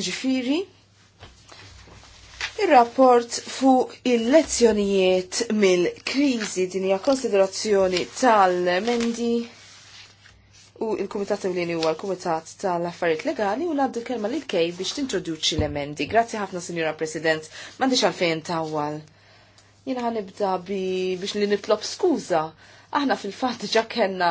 Iġifiri, il-rapport fu il-lezzjonijiet mill-krizi dinja konsiderazzjoni tal-mendi u il-Kumitat Ewlieni huwa l-Kumitat tal-Affarijiet Legali u l l-kelma lil kej biex tintroduċi l-emendi. Grazzi ħafna, Sinjora President, m'għandix għalfejn tawwal. Jina ħanibda biex li nitlob skuża. Aħna fil-fatt ġa kellna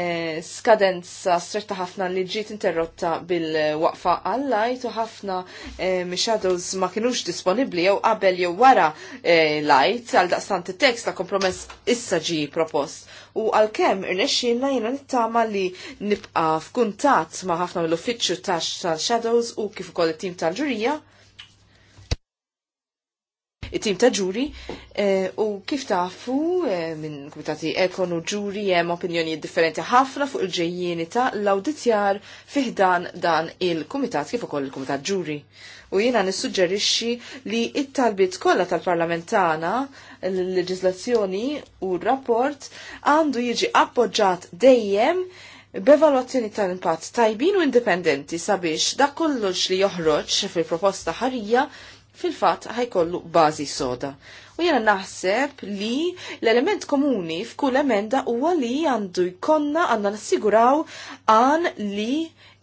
eh, skadenza stretta ħafna li ġiet interrotta bil-waqfa għall-lajt u ħafna eh, shadows ma kinux disponibli jew qabel jew wara eh, lajt għal daqstant it-tekst ta' kompromess issa ġi propost. U għal-kem irnexxinna jina nittama li nibqa' f'kuntatt ma' ħafna mill-uffiċċju ta' tal-shadows u kif ukoll it-tim tal-ġurija it-tim ta' ġuri eh, u kif tafu eh, minn kumitati ekon u ġuri hemm opinjonijiet differenti ħafna fuq il-ġejjieni ta' l-awditjar fiħdan dan il-kumitat kif ukoll il-kumitat ġuri. U jiena nissuġġerixxi li it-talbiet kollha tal-parlamentana l-leġislazzjoni u r-rapport għandu jiġi appoġġat dejjem b'evalwazzjoni tal-impatt tajbin u indipendenti sabiex dak kollox li joħroġ fil-proposta ħarija fil-fat ħajkollu bażi soda. U jena naħseb li l-element komuni f'kull emenda huwa li għandu jkonna għandna nassiguraw għan li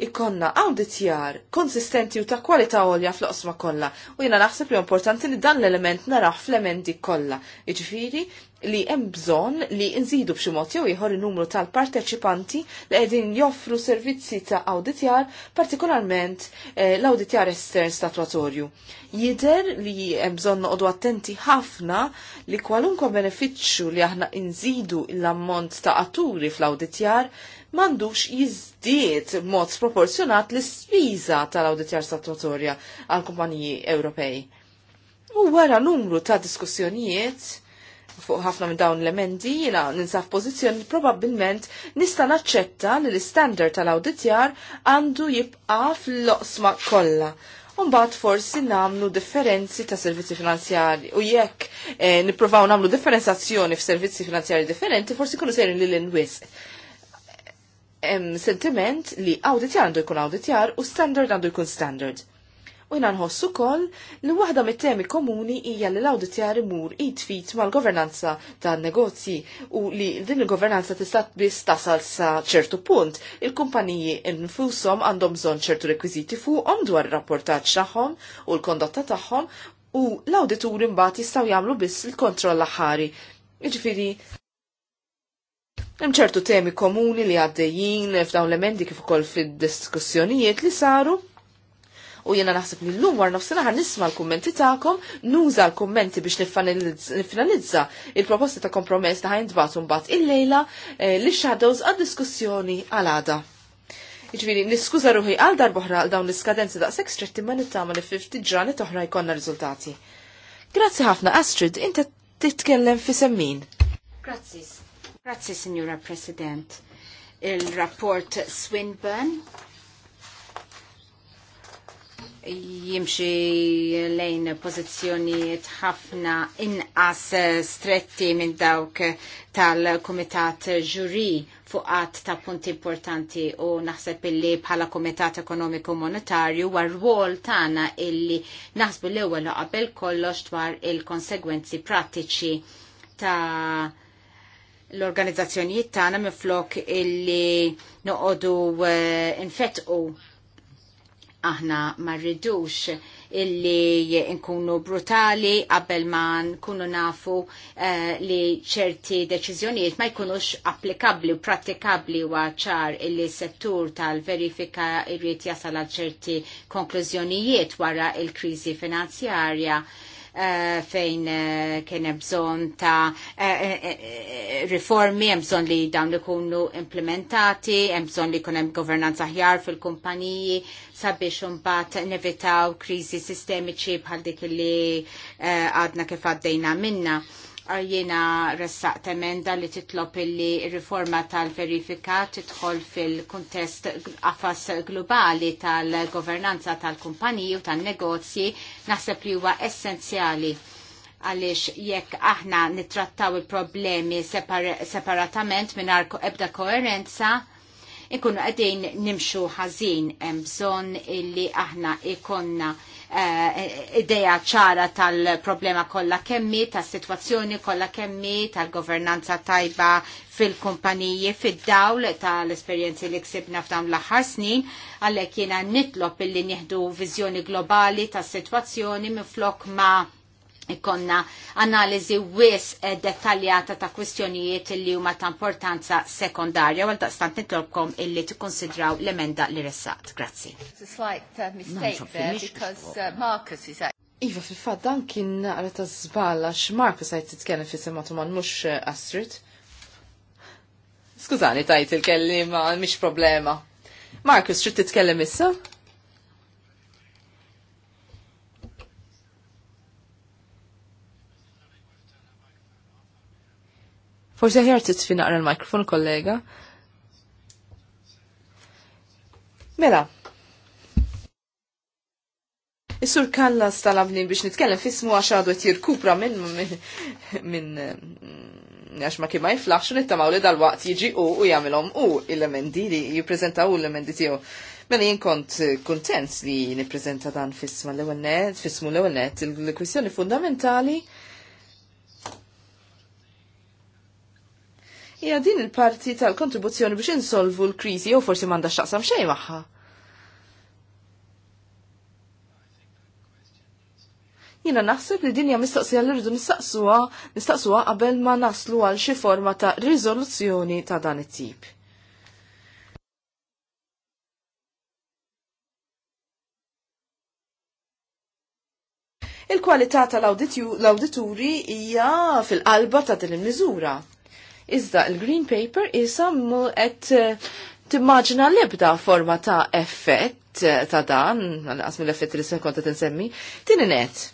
ikonna awditjar konsistenti u ta' kwalità għolja fl-osma kollha. U jena naħseb li importanti li dan l-element naraħ fl-emendi kollha. Iġifiri, li hemm bżonn li nżidu b'xi mod jew ieħor in-numru tal-parteċipanti li qegħdin joffru servizzi ta' awditjar, partikolarment eh, l-awditjar estern statwatorju. Jider li hemm bżonn noqogħdu attenti ħafna li kwalunkwe benefiċċju li aħna nżidu l-ammont ta' atturi fl-awditjar mandux jizdiet mod sproporzjonat l-ispiża tal-awditjar statwatorja għal kumpaniji Ewropej. U wara numru ta' diskussjonijiet, fuq ħafna minn dawn l-emendi jiena ninsaf pożizzjoni probabilment probabbilment nista' naċċetta li l-istandard tal-awditjar għandu jibqa' fl-loqsma kollha. Umbat forsi namlu differenzi ta' servizzi finanzjari u jekk eh, niprofaw namlu differenzazzjoni f'servizzi finanzjari differenti, forsi kunu serin li l-inwis. Sentiment li auditjar għandu jkun auditjar u standard għandu jkun standard. U jina nħossu kol li waħda mit-temi komuni hija li l-awditjar imur jitfit mal-governanza tan negozji u li din il-governanza tista' biss tasal sa ċertu punt. Il-kumpaniji infushom għandhom bżonn ċertu rekwiżiti fuqhom dwar ir-rapportaġġ tagħhom u l-kondotta tagħhom u l-awdituri mbagħad jistgħu jagħmlu biss il-kontroll aħari. Jiġifieri Hemm ċertu temi komuni li għaddejjin f'dawn l-emendi kif ukoll fid-diskussjonijiet li saru u jena naħseb li l-lum war nofsina ħan nisma l-kommenti ta'kom, nuża l-kommenti biex nifinalizza il-proposta ta' kompromess ta' ħajndbatu mbagħad il-lejla eh, li shadows għad-diskussjoni għal-għada. Iġviri, niskuza ruħi għal darboħra għal dawn l skadenzi da' sex stretti ma nittama li 50 ġrani toħra jkonna riżultati. Grazzi ħafna, Astrid, inta titkellem fi semmin. Grazzi, grazzi, Signora President. Il-rapport Swinburne jimxi lejn pozizjoni ħafna inqas stretti minn dawk tal-Kumitat Ġuri fuqat ta' punti importanti u naħseb illi bħala Kumitat Ekonomiku Monetarju war rwol tagħna illi naħsbu l-ewwel qabel kollox dwar il-konsegwenzi prattiċi ta' l-organizzazzjonijiet tagħna miflok illi noqogħdu eh, infetqu Aħna ma rridux illi nkunu brutali qabel ma nkunu nafu uh, li ċerti deċiżjonijiet ma jkunux applikabli u pratikabli ċar illi settur tal-verifika irrit jasal għal ċerti konklużjonijiet wara il-kriżi finanzjarja. Uh, fejn uh, kien bżon ta' uh, riformi, hemm bżon li dawn ikunu implementati, hemm bżon li jkun hemm governanza ħjar fil-kumpaniji, sabiex unbat nevitaw krizi sistemiċi bħal dik li eh, għadna kif għaddejna minna. Jena ressaqt emenda li titlop illi riforma tal-verifika titħol fil-kontest għafas globali tal-governanza tal-kumpaniji u tal-negozji naħseb li huwa essenzjali għalix jekk aħna nitrattaw il-problemi separatament minn ebda koerenza, ikunu għedin nimxu ħażin hemm bżonn illi aħna ikonna eh, ideja ċara tal-problema kollha kemmi, tas-sitwazzjoni kollha kemmi, tal-governanza tajba fil-kumpaniji, fid-dawl tal-esperjenzi li ksibna f'dawn l-aħħar snin, għalhekk jiena nitlob illi nieħdu viżjoni globali tas-sitwazzjoni minflok ma' ikonna analizi wis eh, dettaljata ta' kwistjonijiet li huma ta' importanza sekondarja għal daqstant nitlobkom illi tikkonsidraw l-emenda li ressaqt. Grazzi. Uh, iva, fil-fat dan kien naqra ta' zbala x-Marcus għajt titkellem fi sematu man mux uh, Astrid. Skużani tajt il-kellima, mish problema. Marcus, t titkellem issa? Forse ħjar titfi naqra l-mikrofon, kollega. Mela. Is-sur Kalla stalabni biex nitkellem fismu għax għadu qed jirkupra minn minn mm, għax ma kien ma nittamaw li dal-waqt jiġi u u jamilom u l-emendi li jippreżentaw l-emendi tiegħu. Mela jien kont kuntent li nippreżenta dan fisma l-ewwel fismu l-ewwel il-kwistjoni fundamentali Ija din il-parti tal-kontribuzzjoni biex insolvu l-kriżi jew forsi m'għandha xaqsam xejn magħha. Jiena naħseb li dinja mistoqsija li rridu nistaqsuha nistaqsuha qabel ma naslu għal xi forma ta' riżoluzzjoni ta' dan it-tip. Il-kwalità tal-awdituri hija fil-qalba ta' din il-miżura. Iżda il-Green Paper isa mu qed eh, timmaġina l-ebda forma ta' effett eh, ta' dan, għasmi l-effett li se konta tinsemmi, tini net.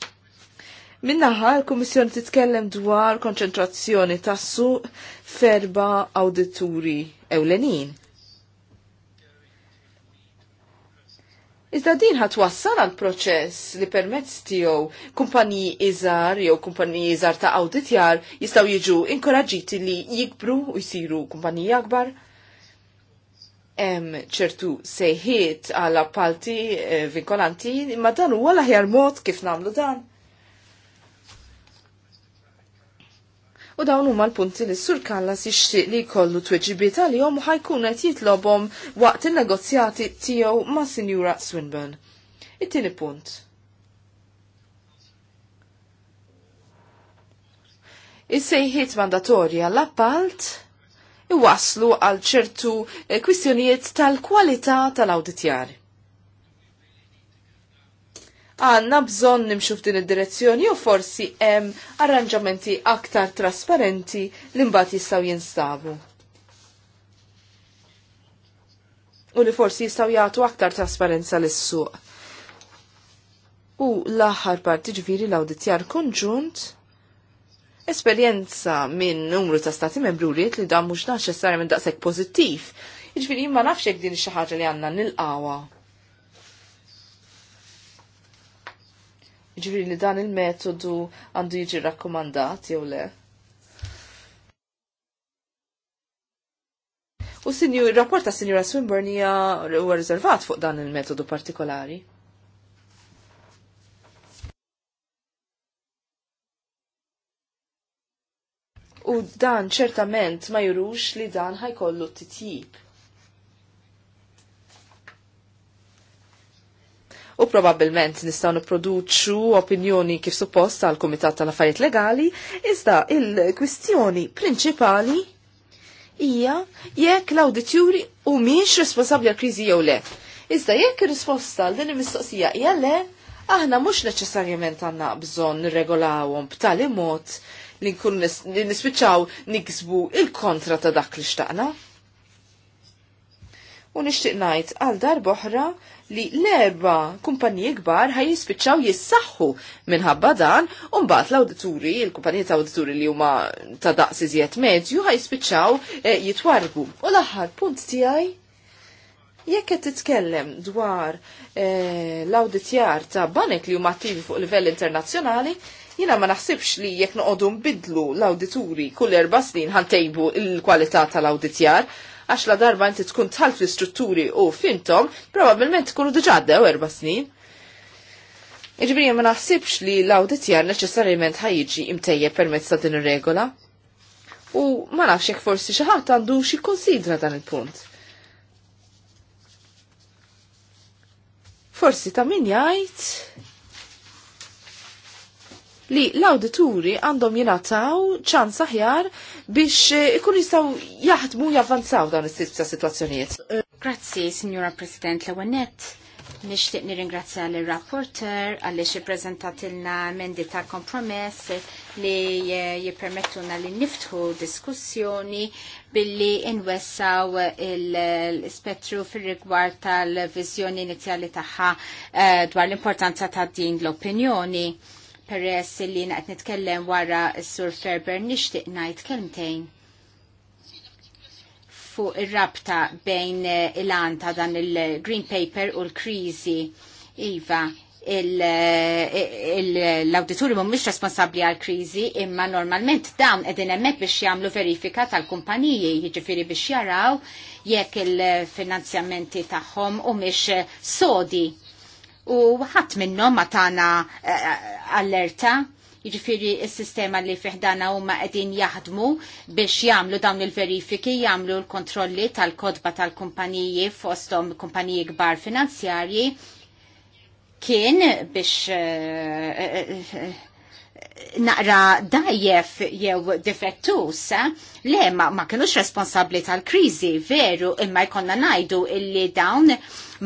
Minnaħa l-Komissjoni titkellem dwar konċentrazzjoni tas-suq ferba awdituri ewlenin. Iżda din ħat wassal għal proċess li permezz tiegħu kumpaniji iżar jew kumpaniji iżar ta' awditjar jistgħu jiġu inkoraġiti li jikbru u jsiru kumpaniji akbar. Hemm ċertu sejħiet għal appalti eh, vinkolanti imma dan huwa l-aħjar mod kif nagħmlu dan. U dawn huma l-punti li s-sur Kallas jixtieq li jkollu tweġibiet għalihom u ħajkun qed jitlobhom waqt in-negozjati tiegħu ma' Sinjura Swinburne. It-tieni punt. Is-sejħiet mandatorja l-appalt iwaslu għal ċertu eh, kwistjonijiet tal-kwalità tal-awditjar għanna bżon nimxu f'din id-direzzjoni u forsi hemm arranġamenti aktar trasparenti li mbagħad jistgħu jinstabu. U li forsi jistgħu jagħtu aktar trasparenza lis-suq. U l-aħħar parti ġviri l-awditjar kunġunt, esperjenza minn numru ta' stati membruriet li dan mhux naċessarjament daqshekk pożittiv. Jiġifieri ma nafx hekk din xi ħaġa li għandna nilqawha. Ġifiri li dan il-metodu għandu jiġi rakkomandat jew le. U sinju, il-rapport ta' sinjura Swinburne hija huwa riservat fuq dan il-metodu partikolari. U dan ċertament ma jurux li dan ħajkollu titjib. u probabilment nistaw niproduċu opinjoni kif suppost għal Kumitat tal-Affarijiet Legali, iżda il-kwistjoni prinċipali hija jekk l-awditjuri u miex responsabbli għal kriżi jew le. Iżda jekk ir-risposta għal din il-mistoqsija hija le, aħna mhux neċessarjament għandna bżonn nirregolawhom b'tali mod li nkun nispiċċaw niksbu il-kontra ta' dak li xtaqna. U nixtieq ngħid għal darba oħra li l-erba kumpaniji kbar ħaj jispiċċaw jissaħħu minħabba dan u mbagħad l-awdituri, il-kumpaniji ta' awdituri li huma ta' daqs iżjed medju ħaj jispiċċaw eh, jitwargu. U l-aħħar punt tiegħi jekk qed titkellem dwar eh, l-awditjar ta' banek li huma attivi fuq livell internazzjonali, jina ma naħsibx li jekk noqogħdu nbidlu l-awdituri kull erba' snin ħantejbu l kwalità tal-awditjar għax la darba inti tkun tħalf l-istrutturi u fintom, probabilment tkunu u erba snin. Iġbri ma naħsibx li l-auditjar neċessarjament ħajġi imtejje permezz ta' din ir-regola. U ma nafx jekk forsi xi ħadd għandu xi konsidra dan il-punt. Forsi ta' min jgħid li l-awdituri għandhom jingħataw ċans aħjar biex eh, ikun jistgħu jaħdmu javvanzaw dawn is-sib ta' sitwazzjonijiet. Grazzi, Signora President Lewanet. Nixtieq nirringrazzja l rapporter għaliex ippreżentatilna mendi ta' kompromess li eh, jippermettuna li niftħu diskussjoni billi inwessaw il-spettru fil-rigward tal-vizjoni inizjali tagħha eh, dwar l-importanza ta' din l-opinjoni peress li naqt nitkellem wara s-sur Ferber nixtieq ngħid kelmtejn fuq ir-rabta bejn eh, il-għan ta' dan il-Green Paper u l-krizi. Iva, eh, l-auditori mhumiex responsabbli għal kriżi imma normalment dawn qegħdin hemmhekk biex jagħmlu verifika tal-kumpaniji, jiġifieri biex jaraw jekk il-finanzjamenti tagħhom u mhix sodi u ħadd minnhom ma tagħna eh, eh, allerta jiġifieri s-sistema li fiħdana huma qegħdin jaħdmu biex jagħmlu dawn il-verifiki, jagħmlu l-kontrolli tal-kodba tal-kumpaniji fosthom kumpaniji kbar finanzjarji kien biex eh, naqra dajjef jew defettus, eh? le ma, ma kienux responsabli tal-krizi, veru, imma jkonna najdu illi dawn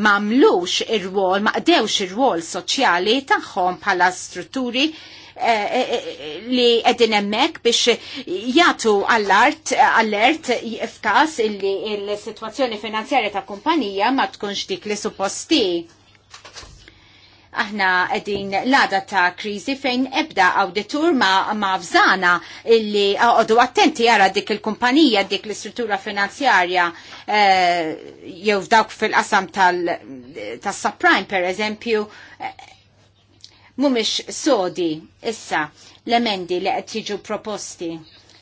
mamlux ir-rwol, ma qdewx ir-rwol soċjali tagħhom bħala strutturi eh, eh, li edin emmek biex jgħatu allart, allert f'kas illi il-situazzjoni finanzjarja ta' kumpanija ma tkunx dik li supposti. Aħna qegħdin l-għada ta' kriżi fejn ebda awditur ma, mafżana illi għodu attenti għara dik il-kumpanija, dik l-istruttura finanzjarja eh, jew dawk fil-qasam tal-subprime per eżempju eh, mumiex sodi issa l-emendi li qed jiġu proposti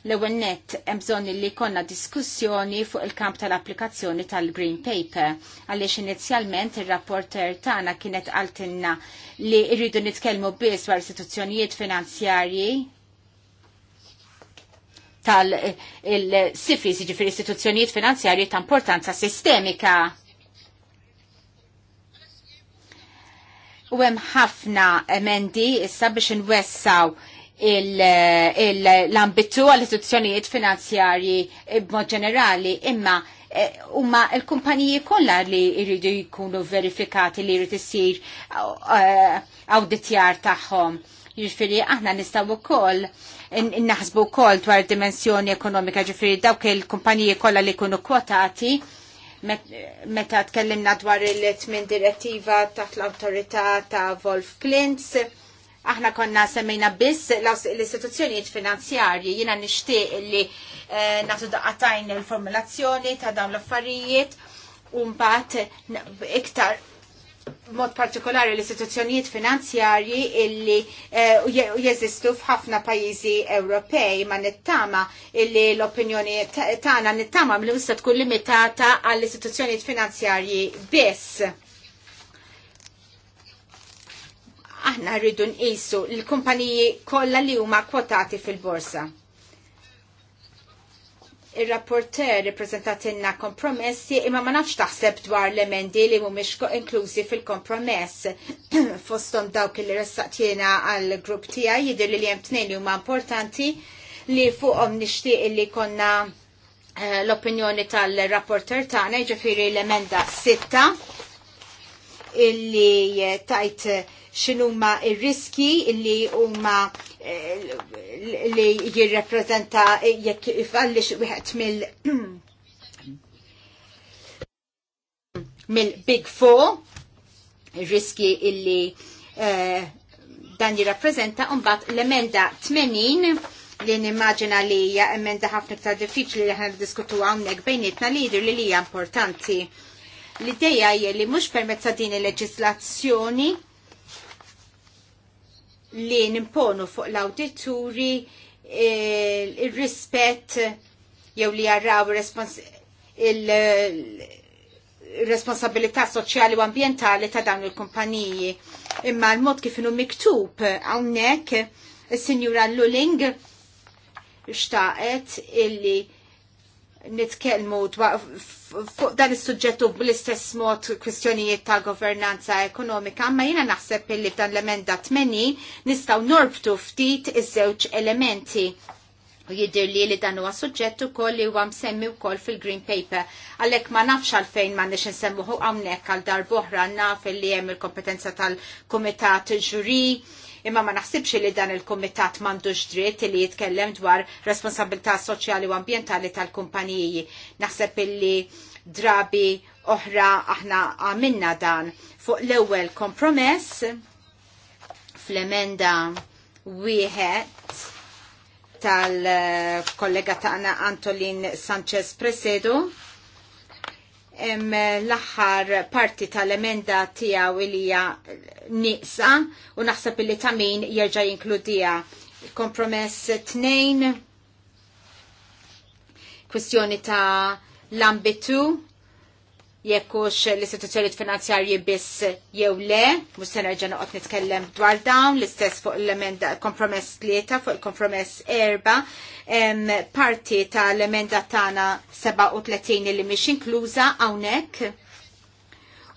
L-ewwel nett hemm bżonn li konna diskussjoni fuq il-kamp tal-applikazzjoni tal-Green Paper għaliex inizjalment ir-rapporter tagħna kienet għaltinna li rridu nitkellmu biss dwar istituzzjonijiet finanzjarji tal-sifis, ġifir istituzzjonijiet finanzjarji ta' importanza sistemika. U hemm ħafna emendi issa biex inwessaw l-ambitu għall-istituzzjonijiet finanzjarji b'mod ġenerali, imma eh, umma il-kumpaniji kollha li jridu jkunu verifikati li jrid jisir eh, awditjar tagħhom. Jiġifieri aħna nistgħu wkoll naħsbu wkoll dwar dimensjoni ekonomika, ġifieri dawk il-kumpaniji kollha li jkunu kwotati meta tkellimna dwar il-tmin direttiva taħt l-awtorità ta' Wolf Klintz Aħna konna semmejna biss l-istituzzjonijiet finanzjarji jina nishtiq li nagħtu eh, natu daqqatajn il-formulazzjoni ta' dawn l-affarijiet u mbagħad iktar mod partikolari l-istituzzjonijiet finanzjarji illi eh, jeżistu f'ħafna pajjiżi Ewropej ma nittama illi l-opinjoni tagħna nittama mill issa tkun limitata għall istituzzjonijiet finanzjarji biss. aħna rridu nqisu l-kumpaniji kollha li huma kwotati fil-borsa. Ir-rapporter rippreżentatilna kompromessi imma ma nafx taħseb dwar l-emendi li mhumiex inklużi fil-kompromess fosthom dawk li ressaqt jiena għall grupp tiegħi jidher li hemm tnejn li huma importanti li fuqhom nixtieq li konna eh, l-opinjoni tal-rapporter tagħna ġifieri l-emenda sitta illi eh, tajt eh, xinuma il-riski illi huma eh, li jirrepreżenta jekk ifallix wieħed mill mill-Big Four, riski illi dan jirrappreżenta mbagħad l-emenda 80 li nimmaġina li hija emenda ħafna iktar diffiċli li ħna diskutu hawnhekk bejnietna li jidher li hija importanti L-ideja hija li mhux permezza din il-leġislazzjoni li nimponu fuq l-awdituri eh, il-rispett jew li jarraw il-responsabilità soċjali u ambientali ta' dawn il-kumpaniji. Imma l-mod kif inu miktub hawnhekk is-Sinjura Luling xtaqet illi nitkellmu fuq dan is-suġġettu bl-istess mod kwistjonijiet ta' governanza ekonomika, ma jiena naħseb illi f'dan l-emenda tmeni nistgħu norbtu ftit iż-żewġ elementi u jidir li li dan huwa suġġett ukoll li huwa msemmi wkoll fil-Green Paper. Għalhekk ma nafx għalfejn m'għandniex insemmuħu hawnhekk għal dar boħra naf illi hemm il-kompetenza tal-Kumitat Ġuri Imma ma naħsibx li dan il-Kumitat m'għandux dritt li jitkellem dwar responsabilità soċjali u ambjentali tal-kumpaniji. Naħseb illi drabi oħra aħna għamilna dan fuq l-ewwel kompromess fl-emenda wieħed tal-kollega tagħna Antolin Sanchez Presedo l-axħar parti tal-emenda tijaw ilija niqsa u naħseb illi tamin jirġa jinkludija kompromess tnejn kwestjoni ta' lambitu ambitu jekkux l-istituzzjoni finanzjarji biss jew le, mux se nerġa' noqgħod nitkellem dwar dawn, l-istess fuq l-emenda kompromess tlieta fuq il-kompromess erba, parti ta' l-emenda tagħna 37 li mhix inkluża hawnhekk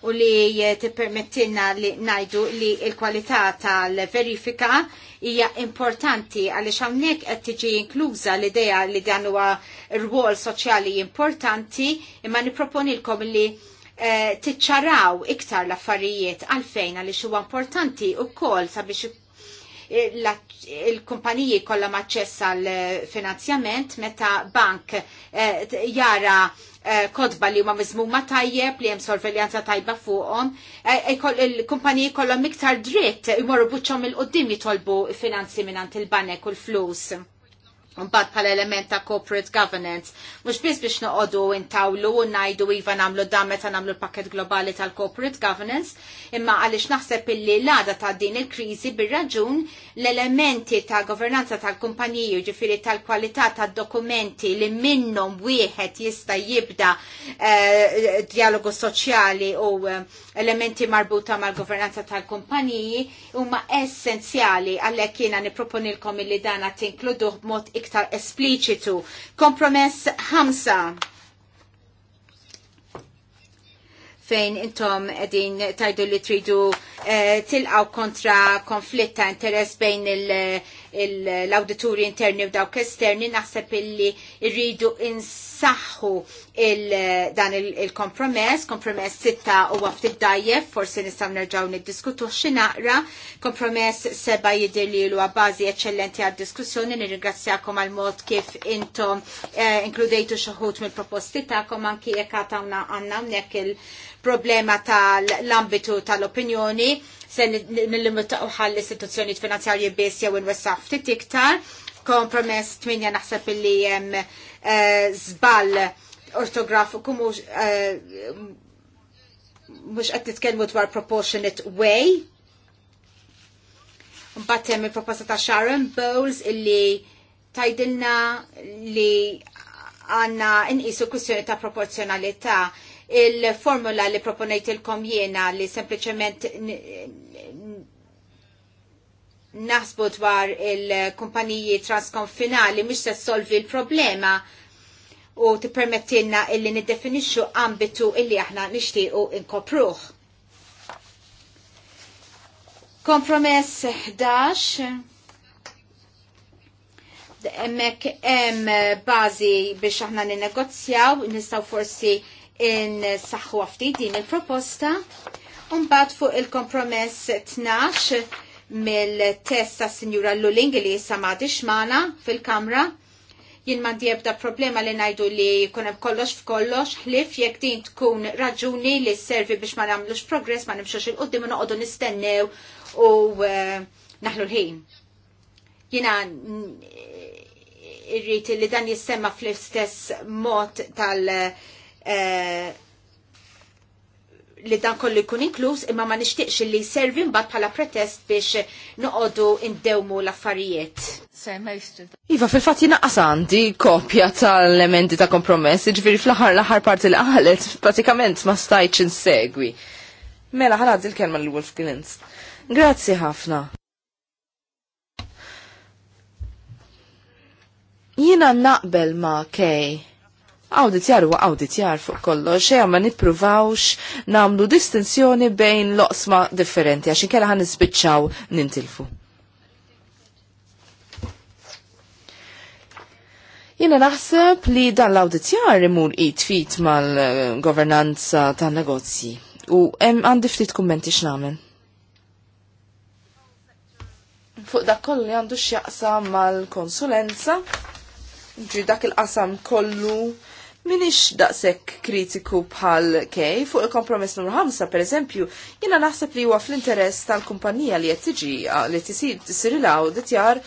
u li tippermettilna li ngħidu li l-kwalità tal-verifika hija importanti għaliex hawnhekk qed tiġi inkluża l-idea li dan huwa rwol soċjali importanti imma nipproponilkom li eh, tiċċaraw iktar l-affarijiet għalfejn għaliex huwa importanti wkoll sabiex eh, il-kumpaniji kollha maċċess għal finanzjament meta bank eh, jara Eh, kodba li huma miżmuma tajjeb li hemm sorveljanza tajba fuqhom. Eh, eh, il-kumpaniji kollhom iktar dritt imorru buċċhom il-qudiem jitolbu finanzi mingħand il-banek u l-flus. Mbagħad bħala element ta' corporate governance, mhux biss biex noqogħdu intawlu u ngħidu iva nagħmlu dan meta nagħmlu l-pakket globali tal-corporate governance, imma għaliex naħseb illi l-għada ta' din il-kriżi bir-raġun l-elementi ta' governanza tal-kumpaniji, ġifieri tal-kwalità tad-dokumenti li minnhom wieħed jista' jibda eh, dialogu soċjali u eh, elementi marbuta mal-governanza tal-kumpaniji huma essenzjali għalhekk jiena nipproponilkom illi dana tinkluduh b'mod iktar espliċitu. Kompromess ħamsa fejn intom edin tajdu li tridu eh, tilqaw kontra konflitt ta' interess bejn il- l-awdituri interni u dawk esterni naħseb illi rridu insaħħu dan il-kompromess, kompromess sitta u għaftit dajjef, forse nistaw nerġaw niddiskutu xinaqra, kompromess seba jidir li l bazi eccellenti għad diskussjoni, nirringrazzjakom għal mod kif intom eh, inkludejtu xoħut mill-proposti ta'kom anki jekk għatawna għanna il- problema tal-ambitu tal-opinjoni se uħal l istituzzjoni finanzjarji biss jew n-wessaf ftit iktar. Kompromess t-minja naħseb illi hemm eh, żball ortografiku mhux eh, mux għed nitkelmu dwar proportionate way. Mbattem il-proposta ta' Sharon Bowles illi tajdilna li għanna inqisu kussjoni ta' proporzjonalità il-formula li proponejt il-kom jena li sempliciment naħsbu dwar il-kumpaniji transkonfinali mish se solvi l-problema u tippermettilna illi niddefinixxu ambitu illi aħna nixtiequ inkopruh. Kompromess 11 emmek em bazi biex aħna ninnegozzjaw, nistaw forsi in saħħu ftit din il-proposta Umbat fuq il-kompromess 12 mill-test ta' Sinjura Lulling li jissa maħdi fil-kamra. Jien mandi ebda problema li najdu li kunem kollox f'kollox, ħlif jekk din tkun raġuni li servi biex ma namlux progress, ma nimxux il-qoddim u noqodu nistennew u eh, naħlu l-ħin. Jina irrit li dan jissemma fl-istess mod tal- uh, Eh, li dan kollu jkun inkluż imma ma nixtieqx li servi mbagħad bħala pretest biex noqogħdu ndewmu l-affarijiet. Iva, fil-fatt jinaqqas għandi kopja tal-elementi ta' kompromess, ġifieri fl-aħħar l-aħħar parti li qalet pratikament ma stajtx insegwi. Mela ħalad il-kelma l Wolf Klintz. Grazzi ħafna. Jina naqbel ma' Kej Awditjar u awditjar fuq kollo, xejn ma nippruvawx nagħmlu distinzjoni bejn loqsma differenti għax inkella ħan nispiċċaw nintilfu. Jena naħseb li dan l-awditjar imur it-fit mal-governanza tan negozji u għandi ftit kummenti xnamen. fuq dak kollu li għandu x'jaqsam mal-konsulenza, ġi dak il-qasam kollu minix daqsek kritiku bħal kej fuq il-kompromess numru 5, per eżempju, jina naħseb li huwa fl-interess tal-kumpanija li qed tiġi li tisir ilaw ditjar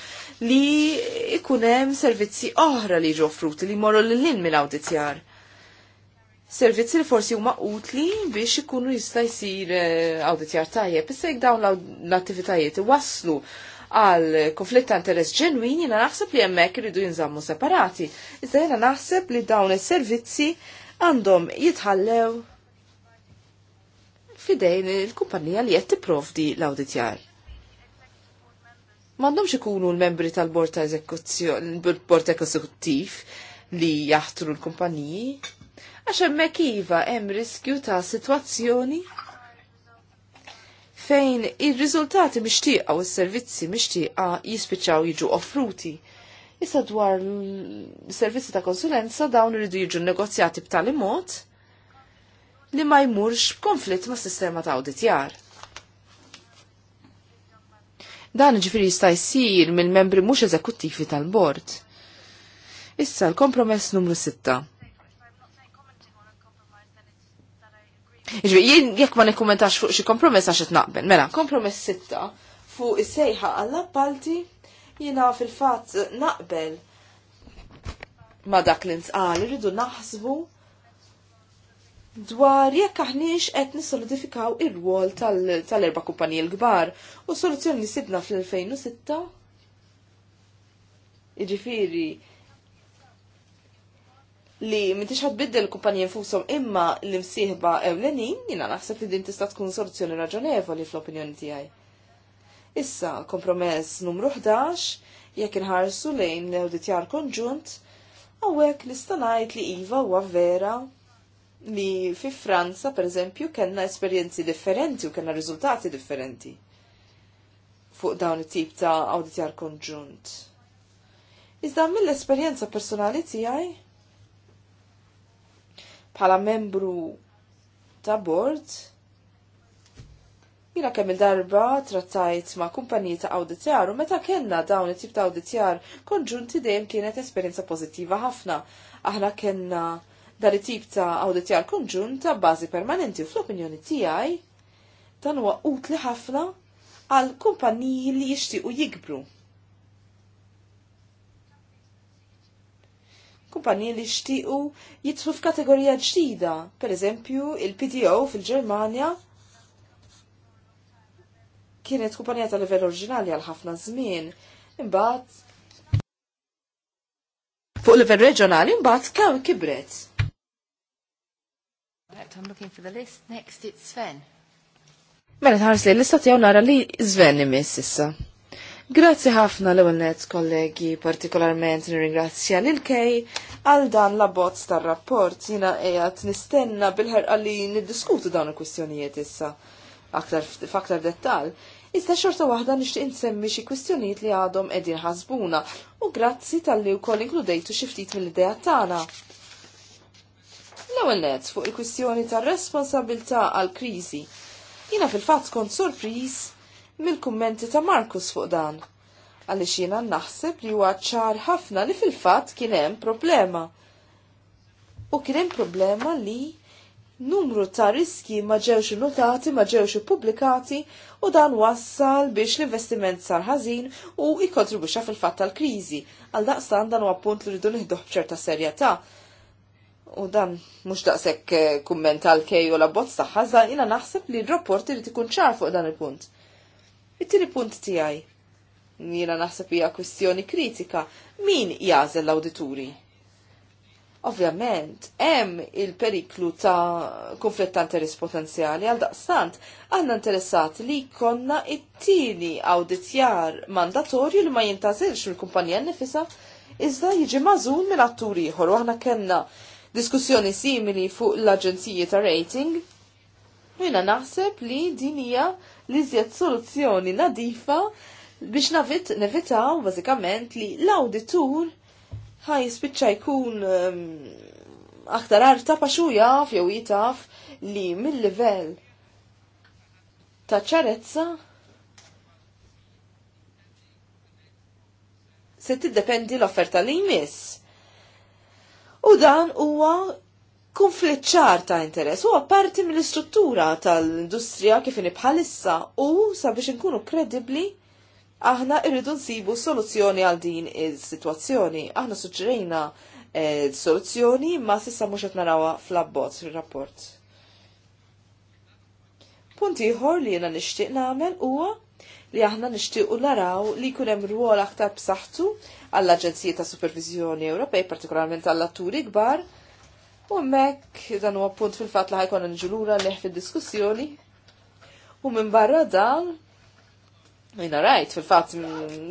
li ikunem servizzi oħra li ġo offruti li morru l-lin minn awditjar. Servizzi li forsi huma utli biex ikunu jista' jsir eh, awditjar tajjeb, issa jekk dawn l-attivitajiet iwasslu għal konflitt ta' interess ġenwin jina naħseb li hemmhekk iridu jinżammu separati. Iżda jina naħseb li dawn is-servizzi għandhom jitħallew fidejn il-kumpanija li qed tipprovdi l-awditjar. M'għandhomx ikunu l-membri tal-bord ta' eżekuttiv li jaħtru l-kumpaniji, għax hemmhekk iva hemm riskju ta' sitwazzjoni fejn ir-riżultati mixtieqa u s-servizzi mixtieqa jispiċċaw jiġu offruti. Issa dwar servizzi ta' konsulenza dawn iridu jiġu negozjati b'tali mod li ma jmurx konflitt ma' sistema ta' auditjar. Dan ġifiri jista' jsir mill-membri mhux eżekuttivi tal-bord. Issa l-kompromess numru 6. Iġbi, jien jekk ma nikkumentax fuq xi kompromess għax naqbel. Mela, kompromess sitta fuq is-sejħa għall-appalti jiena fil-fatt naqbel ma dak li nsqal irridu naħsbu dwar jekk aħniex qed nissolidifikaw ir-rwol tal-erba' kumpaniji l-kbar u soluzzjoni li sidna fl-2006 Iġifiri, li m'intix ħadbiddel kumpanji nfushom imma l-imsieħba ewlenin, jina naħseb li din tista' tkun soluzzjoni raġonevoli fl-opinjoni tiegħi. Issa, kompromess numru 11 jekk inħarsu lejn l-awditjar konġunt, għawek nistanajt li Iva huwa vera li fi Franza, per eżempju, kellna esperjenzi differenti u kellna riżultati differenti fuq dawn it-tip ta' awditjar konġunt. Iżda mill-esperjenza personali tiegħi bħala membru ta' bord jina kemm il-darba trattajt ma' kumpaniji ta' awditjar u meta kellna dawn it-tip ta' awditjar konġunti dejjem kienet esperjenza pożittiva ħafna. Aħna kellna dar it-tip ta' awditjar konġunt ta' bażi permanenti u fl-opinjoni tiegħi dan huwa utli ħafna għal kumpaniji li jixtiequ jikbru kumpanni li xtiqu jitħu f'kategorija ġdida, per eżempju il-PTO fil-Ġermanja kienet kumpanija ta' livell oriġinali għal ħafna żmien. Imbagħad fuq livell reġjonali imbagħad kemm kibret. I'm looking for the list. Next, it's Sven. Mela tħares li l-lista tiegħu nara li Sven imiss issa. Grazzi ħafna l ewwel nett kollegi, partikolarment nirringrazzja lil kej għal dan la bozz tar-rapport jina qiegħed nistenna bil-ħerqa li niddiskutu dawn il-kwistjonijiet issa aktar f'aktar dettall. Iżda xorta waħda nixtieq insemmi xi kwistjonijiet li għadhom qegħdin ħasbuna u grazzi tal-li wkoll inkludejtu xi ftit mill-idea tagħna. L-ewwel nett fuq il-kwistjoni tar-responsabilità għal kriżi. Jina fil-fatt kont sorpriż mill-kummenti ta' Markus fuq dan. Għaliex jiena naħseb li huwa ċar ħafna li fil-fatt kien hemm problema. U kien hemm problema li numru ta' riski ma ġewx notati, ma ġewx publikati u dan wassal biex l-investiment sar ħażin u jikkontribwixxa fil-fatt tal-kriżi. Għal daqsan dan huwa punt li rridu nieħduh b'ċerta serjetà. U dan mhux daqshekk eh, kumment għal kej u la bozz ħaza, jiena naħseb li r-rapport irid ikun ċar fuq dan il-punt. It-tieni punt tiegħi. Jiena naħseb hija kwistjoni kritika. Min jażel l-awdituri? Ovvjament, hemm il-periklu ta' konflitt ta' interess potenzjali għal daqstant għandna interessati li jkollna it-tieni awditjar mandatorju li ma jintażilx mill-kumpanija nifisa iżda jiġi mażun mill-attur ieħor u aħna kellna diskussjoni simili fuq l-aġenziji ta' rating. Jina naħseb li din hija li zjed soluzzjoni nadifa biex navit nevitaw bażikament li l-auditur ħaj spiċċa jkun um, aktar arta paxu jaf jew jitaf li mill-livell ta' ċarezza se tiddependi l-offerta li jmiss. U dan huwa konfliċċar ċar ta' interess huwa parti mill-istruttura tal-industrija kif inhi bħalissa u sabiex inkunu kredibbli aħna irridu nsibu soluzzjoni għal din is-sitwazzjoni. Aħna suġġerejna eh, soluzzjoni ma s'issa mhux qed narawha fl-abbozz fir-rapport. Punt ieħor li jiena nixtieq nagħmel huwa li aħna nixtiequ naraw li jkun hemm rwol aktar b'saħħtu għall-Aġenzija ta' Supervizjoni Ewropej, partikolarment għall-atturi kbar, U mekk dan huwa punt fil-fatt li ħajkon nġulura leħ fid-diskussjoni. U minn barra dan, jina rajt fil-fatt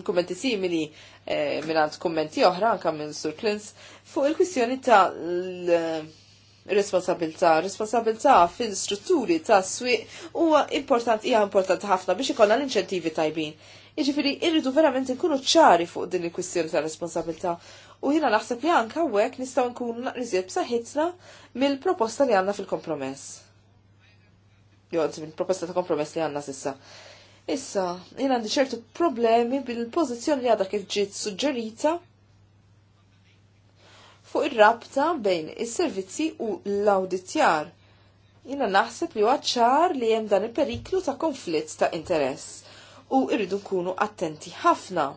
kummenti simili eh, minn għand kummenti oħra anka minn Sur Klins fuq il-kwistjoni ta' responsabilità. Responsabilità fil-strutturi ta' swieq huwa importanti hija importanti ħafna biex ikolla l-inċentivi tajbin. Jiġifieri irridu verament inkunu ċari fuq din il-kwistjoni ta' responsabilità u jina naħseb li anka għek nistaw nkun naqriżiet b'saħħitna mill-proposta li għanna fil-kompromess. Jgħod mill-proposta ta' kompromess li għanna sissa. Issa, jina għandi ċertu problemi bil-pozizjoni li għadha kif ġiet suġġerita fuq ir-rabta bejn is-servizzi u l-awditjar. Jina naħseb li għadċar li jem dan il-periklu ta' konflitt ta' interess u irridu nkunu attenti ħafna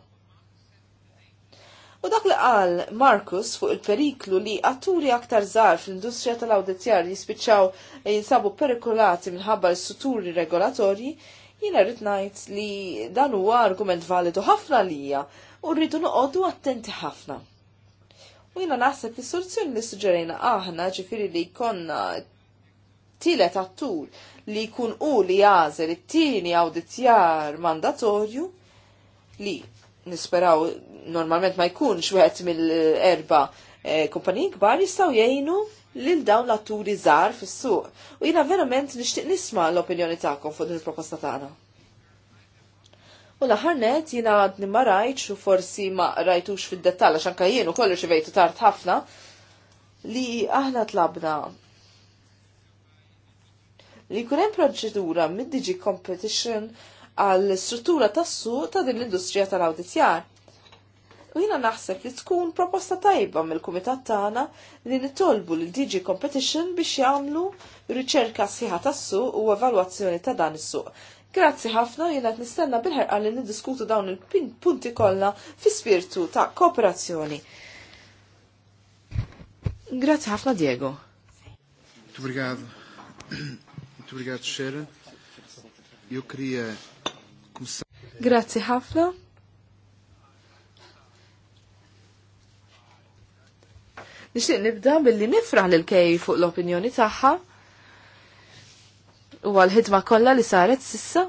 U dak li qal Markus fuq il-periklu li atturi aktar żgħar fl-industrija tal-awditjar jispiċċaw jinsabu perikolati minħabba l-suturi regolatorji, jiena rrid ngħid li dan huwa argument validu ħafna lija u rridu noqogħdu attenti ħafna. U jiena naħseb li soluzzjoni li suġġerejna aħna ġifieri li konna tielet attur li jkun u li għażel it-tieni awdizzjar mandatorju li nisperaw normalment ma jkunx wieħed mill-erba eh, kumpaniji kbar jistgħu jgħinu lil dawn l-atturi żgħar fis-suq. U jiena verament nixtieq nisma' l-opinjoni tagħkom fuq din il-proposta tagħna. U laħarnet jina għadni ma rajtx u forsi ma rajtux fil-dettalla xanka jienu kollu xivejtu tart ħafna li aħna tlabna li hemm proċedura mid-Digi Competition għal struttura tas-suq ta' din l-industrija tal-awditjar. U jina naħseb li tkun proposta tajba mill-kumitat tagħna li nitolbu l DG Competition biex jagħmlu riċerka sħiħa tas-suq u evalwazzjoni ta' dan is-suq. Grazzi ħafna jiena qed nistenna bil li niddiskutu dawn il-punti kollha fi spirtu ta' kooperazzjoni. Grazzi ħafna Diego. Tu brigad. Tu brigad Sharon. Eu Grazzi ħafna. Nixtieq nibda billi nifraħ lil kej fuq l-opinjoni tagħha u għal-ħidma kollha li saret sissa.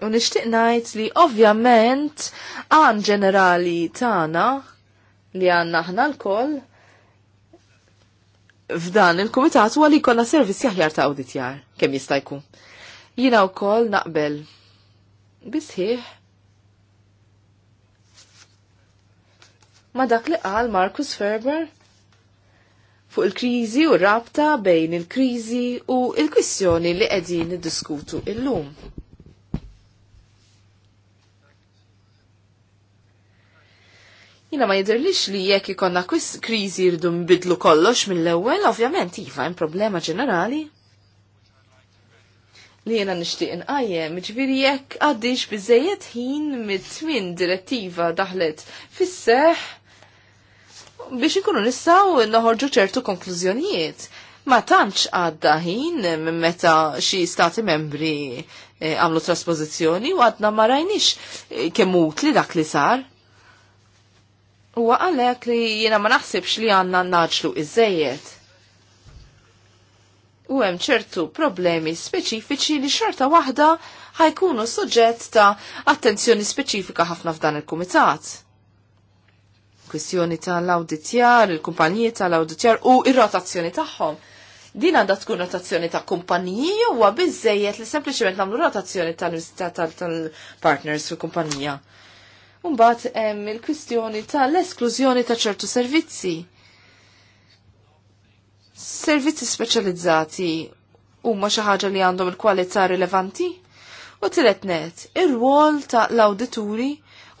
U nixtieq ngħid li ovvjament għan ġenerali tagħna li għandna aħna l-koll f'dan il-kumitat huwa li jkollna servizz aħjar ta' awditjar kemm jista' jkun. Jina u kol naqbel. Bisħiħ. Ma dak li qal Markus Ferber fuq il-krizi u rabta bejn il-krizi u il-kwissjoni li qegħdin niddiskutu illum. jina ma jidirlix li jekk ikonna krizi irdu nbidlu kollox mill-ewwel, ovvjament iva hemm problema ġenerali li jena nishtiq nqajjem, ġviri jekk għaddix bizzejiet ħin mit-tmin direttiva daħlet fisseħ biex ikunu nistaw noħorġu ċertu konklużjonijiet. Ma tantx għadda ħin minn meta xi stati membri eh, għamlu e, traspożizzjoni u għadna ma rajnix eh, kemmut li dak li sar. U għalek li jena ma naħsibx li għanna naġlu iż u hemm ċertu problemi speċifiċi li xorta waħda ħajkunu suġġett ta' attenzjoni speċifika ħafna f'dan il-kumitat. Kwistjoni tal-awditjar, il-kumpaniji tal-awditjar u ir-rotazzjoni tagħhom. Din għandha tkun rotazzjoni ta' kumpaniji huwa biżejjed li sempliċement nagħmlu rotazzjoni tal-partners fil-kumpanija. Mbagħad hemm il-kwistjoni tal-esklużjoni ta' ċertu servizzi Servizzi speċjalizzati huma xi ħaġa li għandhom il-kwalità rilevanti? U tilet net, ir-rwol ta' l-awdituri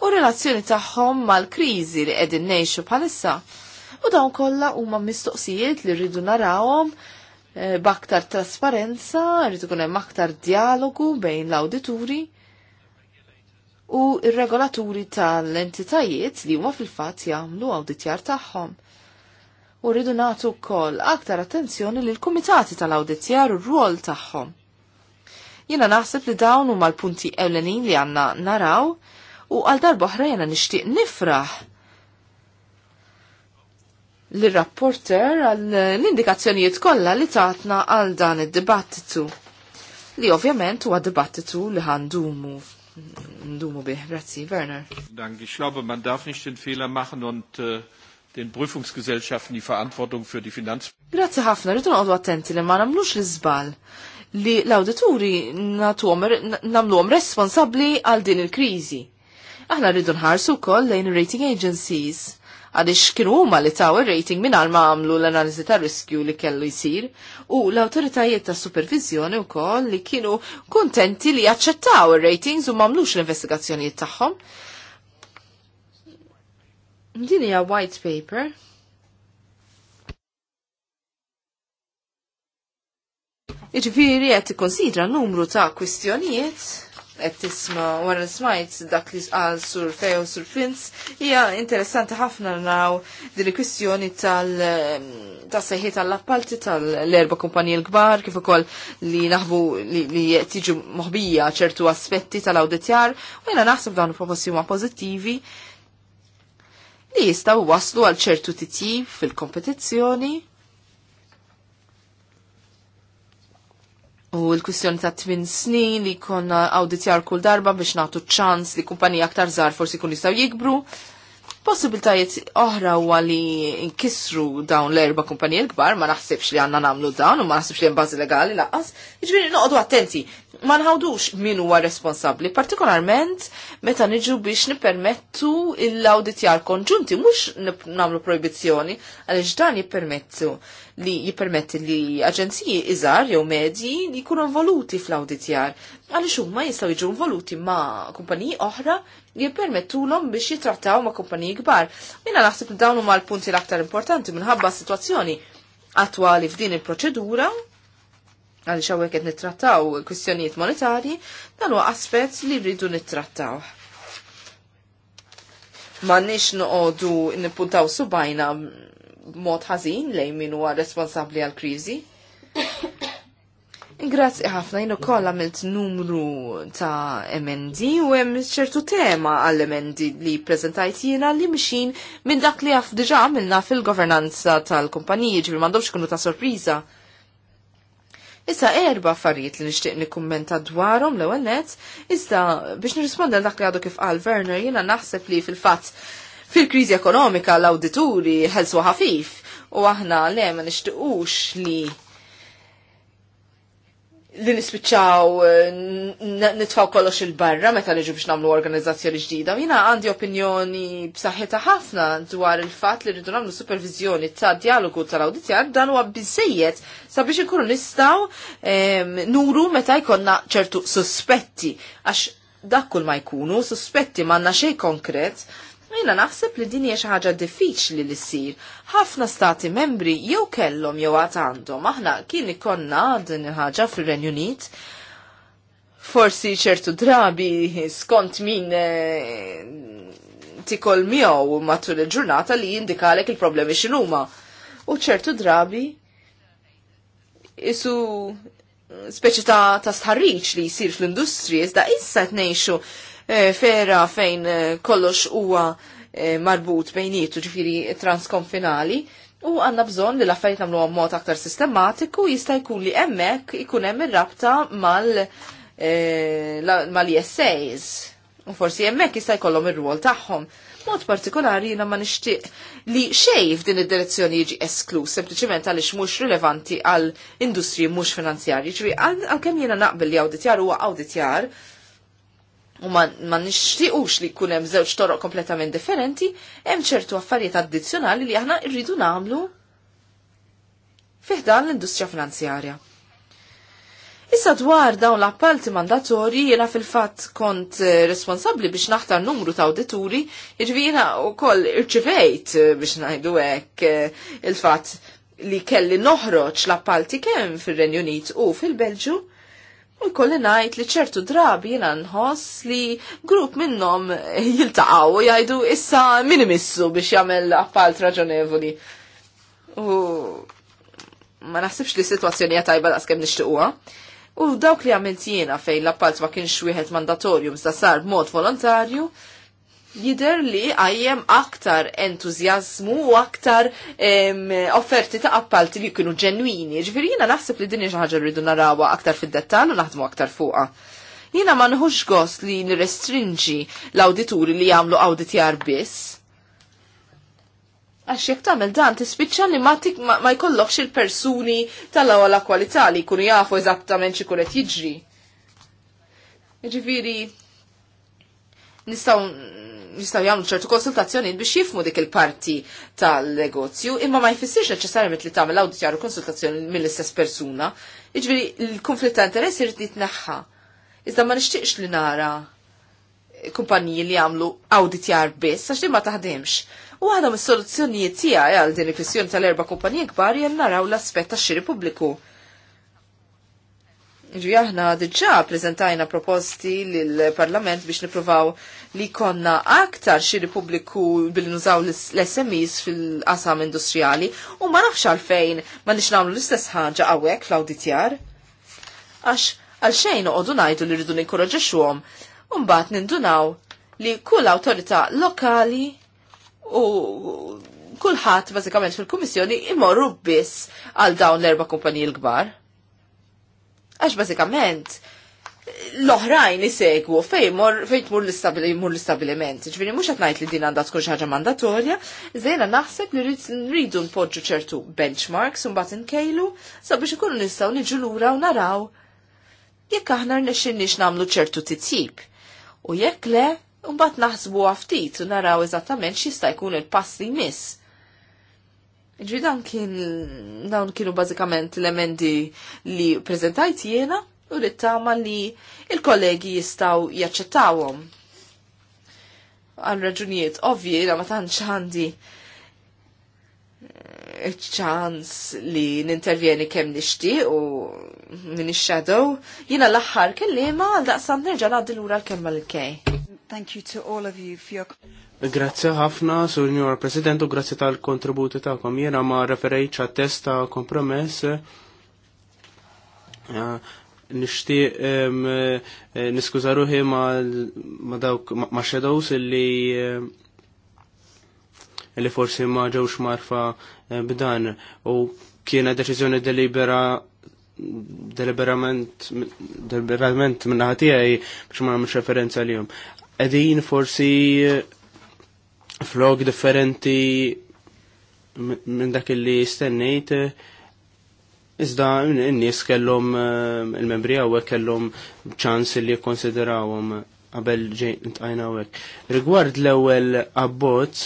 u relazzjoni tagħhom mal-kriżi li qegħdin ngħixu bħalissa. U dawn kollha huma mistoqsijiet li rridu narawhom eh, b'aktar trasparenza, rridu kun hemm aktar dialogu bejn l-awdituri u ir-regolaturi tal-entitajiet li huma fil-fatt jagħmlu awditjar tagħhom u rridu nagħtu wkoll aktar attenzjoni lil kumitati tal-awdizzjar u r-rwol tagħhom. Jiena naħseb li dawn huma l-punti ewlenin li għandna naraw u għal darba oħra jiena nixtieq nifraħ lir rapporter għal l-indikazzjonijiet kollha li tatna għal dan id-dibattitu li ovvjament huwa dibattitu li għandumu ndumu bih. Grazzi, Werner. Dank, ich man darf nicht den Fehler machen und uh den Prüfungsgesellschaften die Verantwortung für die Finanz. Grazzi ħafna, rridu noqgħodu attenti li ma nagħmlux l iżball li l-awdituri nagħmluhom responsabbli għal din il-kriżi. Aħna rridu nħarsu wkoll lejn rating agencies għaliex kienu huma li taw ir-rating mingħajr ma għamlu l-analiżi ta' riskju li kellu jsir u l-awtoritajiet ta' supervizjoni wkoll li kienu kuntenti li jaċċettaw ir-ratings u m'għamlux l-investigazzjonijiet tagħhom. Din hija white paper. Iġviri qed tikkonsidra numru ta' kwistjonijiet qed tisma' wara smajt dak li qal sur u sur Fins, hija interessanti ħafna naw din il-kwistjoni tal ehm, ta' sejħi tal-appalti tal-erba' kumpanijiet l-kbar kif ukoll li naħbu li tiġu moħbija ċertu aspetti tal-awditjar u jiena naħseb dawn il-proposti huma pożittivi li jistaw waslu għal ċertu titji fil-kompetizzjoni. U l-kwistjoni ta' tmin snin li kon auditjar kull darba biex nagħtu ċans li kumpanija aktar żgħar forsi kun jistgħu jikbru. Possibiltajiet oħra u li nkissru dawn l-erba l kbar, ma naħsibx li għandna nagħmlu dawn u ma naħsibx li hemm bażi legali laqas. Jiġifieri noqogħdu attenti, ma nħawdux min huwa responsabbli, partikolarment meta niġu biex nippermettu l-awditjar konġunti mhux nagħmlu proibizjoni, għaliex dan jipermettu li jippermetti li aġenziji iżar jew medji li jkunu involuti fl-awditjar. Għaliex huma jistgħu jiġu involuti ma' kumpaniji oħra li jippermettulhom biex jitrattaw ma' kumpaniji kbar. Mina naħseb li dawn huma l-punti l-aktar importanti minħabba s-sitwazzjoni attwali f'din il-proċedura għaliex hawnhekk qed nittrattaw kwistjonijiet monetarji, dan huwa aspett li rridu nittrattaw ma nix noqodu nippuntaw subajna mod ħażin lejn min huwa responsabbli għal kriżi. Grazzi ħafna jien ukoll għamilt numru ta' emendi u hemm ċertu tema għall emendi li ppreżentajt jiena li mxin minn dak li għaf diġà għamilna fil-governanza tal-kumpaniji ġifier m'għandhomx kunu ta' sorpriża. Issa erba affarijiet li nixtieq nikkummenta dwarhom l-ewwel nett, iżda biex nirrisponda dak li għadu kif qal Werner jiena naħseb li fil-fatt Fil-kriżi ekonomika l-awdituri ħelsu ħafif u aħna le ma nixtiqux li li nispiċċaw nitfaw kollox il-barra meta niġu biex namlu organizzazzjoni ġdida. Jina għandi opinjoni b'saħħitha ħafna dwar il-fatt li rridu namlu supervizjoni ta' dialogu tal-awditjar dan huwa biżejjed sabiex inkunu nistgħu nuru meta jkollna ċertu suspetti għax dak kull ma jkunu suspetti m'għandna xejn konkret Jina mela, naħseb li din hija xi ħaġa diffiċli li ssir. Ħafna stati membri jew kellhom jew għad għandhom. Aħna kien ikonna din ħaġa fir-Renju Unit. Forsi ċertu drabi skont min eh, tikol miegħu matul il-ġurnata li jindikalek il-problemi x'inhuma. U ċertu drabi isu speċi ta', ta li jisir fl-industri, iżda issa tnejxu Eh, fera fejn eh, kollox huwa eh, marbut bejnietu ġifiri transkonfinali u għanna bżon li l-affarijiet nagħmlu mod aktar sistematiku jista' jkun li hemmhekk ikun hemm ir-rabta mal mal-ESAs. U forsi hemmhekk jista' jkollhom ir-rwol tagħhom. Mod partikolari jiena ma nixtieq li xej f'din id-direzzjoni jiġi esklu sempliċiment għaliex mhux rilevanti għal industri mhux finanzjarji. Ġifi għalkemm jiena naqbel li awditjar huwa awditjar, u ma nixtiequx li jkun hemm żewġ toroq kompletament differenti, hemm ċertu affarijiet addizzjonali li aħna rridu nagħmlu fiħdan l-industrija finanzjarja. Issa dwar dawn l-appalti mandatorji jena fil-fatt kont eh, responsabbli biex naħtar numru ta' audituri, irvina jiġifieri u koll irċivejt eh, biex ngħidu hekk eh, il-fatt li kelli noħroġ l-appalti kemm fir-Renju Unit u fil-Belġu U jkolli ngħid li ċertu drabi jiena nħoss li grupp minnhom jiltaqgħu u jgħidu issa min biex jagħmel appalt raġonevoli. U ma naħsibx li situazzjoni tajba skem nixtiequha. U dawk li għamilt jiena fejn l-appalt ma kienx wieħed mandatorju mista sar b'mod volontarju, jider li għajjem aktar entuzjazmu u aktar em, offerti ta' appalti li kienu ġenwini. Ġviri jina naħseb li din ħaġa rridu narawa aktar fid-dettal u naħdmu aktar fuqa. Jina ma nħux gost li nirestringi l-awdituri li jagħmlu awditjar biss. Għax jek tamel dan tispiċċa li matik ma, ma jkollokx il-persuni tal-ewwel kwalità li jkunu jafu eżattament xi kunet jiġri. Ġifieri nistgħu jistaw jagħmlu ċertu konsultazzjonijiet biex jifmu dik il-parti tal-negozju, imma ma jfissirx neċessarjament li tagħmel awditjar u konsultazzjoni mill-istess persuna. Jiġifieri l-konflitt ta' interess irid jitneħħa. Iżda ma nixtieqx li nara kumpaniji li għamlu awditjar biss għax li ma taħdimx. U għadha mis-soluzzjonijiet tiegħi għal din il-kwistjoni tal-erba' kumpaniji kbar jien naraw l-aspett tax-xiri pubbliku ġi aħna diġa prezentajna proposti l-Parlament biex niprovaw li konna aktar xi Republiku billi nużaw l-SMEs fil-qasam industrijali u ma nafx għalfejn ma nix nagħmlu l-istess ħaġa għawek l auditjar Għax għalxejn u ngħidu li rridu ninkoraġġixuhom u mbagħad nindunaw li kull awtorità lokali u kulħadd bażikament fil-Kummissjoni imorru biss għal dawn l-erba' kumpaniji l-kbar. Għax bażikament l-oħrajn isegwu fej fejn tmur l-istabiliment. Ġifiri, mhux qed ngħid li din għandha tkun xaġa ħaġa mandatorja, zejna naħseb li rridu npoġġu ċertu benchmarks u mbagħad inkejlu sabiex ikunu nistgħu niġu lura u naraw jekk aħna rnexxinniex nagħmlu ċertu titjib. U jekk le, mbagħad naħsbu ftit u naraw eżattament x'ista' jkun il-pass li miss. Ġri kien dawn kienu bażikament l-emendi li prezentajt jiena u li tama li il-kollegi jistaw jaċċettawhom. Għal raġunijiet ovvji la ma tantx għandi eh, ċans li nintervjeni kemm nixtieq u min ix-shadow, jiena l-aħħar kellima għal daqsan nerġa' ngħaddi lura l kemm l kej. Thank you to all of you for your Grazzi ħafna, Sur President, u grazzi tal-kontributi tagħkom. Jiena ma referejċ għat-test ta' kompromess. Eh, nishtiq eh, niskuza ruħi ma dawk ma shadows illi eh, illi forsi ma ġewx marfa eh, b'dan u kiena deċiżjoni delibera deliberament deliberament minna tiegħi biex ma nagħmilx referenza għalihom. Qegħdin forsi flog differenti minn dak illi stennejt Iżda n-nies kellhom eh, il-membri għawek kellhom ċans li jikkonsiderawhom qabel ġejn t-għajna għawek. Rigward l-ewwel abbozz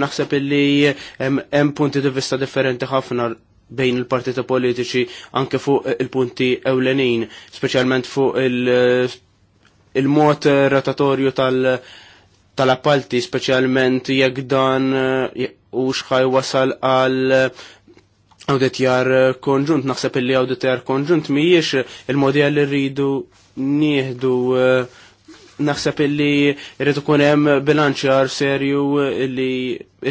naħseb illi hemm punti di vista differenti ħafna bejn il-partita politiċi anke fuq il-punti ewlenin, speċjalment fuq il-mod rotatorju tal- tal-appalti, speċjalment jekk dan eh, u xħaj wasal għal awditjar konġunt, naħseb illi awditjar konġunt mhijiex il-modell li rridu nieħdu eh, naħseb illi rridu kunem hemm bilanċjar serju li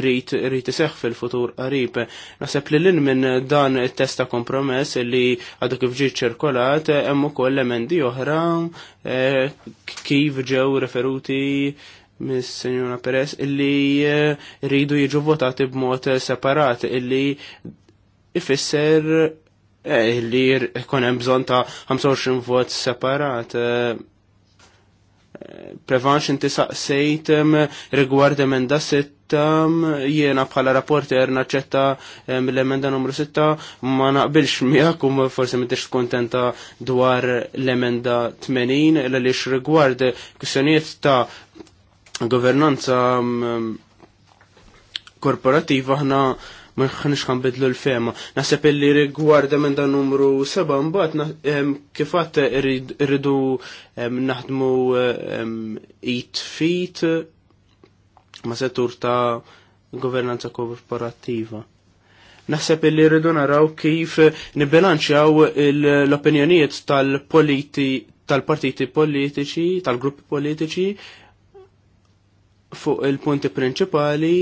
rrit rrit iseħħ fil-futur qarib. Naħseb li l-in minn dan it testa kompromess li għadu kif ġiet ċirkolat hemm ukoll emendi oħra eh, kif ġew referuti mis Senjona Perez illi eh, rridu jiġu votati b'mod separat illi ifisser eh, li konem bżon ta' 25 vot separat. Eh, eh, Prevanx inti saqsejt rigward emenda sitta, jiena bħala rapporter naċċetta l-emenda numru 6 ma naqbilx miegħek u forsi m'intix kontenta dwar l-emenda 80 għaliex rigward kwistjonijiet ta' governanza korporattiva ħna ma nħanix ħanbidlu l-fema. Nasib illi rigwarda minn dan numru 7 mbaħt kifat irridu naħdmu it feet ma settur ta' governanza korporattiva. Naħseb illi rridu naraw kif nibbilanċjaw l-opinjonijiet tal tal-partiti politiċi, tal-gruppi politiċi fuq il-punti prinċipali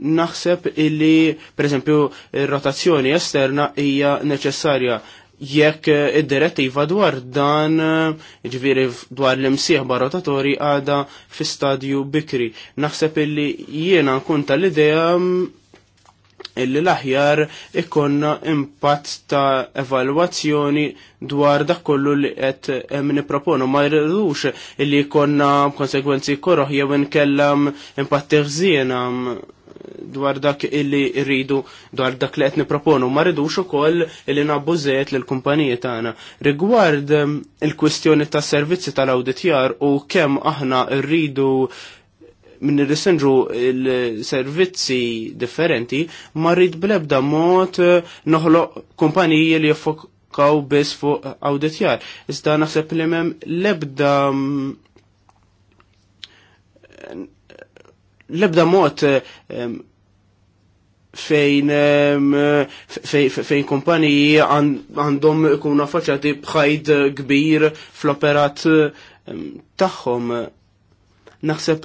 naħseb illi, per esempio, rotazzjoni esterna hija neċessarja jekk eh, id-direttiva dwar dan, eh, ġviri dwar l-imsieħba rotatori għada fi stadju bikri. Naħseb illi jiena nkun tal-idea mm, illi l-aħjar ikonna impatt ta' evalwazzjoni dwar dak kollu li qed eh, niproponu ma jridux illi jkollna konsekwenzi korroħ jew impatt mm, impatti ħżienam mm dwar dak illi rridu dwar dak li qed niproponu ma rridux ukoll illi nabbu żejt lill kumpaniji tagħna. Rigward ehm, il-kwistjoni tas servizzi tal-awditjar u kemm aħna rridu minn irrisendru il-servizzi differenti ma rrid bl-ebda mod eh, noħloq kumpaniji li jiffokaw biss fuq awditjar. Iżda naħseb li mem ebda mm, l-ebda mod eh, fejn fejn kumpaniji għandhom ikun affaċċati bħajd kbir fl-operat tagħhom. Naħseb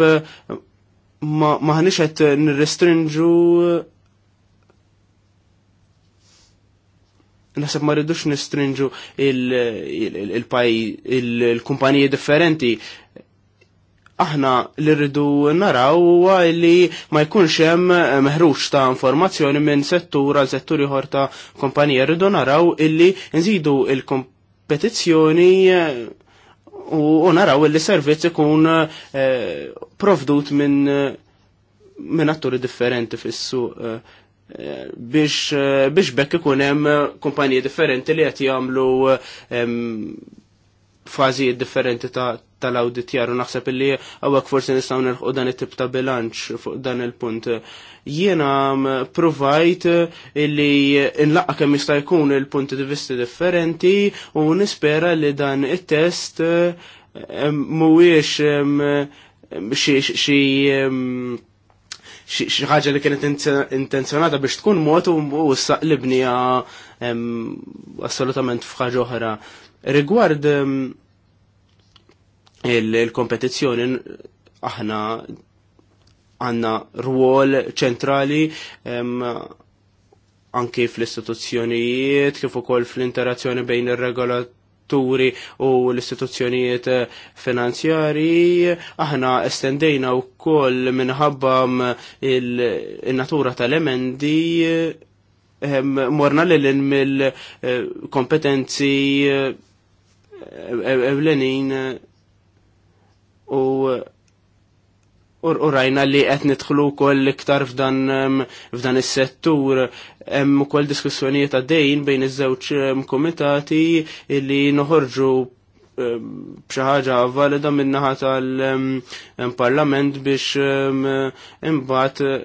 ma ħanix qed nirrestrinġu Naħseb ma rridux nistrinġu il-kumpaniji differenti aħna li rridu naraw huwa li ma jkunx hemm eh, meħruġ ta' informazzjoni minn settura għal settur ieħor ta' kumpanija. Rridu naraw illi nżidu il-kompetizzjoni eh, u naraw illi servizz ikun eh, provdut minn minn atturi differenti fissu biex biex bekk ikun hemm kumpaniji differenti li qed jagħmlu fazi differenti ta' tal-auditjar u naħseb illi għawak forsi nistaw nerħu dan it-tip ta' bilanċ fuq dan il-punt. Jiena mm, provajt illi inlaqqa kemm jista' jkun il-punti di visti differenti u nispera li dan it-test mm, mhuwiex mm, xi ħaġa li kienet intenzjonata biex tkun mod u saqlibnija assolutament f'ħaġa oħra. Rigward il-kompetizzjoni aħna għanna ruol ċentrali anki fl-istituzzjonijiet, kif ukoll fl-interazzjoni bejn ir-regolaturi u l-istituzzjonijiet finanzjari, aħna estendejna wkoll minħabba il-natura tal-emendi morna lil mill-kompetenzi eh, eh, ewlenin u u rajna li qed nidħlu wkoll iktar f'dan f'dan is-settur hemm ukoll diskussjonijiet dejn bejn iż-żewġ komitati li noħorġu b'xi ħaġa valida min-naħa tal-Parlament biex imbagħad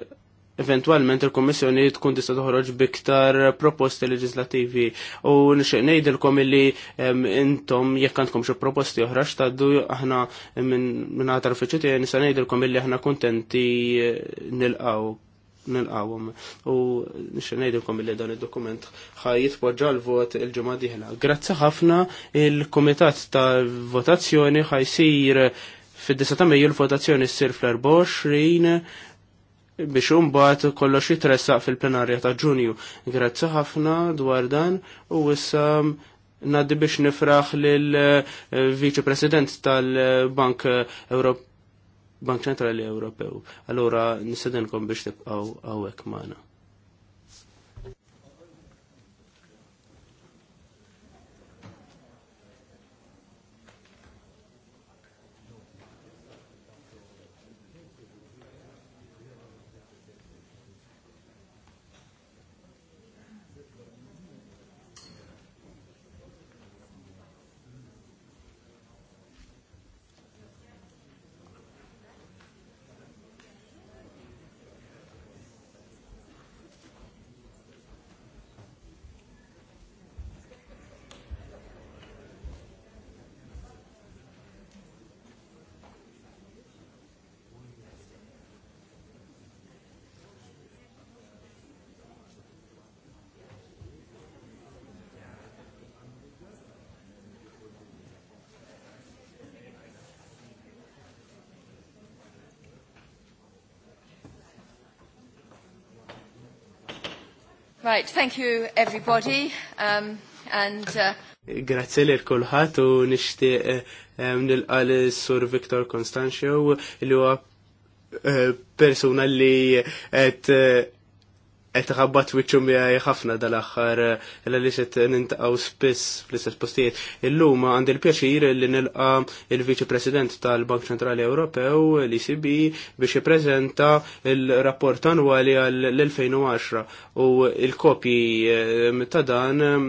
eventualment il-Kommissjoni tkun tista' toħroġ biktar proposti leġislativi u nixtieq ngħidilkom illi intom jekk għandkom xi proposti oħra x'taddu aħna minn ħatar uffiċċju tiegħi nista' ngħidilkom illi aħna kuntenti eh, nilqgħu nilqawhom. U nixtieq ngħidilkom illi dan id-dokument ħaj jitpoġġa l-vot il-ġimgħa dieħla. Grazzi ħafna il-Kumitat ta' Votazzjoni ħajsir fid disa ta' Mejju l-votazzjoni ssir fl-24 biex umbat kollox jitressaq fil-plenarja ta' ġunju. Grazzi ħafna dwar dan u issa naddi biex nifraħ lill-Viċi eh, President tal-Bank Bank Centrali Ewropew. Allura nisedenkom biex tibqaw għawek maħna. Right, thank you everybody. Um, and uh... Grazie eh, l kulħat u nishtiq nilqal sur Victor Constantio li huwa eh, persuna li qed eh, qed ħabbat wiċċu miegħi ħafna dal-aħħar li qed nintaqgħu spiss fl-istess postijiet. Illum għandi l-pjaċir li nilqa il-Viċi President tal-Bank Ċentrali Ewropew l-ECB biex jippreżenta il-rapport annwali għall-2010 u l-kopji eh, ta' dan eh,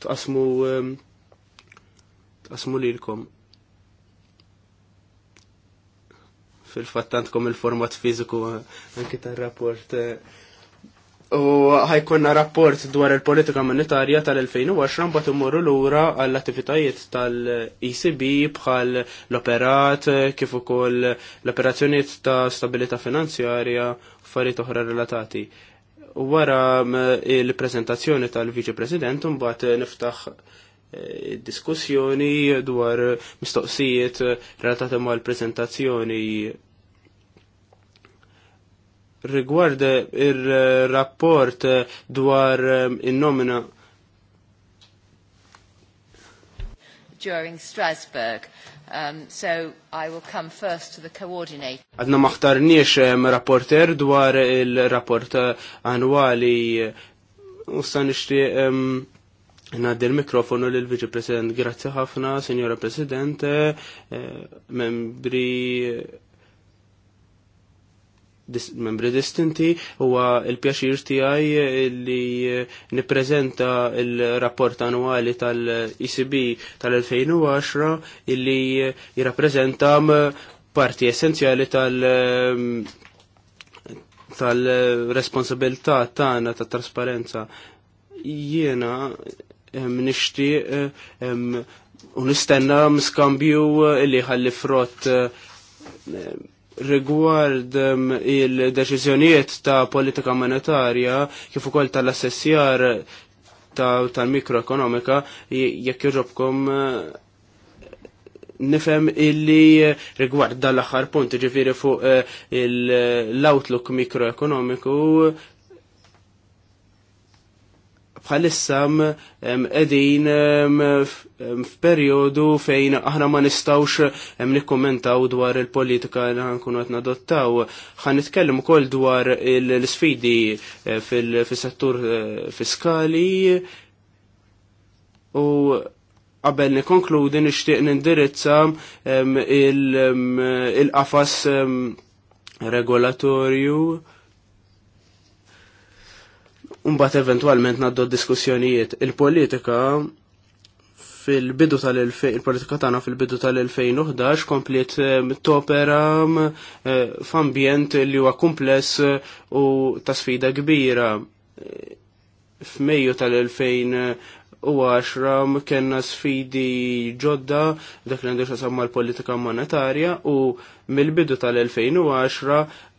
tqasmu eh, tqasmu lilkom. Fil-fattantkom il-format fiżiku anki tar-rapport U ħajkonna rapport dwar il-politika monetarja tal 2020 mbagħad immorru lura għall-attivitajiet tal-ECB bħal l-operat kif ukoll l-operazzjonijiet ta' stabilità finanzjarja u affarijiet oħra relatati. U wara il-preżentazzjoni tal-Viċi President mbagħad niftaħ eh, diskussjoni dwar mistoqsijiet relatati mal prezentazzjoni rigward il-rapport dwar um, il-nomina during Strasbourg. Um, so I will come first to the coordinator. Adna maħtar nix um, rapporter dwar il-rapport annwali u san um, Naddi l-mikrofonu lil vice President, Grazie ħafna, Signora President, eh, membri membri distinti u il pjaċir tijaj li niprezenta il rapport annwali tal-ECB tal-2010 illi jirrappreżenta parti essenzjali tal- tal-responsabilità tagħna ta' trasparenza jiena nixtieq unistenna nistenna skambju li ħalli frott rigward um, il-deċiżjonijiet ta' politika monetarja kif ukoll tal-assessjar tal-mikroekonomika jekk irrobkom uh, nifem illi rigward dal-axar punt ġifiri fuq uh, l-outlook mikroekonomiku bħalissa edin f'periodu fejn aħna ma nistawx nikkommentaw dwar il-politika li ħankunu għetna nadottaw. ħan nitkellem ukoll dwar l-sfidi eh, fil-settur eh, fiskali u qabel nikonkludi nixtieq nindirizza il-qafas regolatorju Umbat eventualment naddu diskussjonijiet. Il-politika fil-bidu tal-2000, il-politika tagħna fil-bidu tal-2011 komplet eh, topera eh, f'ambjent li huwa kumpless eh, u ta' sfida kbira. F'Mejju tal 2011 U għaxra kena sfidi ġodda dak li għandu għasamma l-politika monetarja u mill-bidu tal-2010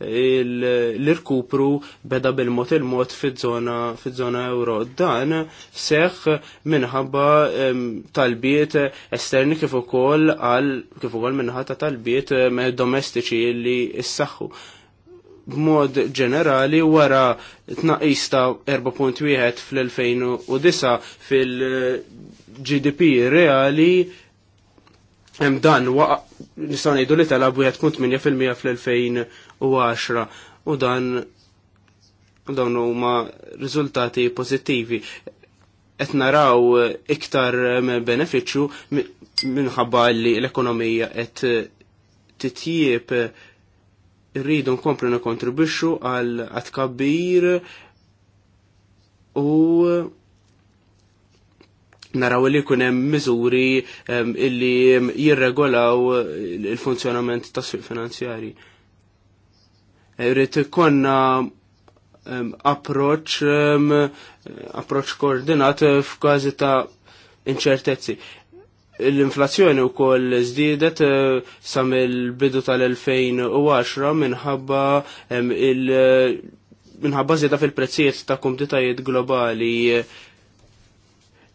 l-irkupru beda bil-mot il-mot fil-zona euro. Dan seħ minħabba talbiet esterni kif ukoll għal kif ukoll minħata talbiet domestiċi li s-saxhu b'mod ġenerali wara tnaqis ta' 4.1 fl-2009 fil-GDP reali hemm dan nistgħu ngħidu li tela b'1.8 fl-2010 u dan dawn huma riżultati pożittivi qed naraw iktar eh, benefiċċju minħabba li l-ekonomija qed titjieb rridu nkomplu nkontribuxxu għal għatkabbir u naraw li kun hemm miżuri illi jirregolaw il-funzjonament tas-suq finanzjari. Irrid konna approċ approċ koordinat f'każi ta' inċertezzi l-inflazzjoni u koll zdidet eh, sam il-bidu tal-2010 minħabba il- minħabba zjeda fil-prezzijiet ta' kumditajiet globali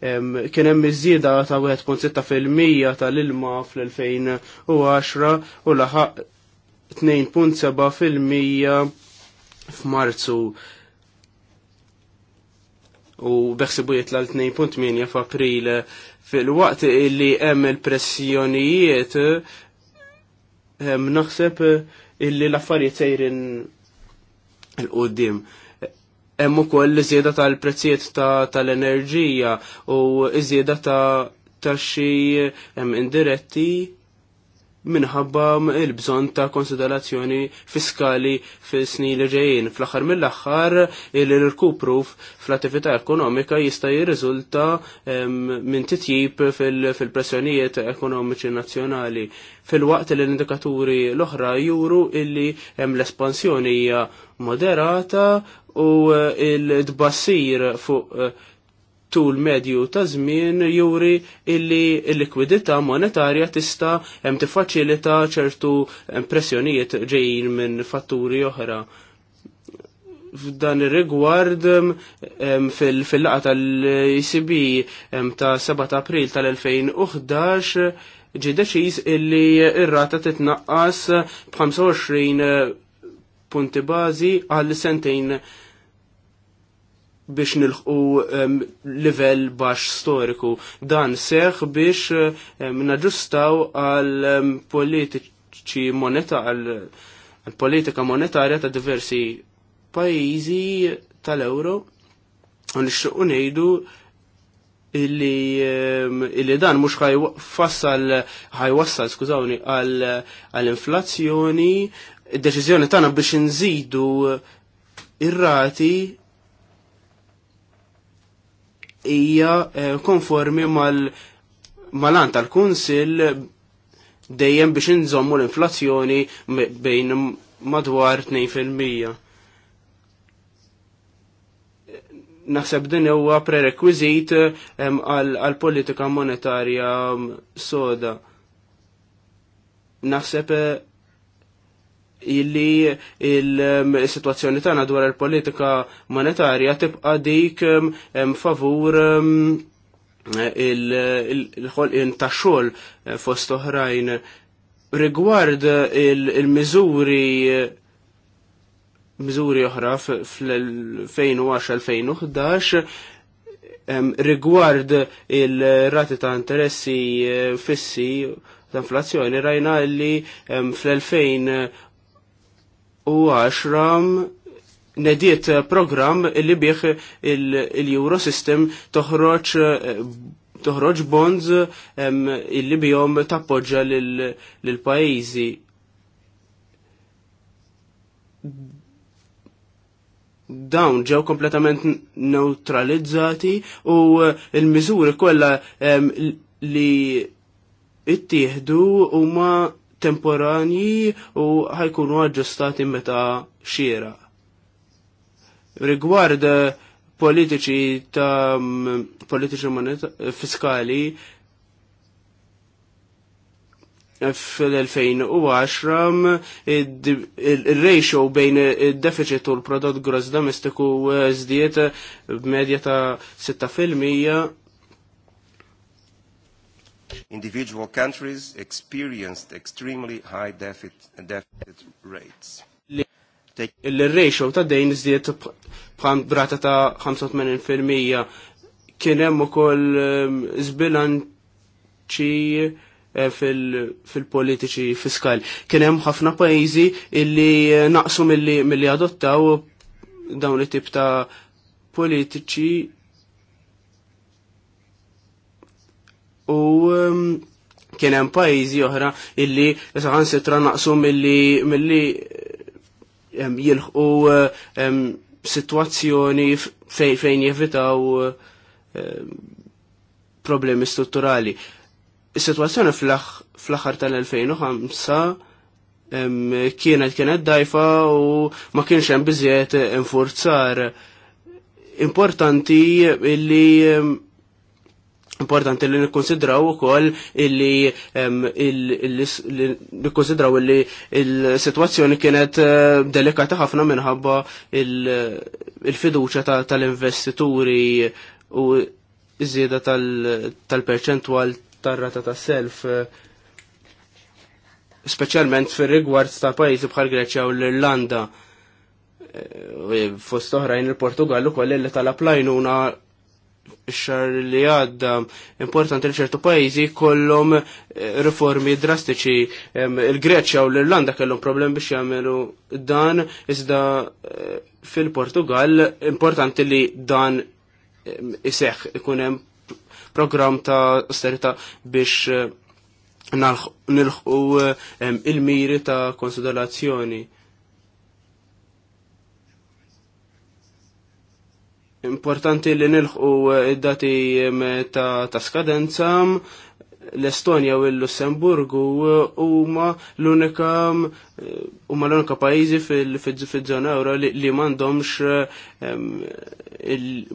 kien hemm iż-żieda ta' 1.6% tal-ilma fl-2010 u laħaq 2.7% f'Marzu u beħsibu jitla l-2.8 f'April fil-waqt illi hemm il-pressjonijiet hemm naħseb illi l-affarijiet sejrin il-qoddim. Hemm ukoll iżjeda tal-prezzijiet tal-enerġija u iżjeda ta' taxxi hemm indiretti minħabba il-bżon ta' konsiderazzjoni fiskali fis-snin li ġejjin. Fl-aħħar mill-aħħar il-rkupru fl-attività ekonomika jista' jirriżulta minn titjib fil-pressjonijiet ekonomiċi nazzjonali. Fil-waqt li l-indikaturi l-oħra juru illi hemm l-espansjoni hija moderata u eh, il-tbassir fuq eh, tul medju ta' żmien juri illi l-likwidità monetarja tista' hemm tiffaċilita ċertu pressjonijiet ġejjin minn fatturi oħra. F'dan ir-rigward fil-laqa tal-ECB ta' 7 April tal-2011 ġi deċiż illi ir-rata titnaqqas b'25 eh, punti bażi għal sentejn biex nilħu level baxx storiku. Dan seħ biex naġustaw għal politiċi moneta għal politika monetarja ta' diversi pajizi tal-euro. Nixxuq nejdu illi, illi dan mux ħajwassal, ħajwassal, skużawni, għal-inflazzjoni, id-deċizjoni tagħna biex nżidu ir-rati hija eh, konformi mal an tal-Kunsill dejjem biex inżommu l-inflazzjoni bejn madwar 2%. Naħseb din huwa prerekwiżit għal politika monetarja soda. Naħseb eh, illi il-situazzjoni tagħna dwar il-politika monetarja tibqa' dik favur il-ħolqien ta' xogħol eh, fost oħrajn rigward il-miżuri miżuri oħra fl-2010-2011 rigward il-rati ta' interessi eh, fissi ta' inflazzjoni rajna li fl-2011 u 10 nediet program li bieħ il-Eurosystem toħroġ toħroġ bonds illi bihom tappoġġa l pajjiżi Dawn ġew kompletament neutralizzati u l-miżuri kollha li ittieħdu huma temporanji u ħajkunu aġġustati meta xiera. Rigward politiċi ta' politiċi fiskali fil-2010 il-ratio bejn il-deficit u l-prodott gross domestiku eh, zdiet b'medja ta' 6% Individual countries experienced extremely high deficit, deficit rates. Il-ratio ta' dejn iżdiet brata ta' 85% kien hemm ukoll żbilanċi ehm, eh, fil-politiċi fiskali. Kien hemm ħafna pajjiżi illi eh, naqsu milli adottaw dawn it-tip ta' politiċi u um, kien hemm pajjiżi oħra illi saħan sitra naqsu milli milli jilħqu sitwazzjoni fejn jevitaw problemi strutturali. Is-sitwazzjoni fl-aħħar tal-2005 kienet kienet dajfa u ma kienx hemm biżjed infurzar importanti illi Importanti li nikkonsidraw ukoll illi nikkonsidraw illi il-sitwazzjoni kienet eh, delikata ħafna minħabba il-fiduċa tal-investituri u iż-żieda tal-perċentwal tar-rata tas-self eh, speċjalment fir-rigward ta' pajjiżi bħal Greċja u l-Irlanda eh, fost oħrajn il-Portugallu kolli li tal applajnuna xar li għadda importanti li ċertu pajizi kollom eh, riformi drastiċi. Il-Greċja u l-Irlanda kellhom problem biex jagħmlu dan, iżda eh, fil-Portugal importanti li dan iseħ ikun hemm program ta' austerità biex eh, nilħu il-miri ta' konsiderazzjoni. Importanti li nilħu eh, id-dati ta', ta skadenza l-Estonja u l-Lussemburgu eh, huma l-unika huma l-unika pajjiżi fil-żona euro li m'għandhomx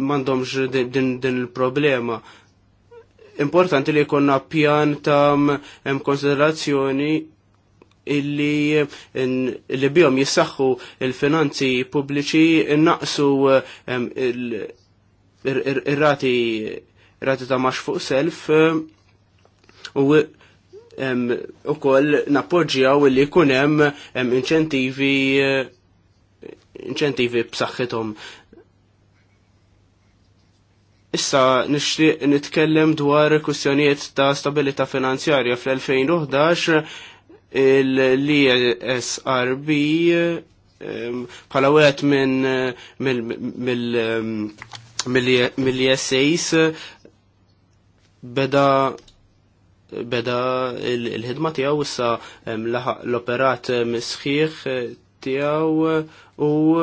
m'għandhomx din il-problema importanti li jkollna pjan ta' konsiderazzjoni illi li bihom jissaxħu il-finanzi pubbliċi naqsu il rati rati ta' max fuq self u u koll nappoġġjaw illi kunem inċentivi inċentivi b'saħħithom. Issa nixtieq nitkellem dwar kwistjonijiet ta' stabilità finanzjarja fl-2011 l-ESRB ehm, bħala wieħed minn mill-ESAs ehm, e beda beda il-ħidma tiegħu issa ehm, l-operat misħiħ tiegħu u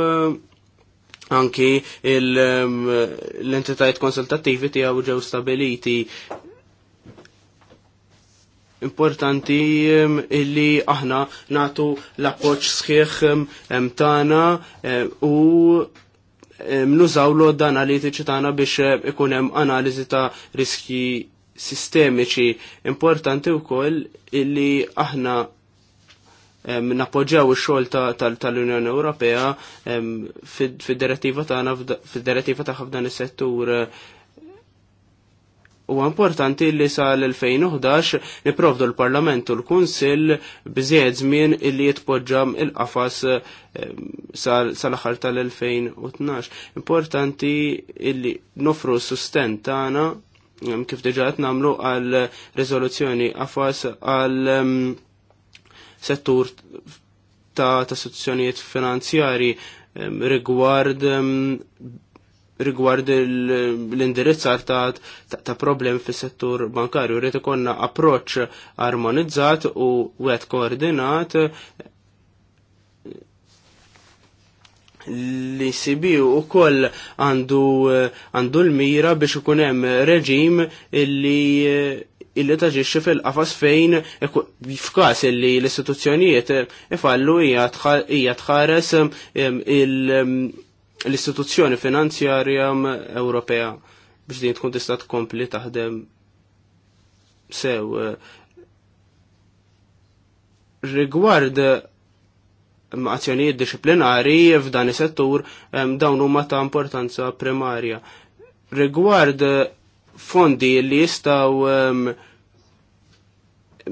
anki l-entitajiet konsultattivi tiegħu ġew stabiliti importanti um, illi aħna natu l-appoċ sħiħ um, tana u nużaw l-odda analitiċi tana biex eh, ikunem analizi ta' riski sistemiċi importanti u koll illi aħna napoġġaw ix-xogħol tal-Unjoni Ewropea fil direttiva tagħna fid-direttiva tagħha f'dan is-settur U importanti li sa l 2011 niprovdu l-Parlament u l-Kunsil bżied żmien illi jitpoġġam il-qafas eh, sal-aħħar tal-2012. Importanti illi nofru s-susten tagħna mm, kif diġà qed nagħmlu għal riżoluzzjoni qafas għal mm, settur ta' istituzzjonijiet finanzjari mm, rigward rigward l-indirizzar ta', ta problem fis settur bankarju. Rrit ikonna approċ armonizzat u għed koordinat li sibi u koll għandu, għandu l-mira biex ikunem reġim illi illi taġiċi fil-qafas fejn f'kas illi l-istituzzjonijiet ifallu hija tħares il- l-istituzzjoni finanzjarja Ewropea biex din tkun tista' tkompli taħdem sew rigward azzjonijiet disciplinari f'dan is-settur dawn huma ta' importanza primarja. Rigward fondi li jistgħu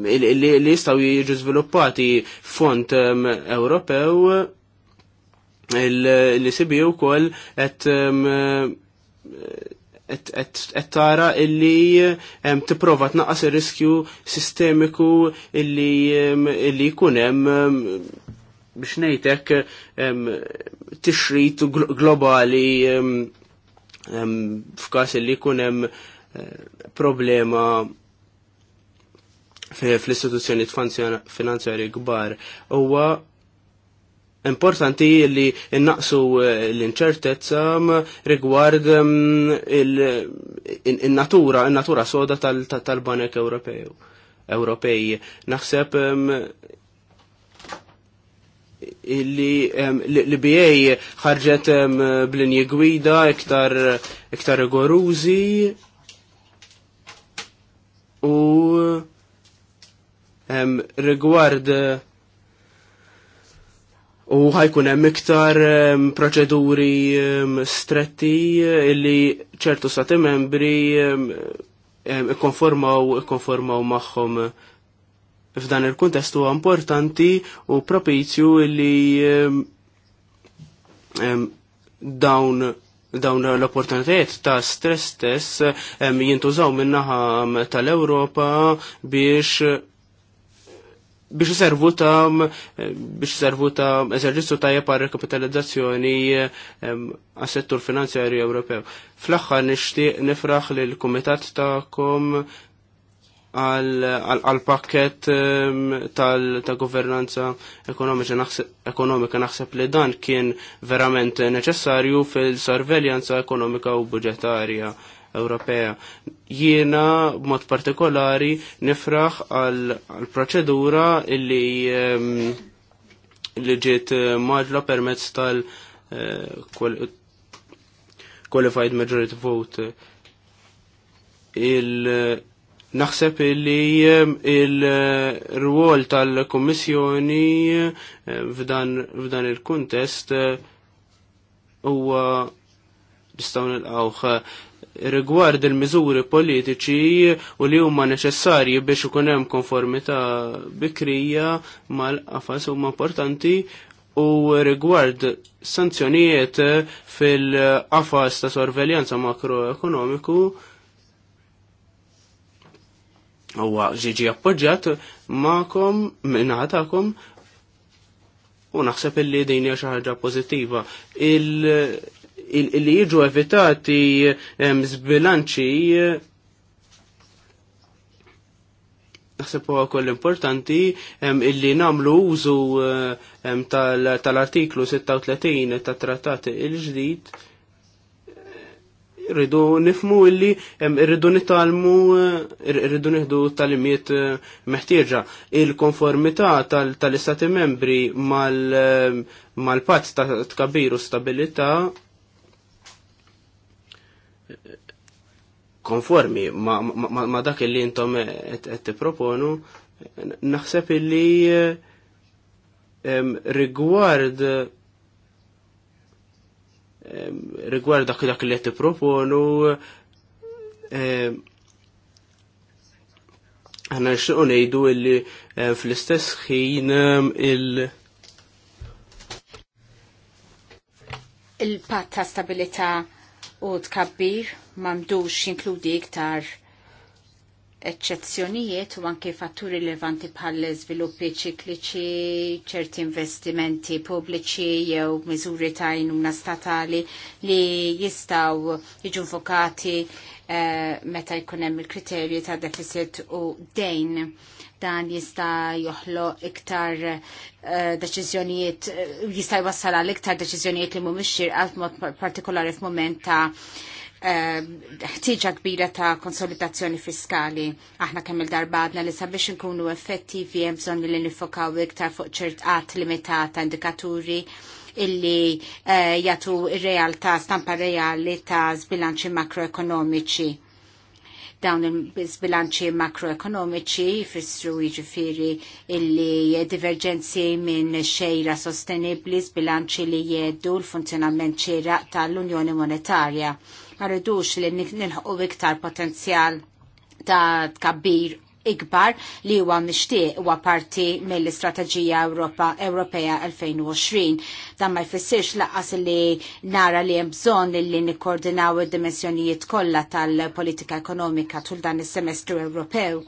li jistgħu jiġu żviluppati fond Ewropew l-sibi u koll et tara illi um, tipprova tnaqqas il riskju sistemiku um, illi jkun hemm um, biex t tixrid globali f'każ illi jkun hemm uh, problema fl-istituzzjoni finanzjari kbar huwa Importanti li innaqsu eh, l-inċertezza mm, rigward mm, il-natura, il-natura soda tal-Banek Ewropew. Ewropej. Naħseb mm, li l-BA ħarġet b'linji gwida iktar iktar rigorużi u rigward u ħajkun hemm iktar ehm, proċeduri ehm, stretti eh, illi ċertu stati membri ehm, ikkonformaw ikkonformaw magħhom f'dan il-kuntest huwa importanti u propizju illi dawn dawn l-opportunitajiet ta' stress test jintużaw minnaħa tal-Ewropa biex biex servu ta' eh, biex servu ta' eżerġizzu tajjeb jepa rekapitalizzazzjoni eh, għas-settur finanzjarju Ewropew. Fl-aħħar nixtieq nifraħ l-komitat kumitat kom għal pakket ta' governanza ekonomika naħseb li dan kien verament neċessarju fil-sorveljanza ekonomika u budgetarja. Ewropea. Jiena b'mod partikolari nifraħ għal proċedura illi ehm, li ġiet eh, maġla permezz tal eh, qualified majority vote il naħseb li eh, il-rwol tal-Kommissjoni f'dan il-kuntest huwa nistgħu nilqgħu rigward il-miżuri politiċi u li huma neċessarji biex ikun hemm konformità bikrija mal-qafas huma importanti u rigward sanzjonijiet fil-qafas ta' sorveljanza makroekonomiku huwa ġiġi appoġġjat magħkom minnatakom u naħseb illi din hija xi ħaġa pożittiva. Il- li jiġu evitati zbilanċi naħseb huwa koll importanti illi namlu użu tal-artiklu 36 tat-trattat il-ġdid irridu nifmu illi rridu nitalmu rridu nieħdu tal-imiet meħtieġa il-konformità tal-istati membri mal patt ta' u stabilità konformi ma, ma, ma dak li intom qed tipproponu naħseb illi rigward rigward dak dak li qed tipproponu aħna nixtiequ ngħidu illi fl-istess ħin il- il-pat ta' stabilita' u tkabbir m'għandux jinkludi iktar eccezzjonijiet u anke fatturi rilevanti bħal sviluppi ċikliċi, ċerti investimenti pubbliċi jew miżuri ta' inuna statali li jistaw jiġu fokati eh, meta jkun hemm il-kriterji ta' deficit u dejn dan jista' joħlo iktar eh, deċiżjonijiet, eh, jista' jwassal għal iktar deċiżjonijiet li mhumiex xirqat mod partikolari f'mument ta' eh, ħtieġa kbira ta' konsolidazzjoni fiskali. Aħna kemm il-darba għadna li sabiex nkunu effettivi hemm bżonn li nifokaw iktar fuq ċertqat limitata indikaturi illi jagħtu r realtà stampa reali ta' zbilanċi makroekonomiċi dawn il-bilanċi makroekonomiċi jfissru jiġifieri illi divergenzi minn xejra sostenibbli bilanċi li jeddu l-funzjonament xejra tal-Unjoni Monetarja. Ma rridux li nilħqu iktar potenzjal ta' tkabbir ikbar li huwa mixtieq huwa parti mill-Istrateġija Ewropa Ewropea 2020. Dan ma jfissirx laqas li nara li hemm bżonn li nikkoordinaw id-dimensjonijiet kollha tal-politika ekonomika tul dan is-semestru Ewropew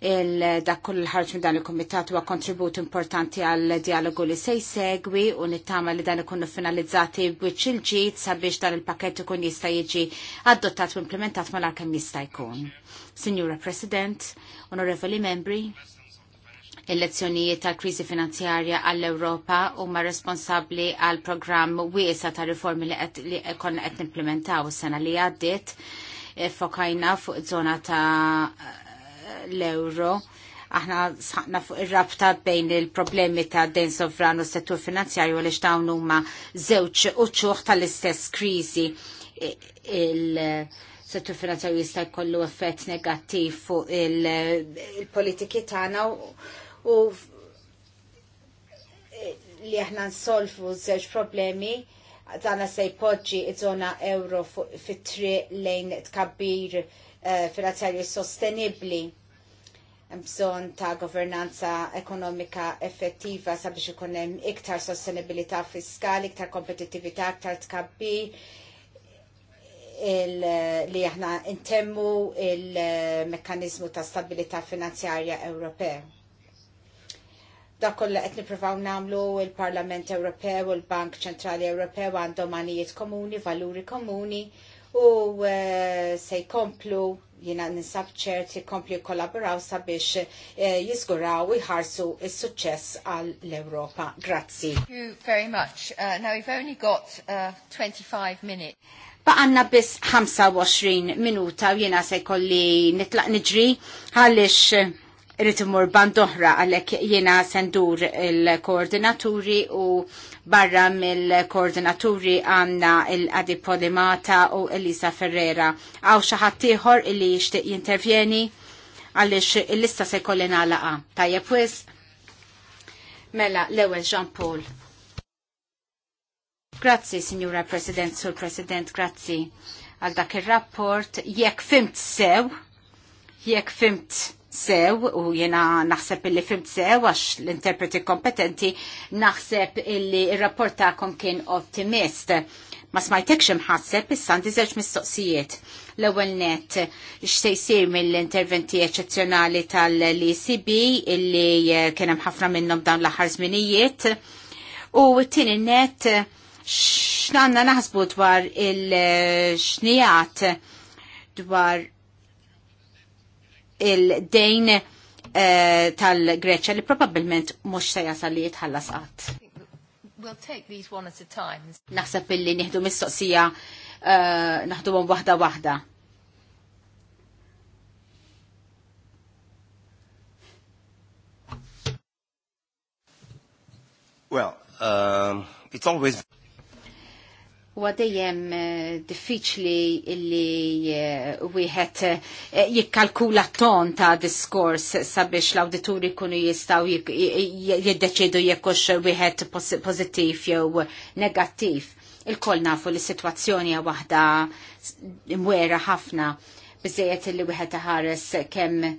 dak kull ħarġ minn dan il-komitat huwa kontribut importanti għal dialogu li se jsegwi u nittama li dan ikunu finalizzati b'wiċċ il-ġid sabiex dan il-pakett ikun jista' jiġi adottat u implementat mal-kemm jista' jkun. Signora President, Onorevoli Membri, il-lezzjonijiet tal-krizi finanzjarja għall-Europa huma responsabbli għall programm wiesa ta' riformi li konna qed nimplementaw sena li għaddiet e, fokajna fuq żona ta' l-euro aħna sħaqna fuq ir-rabta bejn il-problemi ta' dejn sovran u settur finanzjarju għaliex dawn huma żewġ uċċuħ tal-istess kriżi il-settur finanzjarju jista' jkollu effett negattiv fuq il-politiki tagħna u li aħna nsolvu żewġ problemi dan se jpoġġi iż-żona euro fit-triq lejn tkabbir eh, finanzjarju sostenibbli bżon ta' governanza ekonomika effettiva sabiex ikun hemm iktar sostenibilità fiskali, iktar kompetittività, iktar tkabbi li aħna intemmu il-mekkanizmu ta' stabilità finanzjarja Ewropea. Dak kollha qed nippruvaw nagħmlu il-Parlament Ewropew u l-Bank Ċentrali Ewropew għandhom għanijiet komuni, valuri komuni u eh, se jkomplu jina ninsab ċert jkomplu kollaboraw sabiex eh, jizguraw u jħarsu il-sucċess għall-Europa. Grazzi. Thank you very much. Uh, now we've only got uh, 25 minutes. Baqanna bis 25 minuta u jina se kolli nitlaq nġri għalix eh, irrit imur għalek jina sendur il-koordinaturi u barra mill-koordinaturi għanna il-Adi Podimata u Elisa Ferrera. Għaw xaħatiħor illi jishtiq jintervjeni għalix il-lista se kollina laqa. Tajja pwis, mela l-ewel Jean Paul. Grazzi, Signora President, Sur President, grazzi għal dak il-rapport. Jekk fimt sew, jekk fimt sew u jena naħseb illi fimt sew għax l-interpreti kompetenti naħseb illi il-rapport ta'kom kien optimist. Ma smajtek xemħasseb issa għandi żewġ mistoqsijiet. L-ewwel net x'se jsir mill-interventi eċċezzjonali tal-ECB illi eh, kien hemm ħafna minnhom dawn l-aħħar U t-tieni net x'għandna naħsbu dwar il-xnijat dwar il-dejn eh, tal greċa li probabilment mux se jasal li jitħallas qatt. We'll take these one at a time. Naħseb illi nieħdu mistoqsija uh, naħduhom waħda waħda. Well, um, it's always huwa dejjem eh, diffiċli li eh, wieħed eh, jikkalkula ton ta' diskors sabiex l-awdituri kunu jistaw jiddeċidu jekkux wieħed pożittiv jew negattiv. Il-koll nafu li situazzjoni hija waħda mwera ħafna biżejjed li wieħed ħares kemm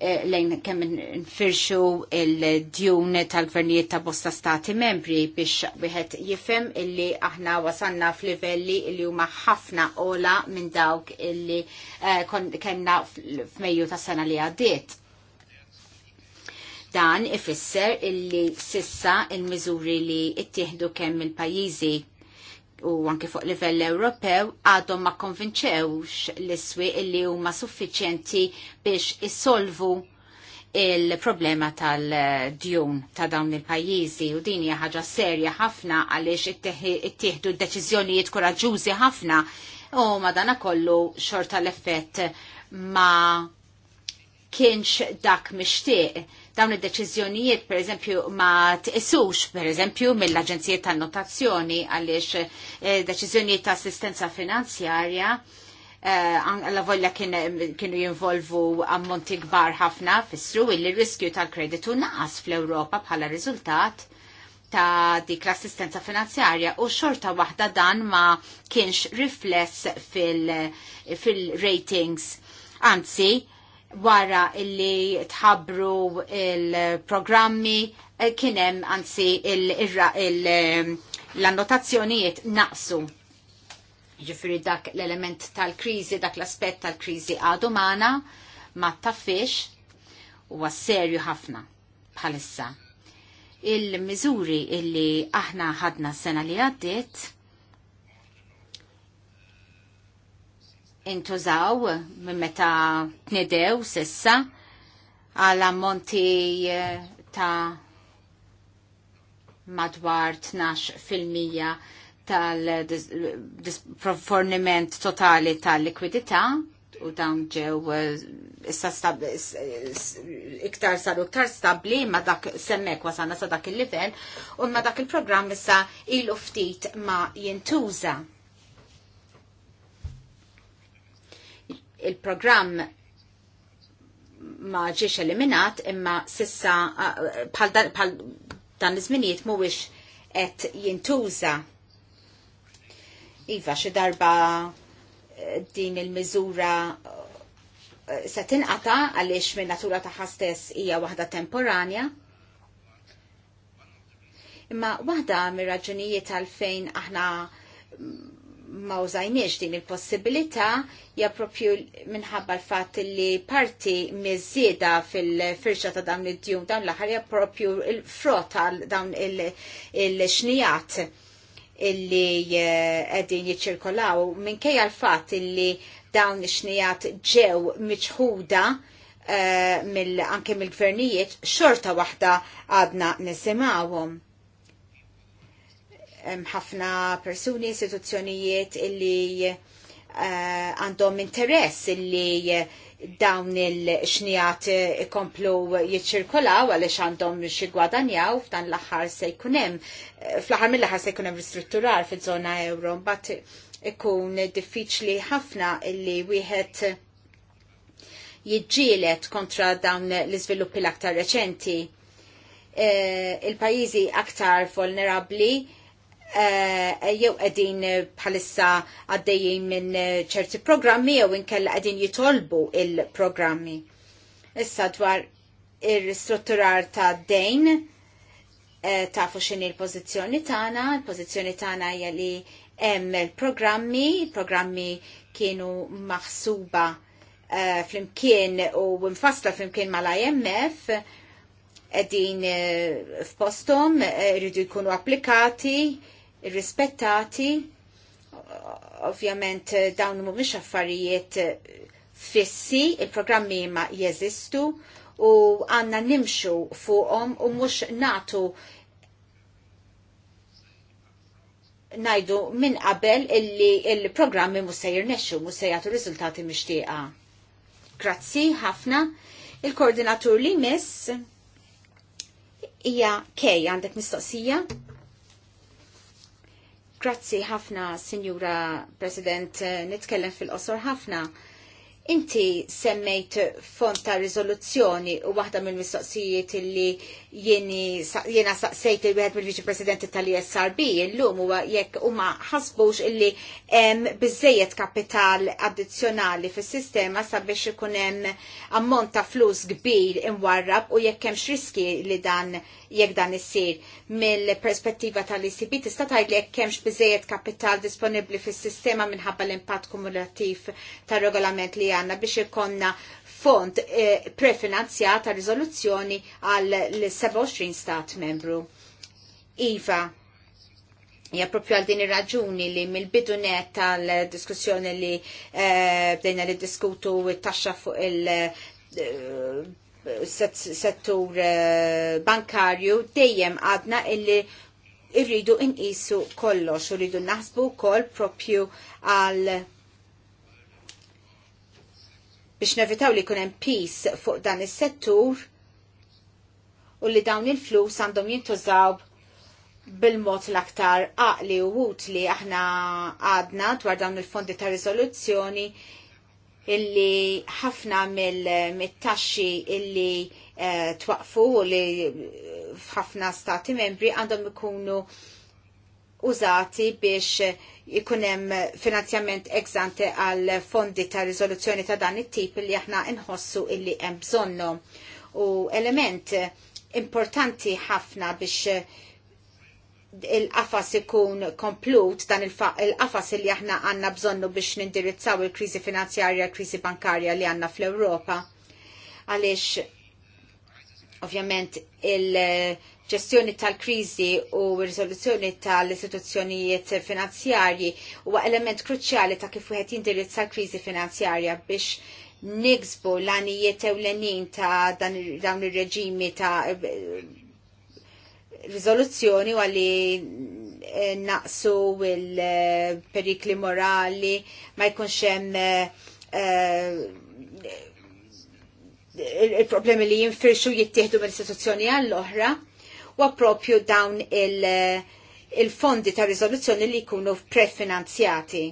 Eh, lejn kemm nfirxu il-djun tal-gvernijiet ta' bosta stati membri biex wieħed jifhem illi aħna wasanna f'livelli li huma ħafna ola minn dawk illi eh, kellna f'Mejju ta' sena li għaddiet. Dan ifisser illi sissa il-miżuri li ttieħdu kemm il-pajjiżi u anke fuq livell Ewropew għadhom ma konvinċewx l-iswi illi huma suffiċjenti biex isolvu il-problema tal-djun ta' dawn il-pajjiżi u din hija ħaġa serja ħafna għaliex ittieħdu d-deċiżjonijiet koraġġużi ħafna u madana kollu xorta l-effett ma kienx dak mixtieq Dawn id-deċiżjonijiet pereżempju ma tqisux pereżempju mill-Aġenzijiet tan-Notazzjoni għaliex eh, deċiżjonijiet ta' assistenza finanzjarja għalla eh, volja kienu jinvolvu ammonti kbar ħafna fissru illi riskju tal-kreditu naqas fl-Europa bħala riżultat ta' dik l-assistenza finanzjarja u xorta waħda dan ma kienx rifless fil-ratings. Fil Anzi, wara illi tħabbru il-programmi eh, kienem anzi eh, l-annotazzjonijiet naqsu. Ġifiri dak l-element tal-krizi, dak l-aspet tal-krizi għadu maħna, ma taffiex u għasserju ħafna bħalissa. Il-mizuri illi aħna ħadna s-sena li għaddit, intużaw minn meta tnedew sissa għal ammonti eh, ta' madwar 12% tal-forniment totali tal-likwidità u dawn ġew eh, issa iktar saru iktar stabli ma dak semmek wasanna sa dak il-livell u ma dak il-programm issa il-uftit ma jintuża. il-programm ma ġiex eliminat imma sissa pal dan iż-żminijiet mhuwiex qed jintuża. Iva xi darba eh, din il-miżura eh, se tinqata għaliex minn natura tagħha stess hija waħda temporanja. Imma waħda mir-raġunijiet għalfejn aħna ma użajniex din il-possibilità jappropju minħabba l-fat li parti miżieda fil-firxa ta' dawn id-djum dawn l-aħħar jappropju il frota għal dawn il-xnijat illi eh, għedin jiċirkolaw minkejja l-fat illi dawn il xnijat ġew miċħuda eh, anke mill-gvernijiet xorta waħda għadna nisimawhom ħafna persuni, istituzzjonijiet illi eh, għandhom uh, interess illi dawn il-xnijat ikomplu jiċirkolaw għalix għandhom xi gwadanjaw f'dan l-aħħar se fl-aħħar mill axar sejkunem ristrutturar fiż-żona euro, mbagħad ikun diffiċli ħafna illi wieħed jiġġielet kontra dawn l-iżviluppi l-aktar reċenti. E, il-pajjiżi aktar vulnerabli Eh, jew qegħdin eh, bħalissa għaddejjin minn eh, ċerti programmi jew inkella qegħdin jitolbu il-programmi. Issa dwar ir-ristrutturar ta' dejn tafu fuxin l-pozizjoni tagħna, il pozizjoni tagħna jgħali hemm il-programmi, il-programmi kienu maħsuba flimkien u mfassla flimkien mal-IMF din uh, f'postom rridu jkunu applikati irrispettati, ovvjament eh, dawn mhumiex affarijiet eh, fissi, il-programmi ma jeżistu u għanna nimxu fuqhom u mhux natu najdu minn qabel illi il-programmi mhux se jirnexxu, mhux se jagħtu riżultati mixtieqa. Grazzi ħafna. Il-koordinatur li miss hija kej għandek mistoqsija? Grazzi ħafna, Signora President, eh, nitkellem fil-qosor ħafna. Inti semmejt font ta' rizoluzzjoni u waħda mill-mistoqsijiet illi jieni jiena saqsejt il wieħed mill-Viċi Presidenti tal-ISRB illum huwa jekk huma ħasbux illi hemm biżejjed kapital addizzjonali fis-sistema sabiex ikun hemm ammont ta' flus kbir imwarrab u jekk hemmx riski li dan jekk dan issir mill-perspettiva tal-ECB tista' tgħid li jekk hemmx biżejjed kapital disponibbli fis-sistema minħabba l-impatt kumulattiv tar-regolament li għandna biex ikonna fond eh, prefinanzjata għal rizoluzzjoni għal 27 stat membru. Iva, Ja, propju għal din ir-raġuni li mill net tal-diskussjoni li eh, bdejna li diskutu it-taxxa fuq il-settur eh, bankarju dejjem għadna illi irridu inqisu kollox, irridu naħsbu kol propju għal biex nevitaw li kunem peace fuq dan is settur u li dawn il-flus għandhom jintużaw bil-mod l-aktar għaqli u wut li aħna għadna dwar dawn il-fondi ta' rizoluzzjoni illi ħafna mill-taxxi illi uh, twaqfu u li ħafna stati membri għandhom ikunu użati biex ikunem finanzjament ex għal fondi ta' rizoluzzjoni ta' dan it-tip li aħna nħossu illi hemm bżonnu. U element importanti ħafna biex il-qafas ikun komplut dan il-qafas il li aħna għanna bżonnu biex nindirizzaw il-krizi finanzjarja, il-krizi bankarja li għanna fl-Europa. Għalix, ovvjament, il- ġestjoni tal-krizi u risoluzzjoni tal-istituzzjonijiet finanzjarji huwa element kruċjali ta' kif wieħed jindirizza l-krizi finanzjarja biex niksbu l-għanijiet ewlenin ta' dawn ir-reġimi ta' risoluzzjoni u għalli eh, naqsu il-perikli morali ma jkunx hemm eh, il-problemi li jinfirxu jittieħdu mill-istituzzjoni għall-oħra u appropju dawn il-fondi il ta' rizoluzzjoni li jkunu prefinanzjati.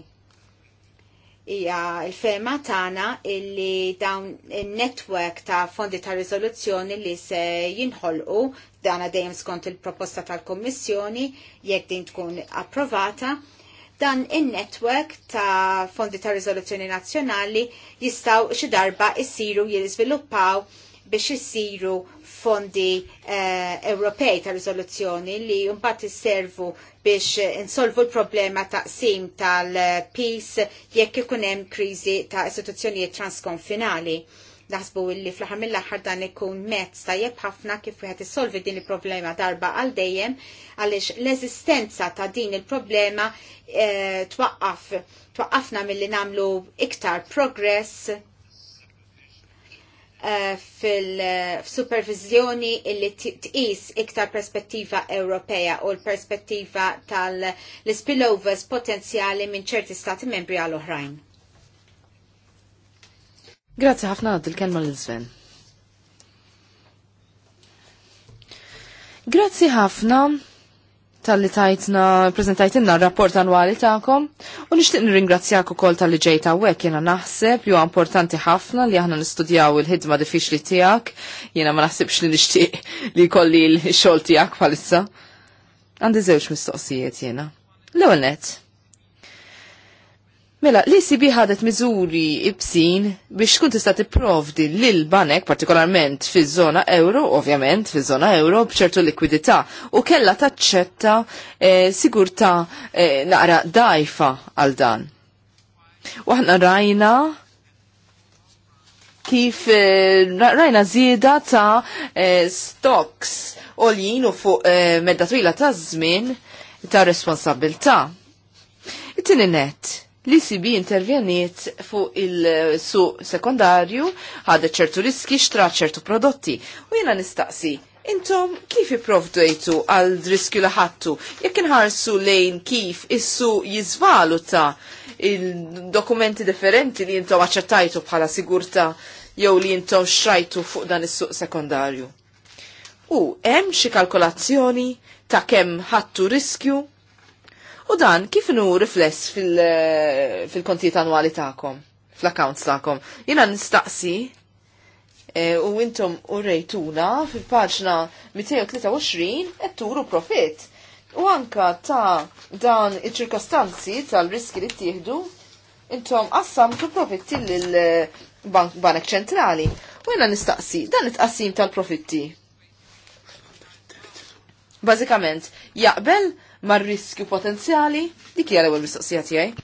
Ija il-fema tana illi dawn il-network ta' fondi ta' rizoluzzjoni li se jinħolqu dana dejjem skont il-proposta tal-Kommissjoni jekk din tkun approvata dan in-netwerk ta' fondi ta' rizoluzzjoni nazzjonali jistaw xi darba jsiru jiżviluppaw biex jissiru fondi eh, Ewropej ta' risoluzzjoni li mbagħad isservu biex insolvu l-problema ta' sim tal peace jekk ikun hemm kriżi ta' istituzzjonijiet transkonfinali naħsbu illi fl-ħar mill-aħħar dan ikun mezz tajjeb ħafna kif wieħed isolvi din il-problema darba għal dejjem għaliex l-eżistenza ta' din il-problema eh, twaqqaf twaqqafna milli nagħmlu iktar progress Eh, fil-supervizjoni illi tqis iktar perspettiva Ewropea u l-perspettiva tal-spillovers potenzjali minn ċerti stati membri għal oħrajn. Grazie ħafna għad il-kelma l-Sven. Grazie ħafna tal-li tajtna, prezentajtina rapport annwali ta'kom, u nishtiq nirringrazzjak ukoll tal-li ġejta għek jena naħseb, ju importanti ħafna li aħna nistudjaw il-ħidma diffiċli tijak, jena ma naħsibx li nishtiq li kolli l-xol tijak palissa. Għandi zewċ mistoqsijiet jena. l għonet Mela, li si ħadet miżuri ibsin biex tkun tista' tipprovdi lil banek partikolarment fiż-żona euro, ovvjament fiż-żona euro b'ċertu likwidità u kella taċċetta eh, sigurtà eh, naqra dajfa għal dan. U aħna rajna kif eh, rajna zieda ta' eh, stocks oljin u fuq eh, medda twila ta' żmien ta' responsabilità. Itin tini net, L-ICB intervjeniet fuq il-suq sekundarju, ħadet ċertu riski, xtra ċertu prodotti. U jena nistaqsi, intom kif iprovdejtu għal riskju li ħattu? Jekk inħarsu lejn kif issu ta' il-dokumenti differenti li intom aċċettajtu bħala sigurta jew li intom xrajtu fuq dan is-suq sekundarju. U hemm xi kalkolazzjoni ta' kemm ħattu riskju? U dan kif nu rifless eh, fil-kontijiet fil annwali tagħkom, fl-accounts tagħkom. Jina nistaqsi E, u intom u rejtuna fil-paġna 223 qed turu profit. U anka ta' dan iċ-ċirkostanzi tal-riski li ttieħdu intom assamtu profitti lill-Banek eh, Ċentrali. U jina nistaqsi, dan it-qassim tal-profitti. Bażikament, jaqbel mar-riskju potenzjali? Dik hija l-ewwel mistoqsija tiegħi.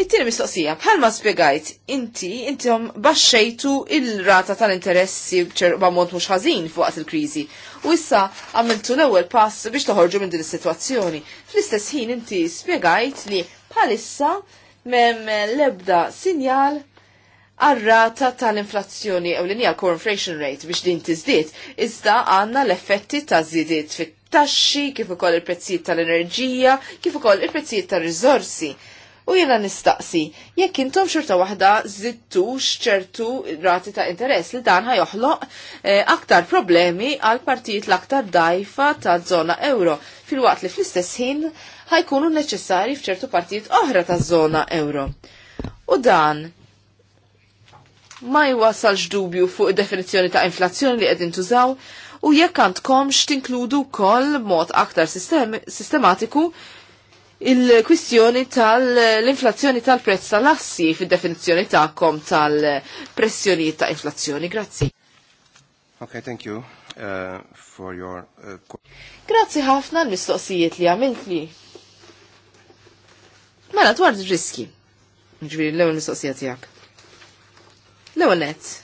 It-tieni mistoqsija, bħalma spjegajt, inti intihom baxxejtu il-rata tal-interessi b'ammont mhux ħażin fuqat il-kriżi. U issa għamiltu l-ewwel pass biex toħorġu minn din is-sitwazzjoni. Fl-istess ħin inti spjegajt li bħalissa mem lebda sinjal għarrata tal-inflazzjoni ew l-inja core inflation rate biex din tiżdiet iżda għanna l-effetti ta' żidiet taxxi kif ukoll il-prezzijiet tal-enerġija, kif ukoll il-prezzijiet tal-riżorsi. U jena nistaqsi, jekk intom xorta waħda zittu ċertu rati ta' interess li dan ħajoħloq eh, aktar problemi għal partijiet l-aktar dajfa ta' zona euro, fil-waqt li fl-istess ħin ħajkunu neċessari fċertu partijiet oħra ta' zona euro. U dan ma jwasalx dubju fuq id definizzjoni ta' inflazzjoni li għedin tużaw u jekk għandkomx tinkludu wkoll mod aktar sistem sistematiku il-kwistjoni tal-inflazzjoni tal-prezz tal-assi fid-definizzjoni tagħkom tal-pressjoni ta' inflazzjoni. Grazzi. Ok, thank you uh, for your... Uh... Grazzi ħafna l-mistoqsijiet li għamiltli. Mela, dwar riski. Ġviri, l-ewel mistoqsija tiegħek. L-ewel net.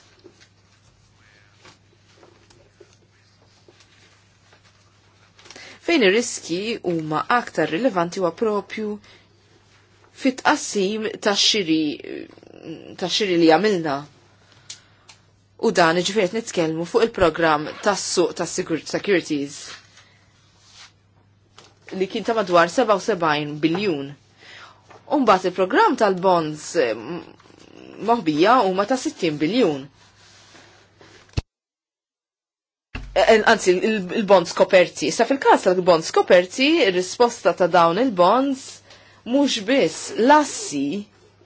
fejn ir-riski huma aktar rilevanti huwa propju fit-qassim tax-xiri tax-xiri li għamilna. U dan iġifiet nitkellmu fuq il-programm tas-suq tas-securities li kien ta' madwar 77 biljun. Umbat il-programm tal-bonds eh, moħbija huma ta' 60 biljun. Eh, eh, anzi il-bonds koperti. Sa fil-kas tal-bonds koperti, il-risposta ta' dawn il-bonds mhux biss lassi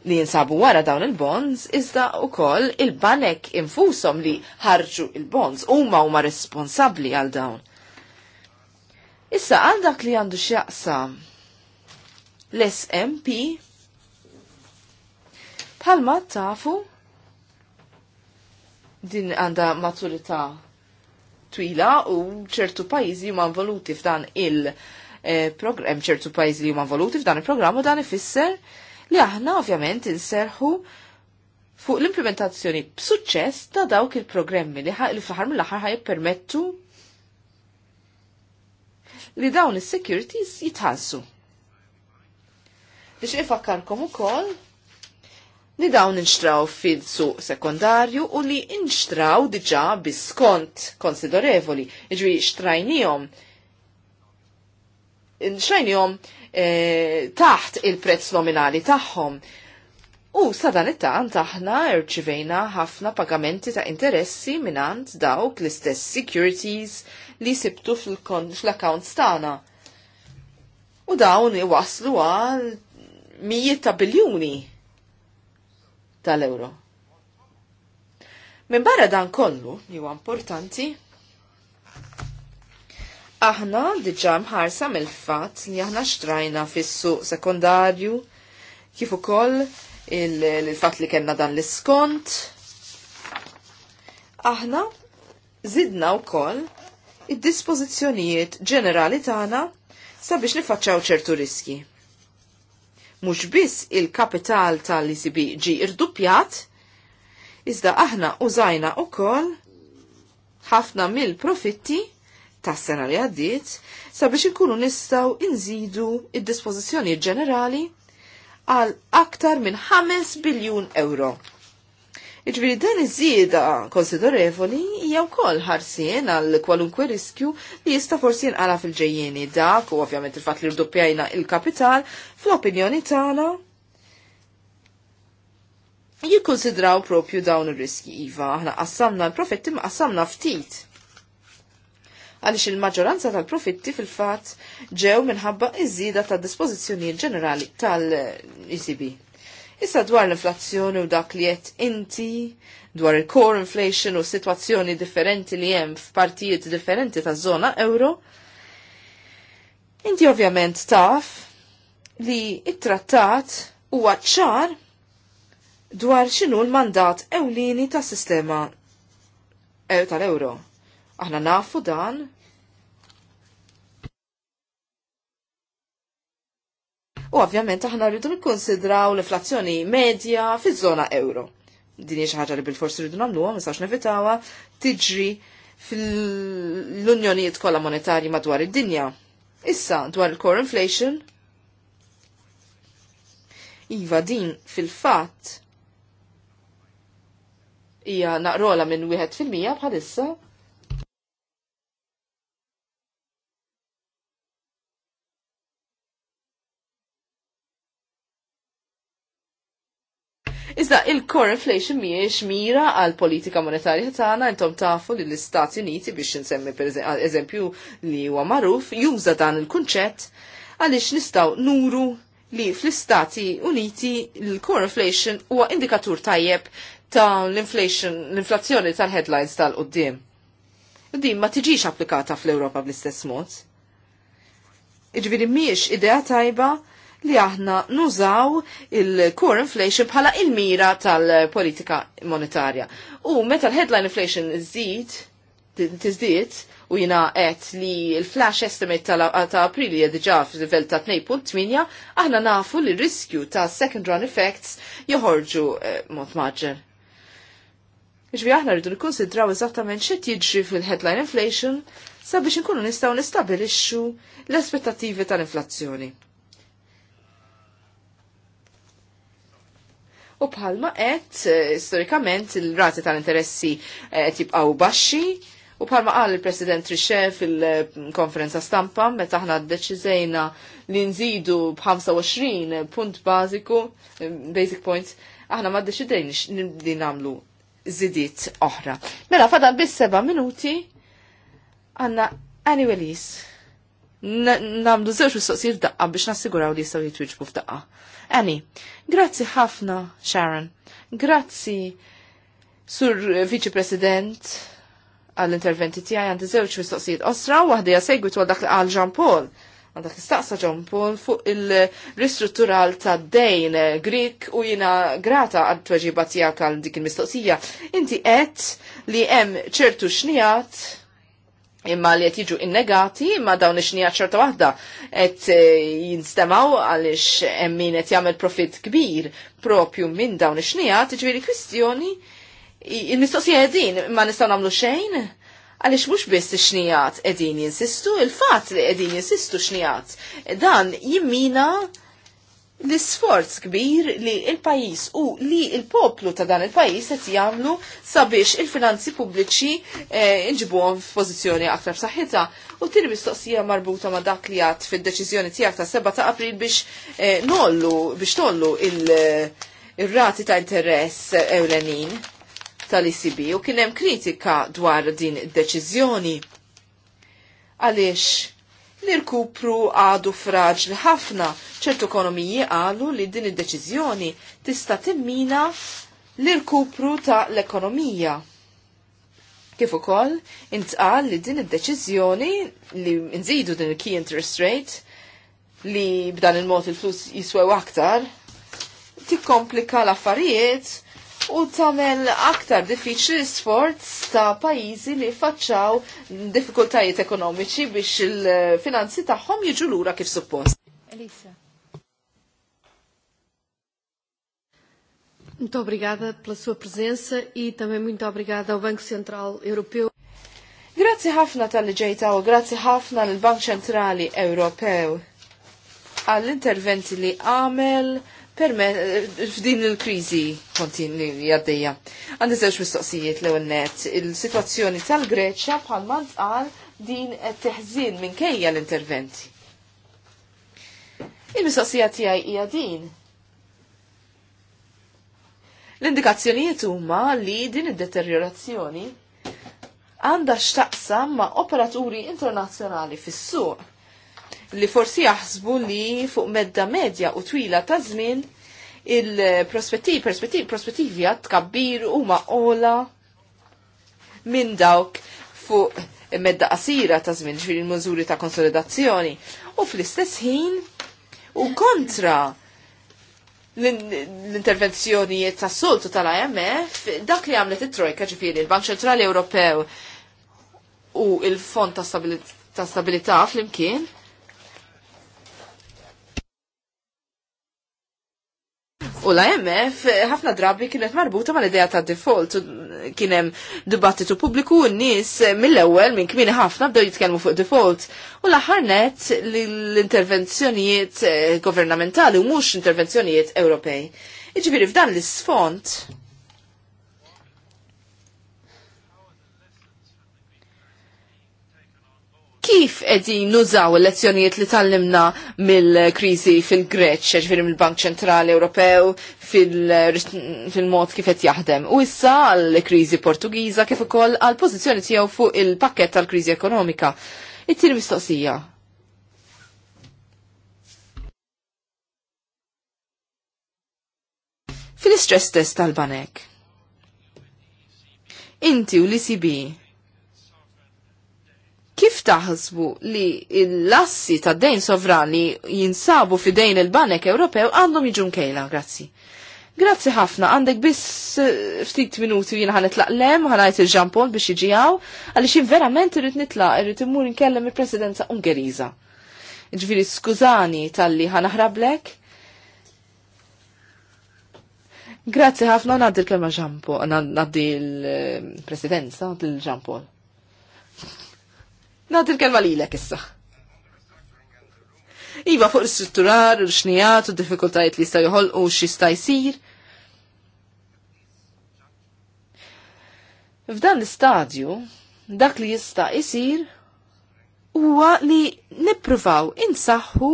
li jinsabu wara dawn il-bonds, iżda u koll il-banek infusom li ħarġu il-bonds, huma huma responsabli għal dawn. Issa għal dak li għandu xjaqsam l-SMP bħalma tafu din għanda maturita' twila u ċertu pajjiżi huma voluti f'dan il-programm, eh, ċertu pajjiżi li huma f'dan il-programm u dan ifisser li aħna ovvjament inserħu fuq l-implementazzjoni b'suċċess ta' dawk il-programmi li fl-aħħar mill-aħħar permettu li dawn is-securities jitħassu. Biex ifakkarkom ukoll li dawn inxtraw fil-suq sekundarju u li inxtraw diġa biskont konsiderevoli, iġvi xtrajnijom. Xtrajnijom e, taħt il-prezz nominali taħħom. U sadan it-tant aħna irċivejna ħafna pagamenti ta' interessi minant dawk l-istess securities li sibtu fl-accounts tagħna. U dawn waslu għal mijiet ta' biljuni tal-euro. Min barra dan kollu, li huwa importanti, aħna diġà mħarsa mill-fatt li aħna xtrajna fis-suq sekondarju kif ukoll il-fatt li kellna dan l-iskont. Aħna zidna wkoll id-dispożizzjonijiet ġenerali tagħna sabiex nifaċċaw ċertu riski mhux biss il-kapital tal-ECB ġi irduppjat, iżda aħna użajna koll ħafna mill-profitti tas-sena li għaddiet sabiex inkunu nistgħu inżidu id-dispożizzjoni ġenerali għal aktar minn 5 biljun euro. Iġbiri dan iż-żieda konsiderevoli hija wkoll ħarsien għal kwalunkwe riskju li jista' forsi jinqala fil-ġejjieni dak u ovvjament il-fatt li rdoppjajna il-kapital fl-opinjoni tagħna jikkonsidraw propju dawn ir-riski iva aħna qassamna l-profetti ma qassamna ftit għaliex il-maġġoranza tal-profitti fil-fatt ġew minħabba iż-żieda tad-dispożizzjonijiet ġenerali tal-ECB. Issa dwar l-inflazzjoni u dak li jett inti dwar il-core inflation u situazzjoni differenti li hemm f'partijiet differenti taż-żona euro, inti ovvjament taf li it-trattat huwa ċar dwar xinu l-mandat ewlieni tas-sistema eh, tal-euro. Aħna nafu dan U ovvjament aħna rridu nikkonsidraw l-inflazzjoni medja fiż-żona euro. Din hija xi ħaġa li bil-forsi rridu nagħmluha, ma sax nevitawha, tiġri fil-unjonijiet kollha monetarji madwar id-dinja. Issa dwar il-core inflation, Iva din fil-fatt hija naqrola minn wieħed fil-mija bħalissa Iżda il-correlation miex mira għal politika monetarja tagħna intom tafu li l-Istati Uniti biex insemmi per eżempju li huwa magħruf juża dan il-kunċett għaliex nistgħu nuru li fl-Istati Uniti l-correlation huwa indikatur tajjeb ta' l-inflation, l-inflazzjoni tal-headlines tal-qoddim. Din ma tiġix applikata fl-Ewropa bl-istess mod. Iġviri miex idea tajba li aħna nużaw il-core inflation bħala il-mira tal-politika monetarja. U meta l-headline inflation zid, tizdiet, u jina għet li l-flash estimate ta' aprili jadġa f-level ta' 2.8, aħna nafu li riskju ta' second run effects joħorġu eh, mod maġġer. Iġvi aħna rridu nikonsidraw eżattament xed jiġri fil-headline inflation sabiex nkunu nistgħu nistabilixxu l aspettative tal-inflazzjoni. U bħalma qed eh, storikament il-rati tal-interessi eh, qed jibqgħu baxxi. U bħalma qal il-President Trichet fil-konferenza stampa meta aħna ddeċiżejna li nżidu b'25 punt bażiku, eh, basic point, aħna ma ddeċidejn li nagħmlu żidiet oħra. Mela fadal biss seba' minuti għandna Annie Willis namlu zewġ mistoqsijiet daqqa biex nassiguraw li jistgħu jitwiġbu f'daqqa. Eni, grazzi ħafna, Sharon. Grazzi, Sur Viċi President, għall-interventi tiegħi għandi żewġ mistoqsijiet osra u waħda segwit għal dak li qal Jean Paul. Għandak istaqsa John Paul fuq il-ristruttural ta' dejn eh, Grik u jina grata għad tweġiba tijak għal dik il-mistoqsija. Inti qed li hemm ċertu xnijat imma li qed jiġu innegati imma dawn ix-xnija ċerta waħda qed eh, jinstemaw għaliex hemm min qed jagħmel profitt kbir propju minn dawn ix-xnija, tiġifieri kwistjoni il-mistoqsija qegħdin ma nistgħu nagħmlu xejn għaliex mhux biss xnijat qegħdin jinsistu, il fatt li qegħdin jinsistu xnijat, dan jimmina l-isforz kbir li il-pajis u li il-poplu ta' dan il-pajis qed jagħmlu sabiex il-finanzi pubbliċi eh, f'pożizzjoni aktar b'saħħitha. U tieni mistoqsija marbuta ma' dak li għad fid-deċiżjoni tiegħek ta' 7 ta' April biex eh, nollu biex tollu il-rati ta' interess ewlenin tal-ICB u kien hemm kritika dwar din id-deċiżjoni. Għaliex l-irkupru għadu fraġli ħafna. ċertu ekonomiji għalu li din id-deċizjoni tista' timmina l-irkupru ta' l-ekonomija. Kif ukoll intqal li din id-deċiżjoni li nżidu din il-key interest rate li b'dan il-mod il-flus jiswew aktar tikkomplika l-affarijiet u tamel aktar diffiċli sforz ta' pajizi li faċċaw diffikultajiet ekonomiċi biex il-finanzi tagħhom jiġu lura kif suppost. Elisa. Muito obrigada pela sua presença e também muito obrigada ao Banco Central Europeu. Grazie ħafna tal-li ġejta u grazzi ħafna l-Bank Centrali Ewropew għall-interventi li għamel Eh, f'din il-krizi kontinwi jaddeja. Għandi żewġ mistoqsijiet l net il-situazzjoni tal-Greċja bħal mant għal din qed minn kejja l-interventi. Il-mistoqsija tiegħi hija din. L-indikazzjonijiet huma li din id-deterjorazzjoni għandha x'taqsam ma' operaturi internazzjonali fis-suq li forsi jaħsbu li fuq medda medja u twila ta' żmien il-prospettivi, prospettivi, prospettivi għat kabbir u maqola minn dawk fuq medda qasira ta' żmien ġifir il-mużuri ta' konsolidazzjoni. U fl-istess ħin u kontra l intervenzjoni ta' soltu tal-IMF, dak li għamlet it-Trojka ġifiri il-Bank Ċentrali Ewropew u il-Fond ta' Stabilità fl-imkien, U la MF ħafna drabi kienet marbuta mal-idea ta' default, kienem dibattitu publiku u n-nis mill-ewel minn kmini ħafna bdew jitkellmu fuq default. U laħarnet l-intervenzjonijiet eh, governamentali u mux intervenzjonijiet Ewropej. Iġbiri f'dan l-sfont kif edin nużaw il-lezzjonijiet li tal-limna mill-krizi fil-Greċ, ġviri mill-Bank Ċentrali Ewropew, fil-mod kif qed jaħdem. U issa għall-krizi Portugiża kif ukoll għall-pożizzjoni tiegħu fuq il-pakket tal-krizi ekonomika. It-tieni mistoqsija. Fil-istress test tal-banek. Inti u l-ICB Kif taħsbu li l-assi ta' dejn sovrani jinsabu dejn il-Banek Ewropew għandhom jiġu kejla, Grazzi. Grazzi ħafna, għandek biss eh, ftit minuti jina ħan itlaq lem, ħan għajt il-ġampol biex iġijaw, għalix xin verament irrit nitlaq, irrit immur nkellem il-presidenza ungeriza. Ġviri, skużani tal-li ħan Grazzi ħafna, naddi l-kelma ġampol, naddi il eh, presidenza il ġampol Nagħti l-kelma lilek issa. Iva fuq strutturar, l-xnijat u diffikultajiet li jista' joħolqu x'jista' jsir. F'dan l-istadju, dak li jista' jsir huwa li nippruvaw insaħħu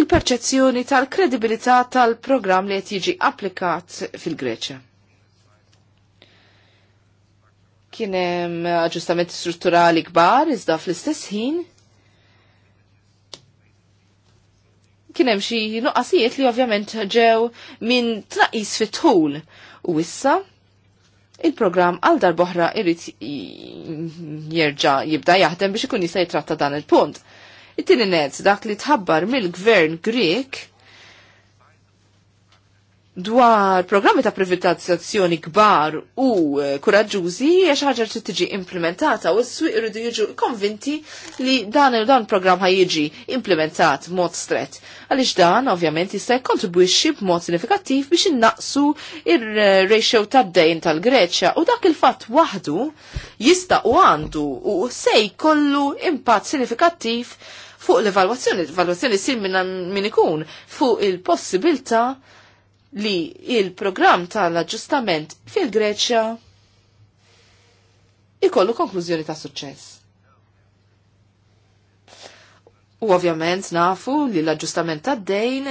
il-perċezzjoni tal-kredibilità tal-programm li qed jiġi applikat fil-Greċja. Kien hemm aġġustamenti strutturali kbar iżda fl-istess ħin kien hemm xi nuqqasijiet li ovvjament ġew minn tnaqis fit-tul u issa il-programm għal darboħra irrit jerġa jibda jaħdem biex ikun jista' jitratta dan il-punt. It-tieni dak li tħabbar mill-gvern Grek dwar programmi ta' privatizzazzjoni kbar u eh, kuraġuzi għax ħaġa li tiġi implementata u s-swieq irridu jiġu konvinti li dan il dan program ħaj jiġi implementat mod stret. Għaliex dan ovvjament jista' jikkontribwixxi b'mod sinifikattiv biex innaqsu ir-ratio tad-dejn tal-Greċja u dak il-fatt waħdu jista' u għandu u se jkollu impatt sinifikattiv fuq l-evalwazzjoni, l-evalwazzjoni sil minn min ikun fuq il-possibilta' li il-programm tal-aġġustament fil-Greċja ikollu konklużjoni ta' suċċess. U ovvjament nafu li l-aġġustament tad dejn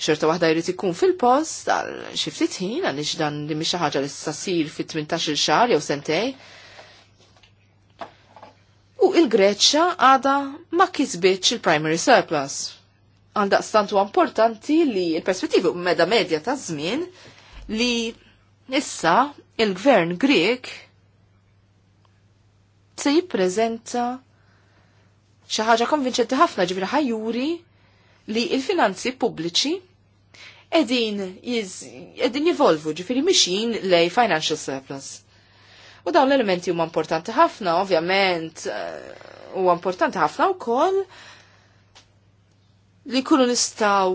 xorta waħda jrid ikun fil-post għal xi ftit ħin għaliex dan li mhix xi ħaġa li ssir fit-18-il xahar jew sentej. U il greċja għada ma kisbitx il-primary surplus għandaq stantu importanti li il-perspettivi meda medja ta' żmien li issa il-gvern Grek se jippreżenta xi ħaġa konvinċenti ħafna ġifieri ħajjuri li il-finanzi pubbliċi edin, edin jivolvu ġifiri mixin lej financial surplus. U dawn l-elementi huma importanti ħafna, ovvjament, eh, u importanti ħafna u koll li kunu nistaw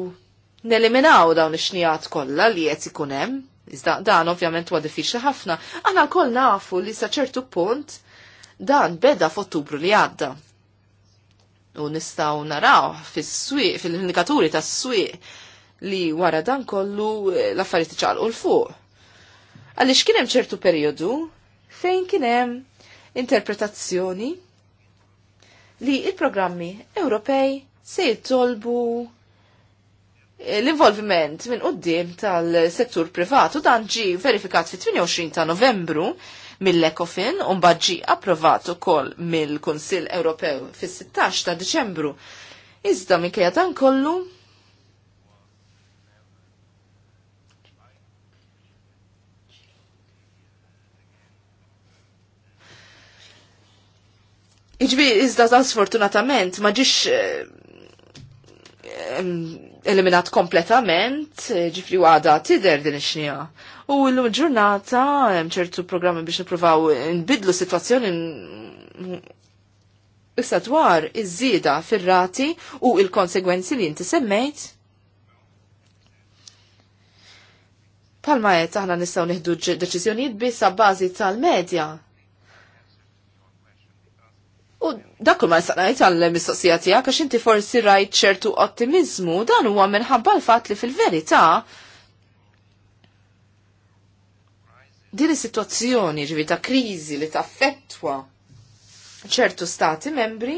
neliminaw dawn ix-xnijat kollha li qed ikun hemm. Iżda dan ovvjament huwa diffiċli ħafna. Aħna lkoll nafu li sa ċertu punt dan beda f'Ottubru li għadda. U nistaw naraw fis-swieq fil-indikaturi tas-swieq li wara dan kollu eh, l-affarijiet iċaqlqu l fuq. Għaliex kien hemm ċertu perjodu fejn kien hemm interpretazzjoni li il-programmi Ewropej se jittolbu eh, l-involviment minn qoddim tal-settur privatu dan ġi verifikat fit-28 ta' novembru mill-Ekofin un ġi approvat ukoll mill-Kunsill Ewropew fis-16 ta' Diċembru. Iżda minkejja dan kollu Iġbi, iżda sfortunatament ma ġiex eh, eliminat kompletament, e, ġifri għada tider din ix U l-ġurnata ċertu programmi biex nipruvaw nbidlu situazzjoni issa dwar iż-żieda fir-rati u il-konsegwenzi li inti semmejt. Palma qed aħna nistgħu nieħdu deċiżjonijiet biss bażi tal-medja U dakku ma nistanajt għall-mistoqsija tiegħek għax inti forsi rajt ċertu ottimizmu dan huwa minħabba l-fatt li fil-verità din is-sitwazzjoni ġivi ta' kriżi li taffettwa ċertu stati membri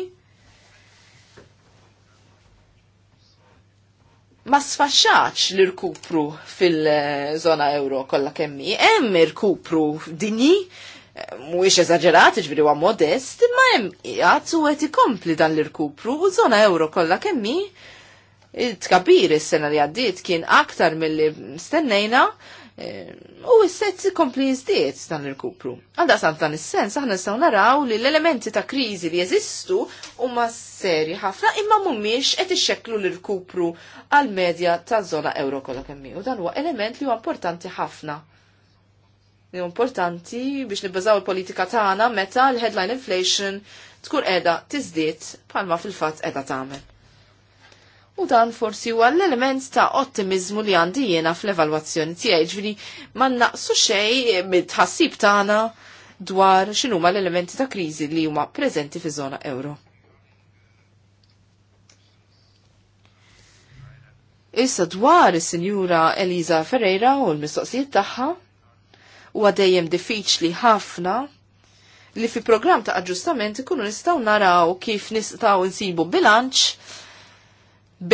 ma sfaxxax li rkupru fil-żona euro kollha kemmi. Hemm irkupru dinji mhuwiex eżaġerat, ġifieri huwa modest, imma hemm jgħazzu u qed ikompli dan l-irkupru u zona euro kollha kemm il-tkabir s sena li għaddiet kien aktar mill-li stennejna e, u s-set kompli jizdiet dan l-irkupru. Għanda sant dan il-sens, aħna nistaw naraw li l-elementi ta' krizi li jeżistu u ma seri ħafna imma mumiex qed ixxeklu l irkupru għal-medja ta' zona euro kolla kemmi. U dan huwa element li huwa importanti ħafna importanti biex nibbazaw il-politika tagħna meta l-headline inflation tkun qiegħda tiżdied bħalma fil-fatt qiegħda tagħmel. U dan forsi huwa l-element ta' ottimizmu li għandi jiena fl-evalwazzjoni tiegħi, ġifieri ma naqsu xejn mit-tħassib tagħna dwar x'inhuma l-elementi ta' kriżi li huma preżenti fiż-żona euro. Issa dwar is-Sinjura Eliza Ferreira u l-mistoqsijiet tagħha, huwa dejjem diffiċli ħafna li fi program ta' aġġustament ikunu nistgħu naraw kif nistgħu nsibu bilanċ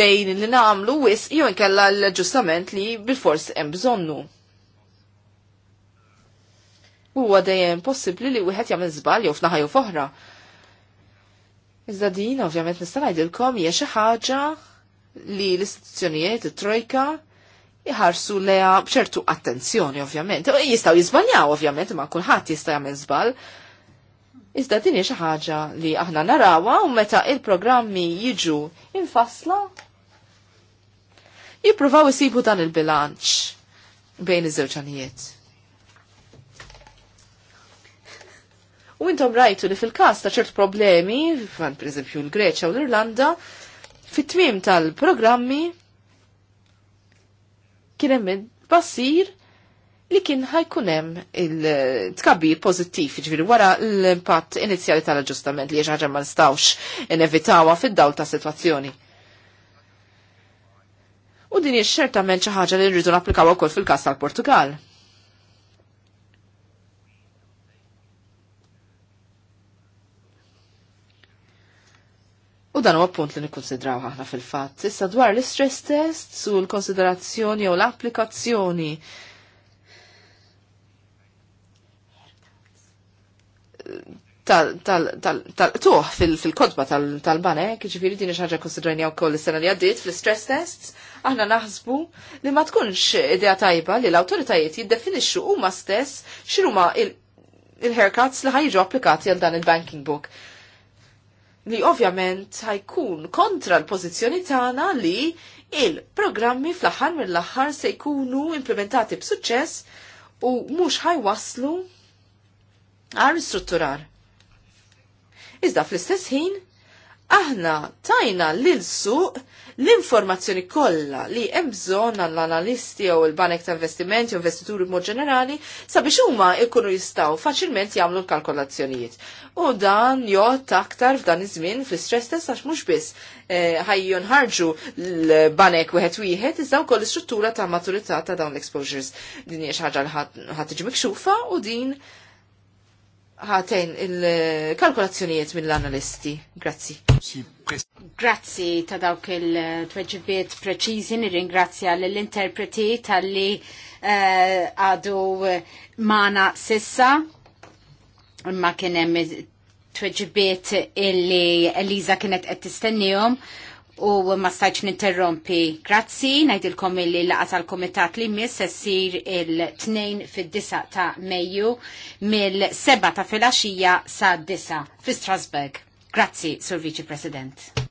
bejn li nagħmlu wis jew inkella l-aġġustament li bil-fors hemm bżonnu. Huwa dejjem possibbli li wieħed jagħmel żball jew f'naħa jew f'oħra. Iżda din ovvjament nista' ngħidilkom hija xi ħaġa li l-istituzzjonijiet it-trojka Jħarsu leja bċertu attenzjoni ovvjament. Jistgħu jiżbaljaw ovvjament ma kulħadd jista' jagħmel żball. Iżda din hi xi ħaġa li aħna narawha u meta il-programmi jiġu infassla jippruvaw isibu dan il-bilanċ bejn iż-żewġ U intom rajtu li fil-kas ta' ċert problemi, fan per eżempju l-Greċa u l-Irlanda, fit-tmim tal-programmi kien hemm bassir li kien ħajkunem il-tkabbir pożittiv, ġviri jiġifieri wara l-impatt inizjali tal aġġustament li ħaġa ma nistawx inevitawa fid-dawl ta' situazzjoni. U din hija xertament xi ħaġa li rridu napplikaw ukoll fil-każ tal-Portugal. U dan huwa punt li nikkonsidraw ħafna fil-fatt. Issa dwar l-istress test u l-konsiderazzjoni jew l-applikazzjoni tal-tuħ fil-kodba tal-banek, ġifiri din xaġa konsidrajni għaw koll s-sena li għaddit fil-stress tests, aħna naħsbu li ma tkunx idea tajba li l-autoritajiet jiddefinixxu huma stess ma il-haircuts li ħajġu applikati għal dan il-banking book li ovvjament ħajkun kontra l-pożizzjoni tagħna li il-programmi fl-aħħar mill-aħħar se jkunu implementati b'suċċess u mhux ħajwaslu għal ristrutturar. Iżda fl-istess ħin aħna tajna lil-suq l-informazzjoni kollha li hemm bżonn għall-analisti jew il-banek ta' investimenti u investituri b'mod ġenerali sabiex huma jkunu jistgħu faċilment jagħmlu l-kalkolazzjonijiet. U dan jgħod aktar f'dan iż-żmien fl-istress test għax mhux biss eh, ħajjon ħarġu nħarġu l-banek wieħed wieħed iżda wkoll istruttura ta' maturità ta' dawn l-exposures. Din hija xi ħaġa li ħadd tiġi mikxufa u din ħatejn il-kalkolazzjonijiet mill-analisti. Grazzi. Grazzi ta' dawk il-tweġibiet preċiżi, nirringrazzja l-interpreti tal-li eh, għadu mana sissa. Ma kienem tweġibiet illi Eliza kienet qed tistennihom u ma stajċ ninterrompi. Grazzi, najdilkom illi laqa tal-komitat li mis sessir il-2 fil 9 ta' Mejju mill-7 ta' filaxija sa' 9 fil Strasburg. Grazzi, Sur Vice President.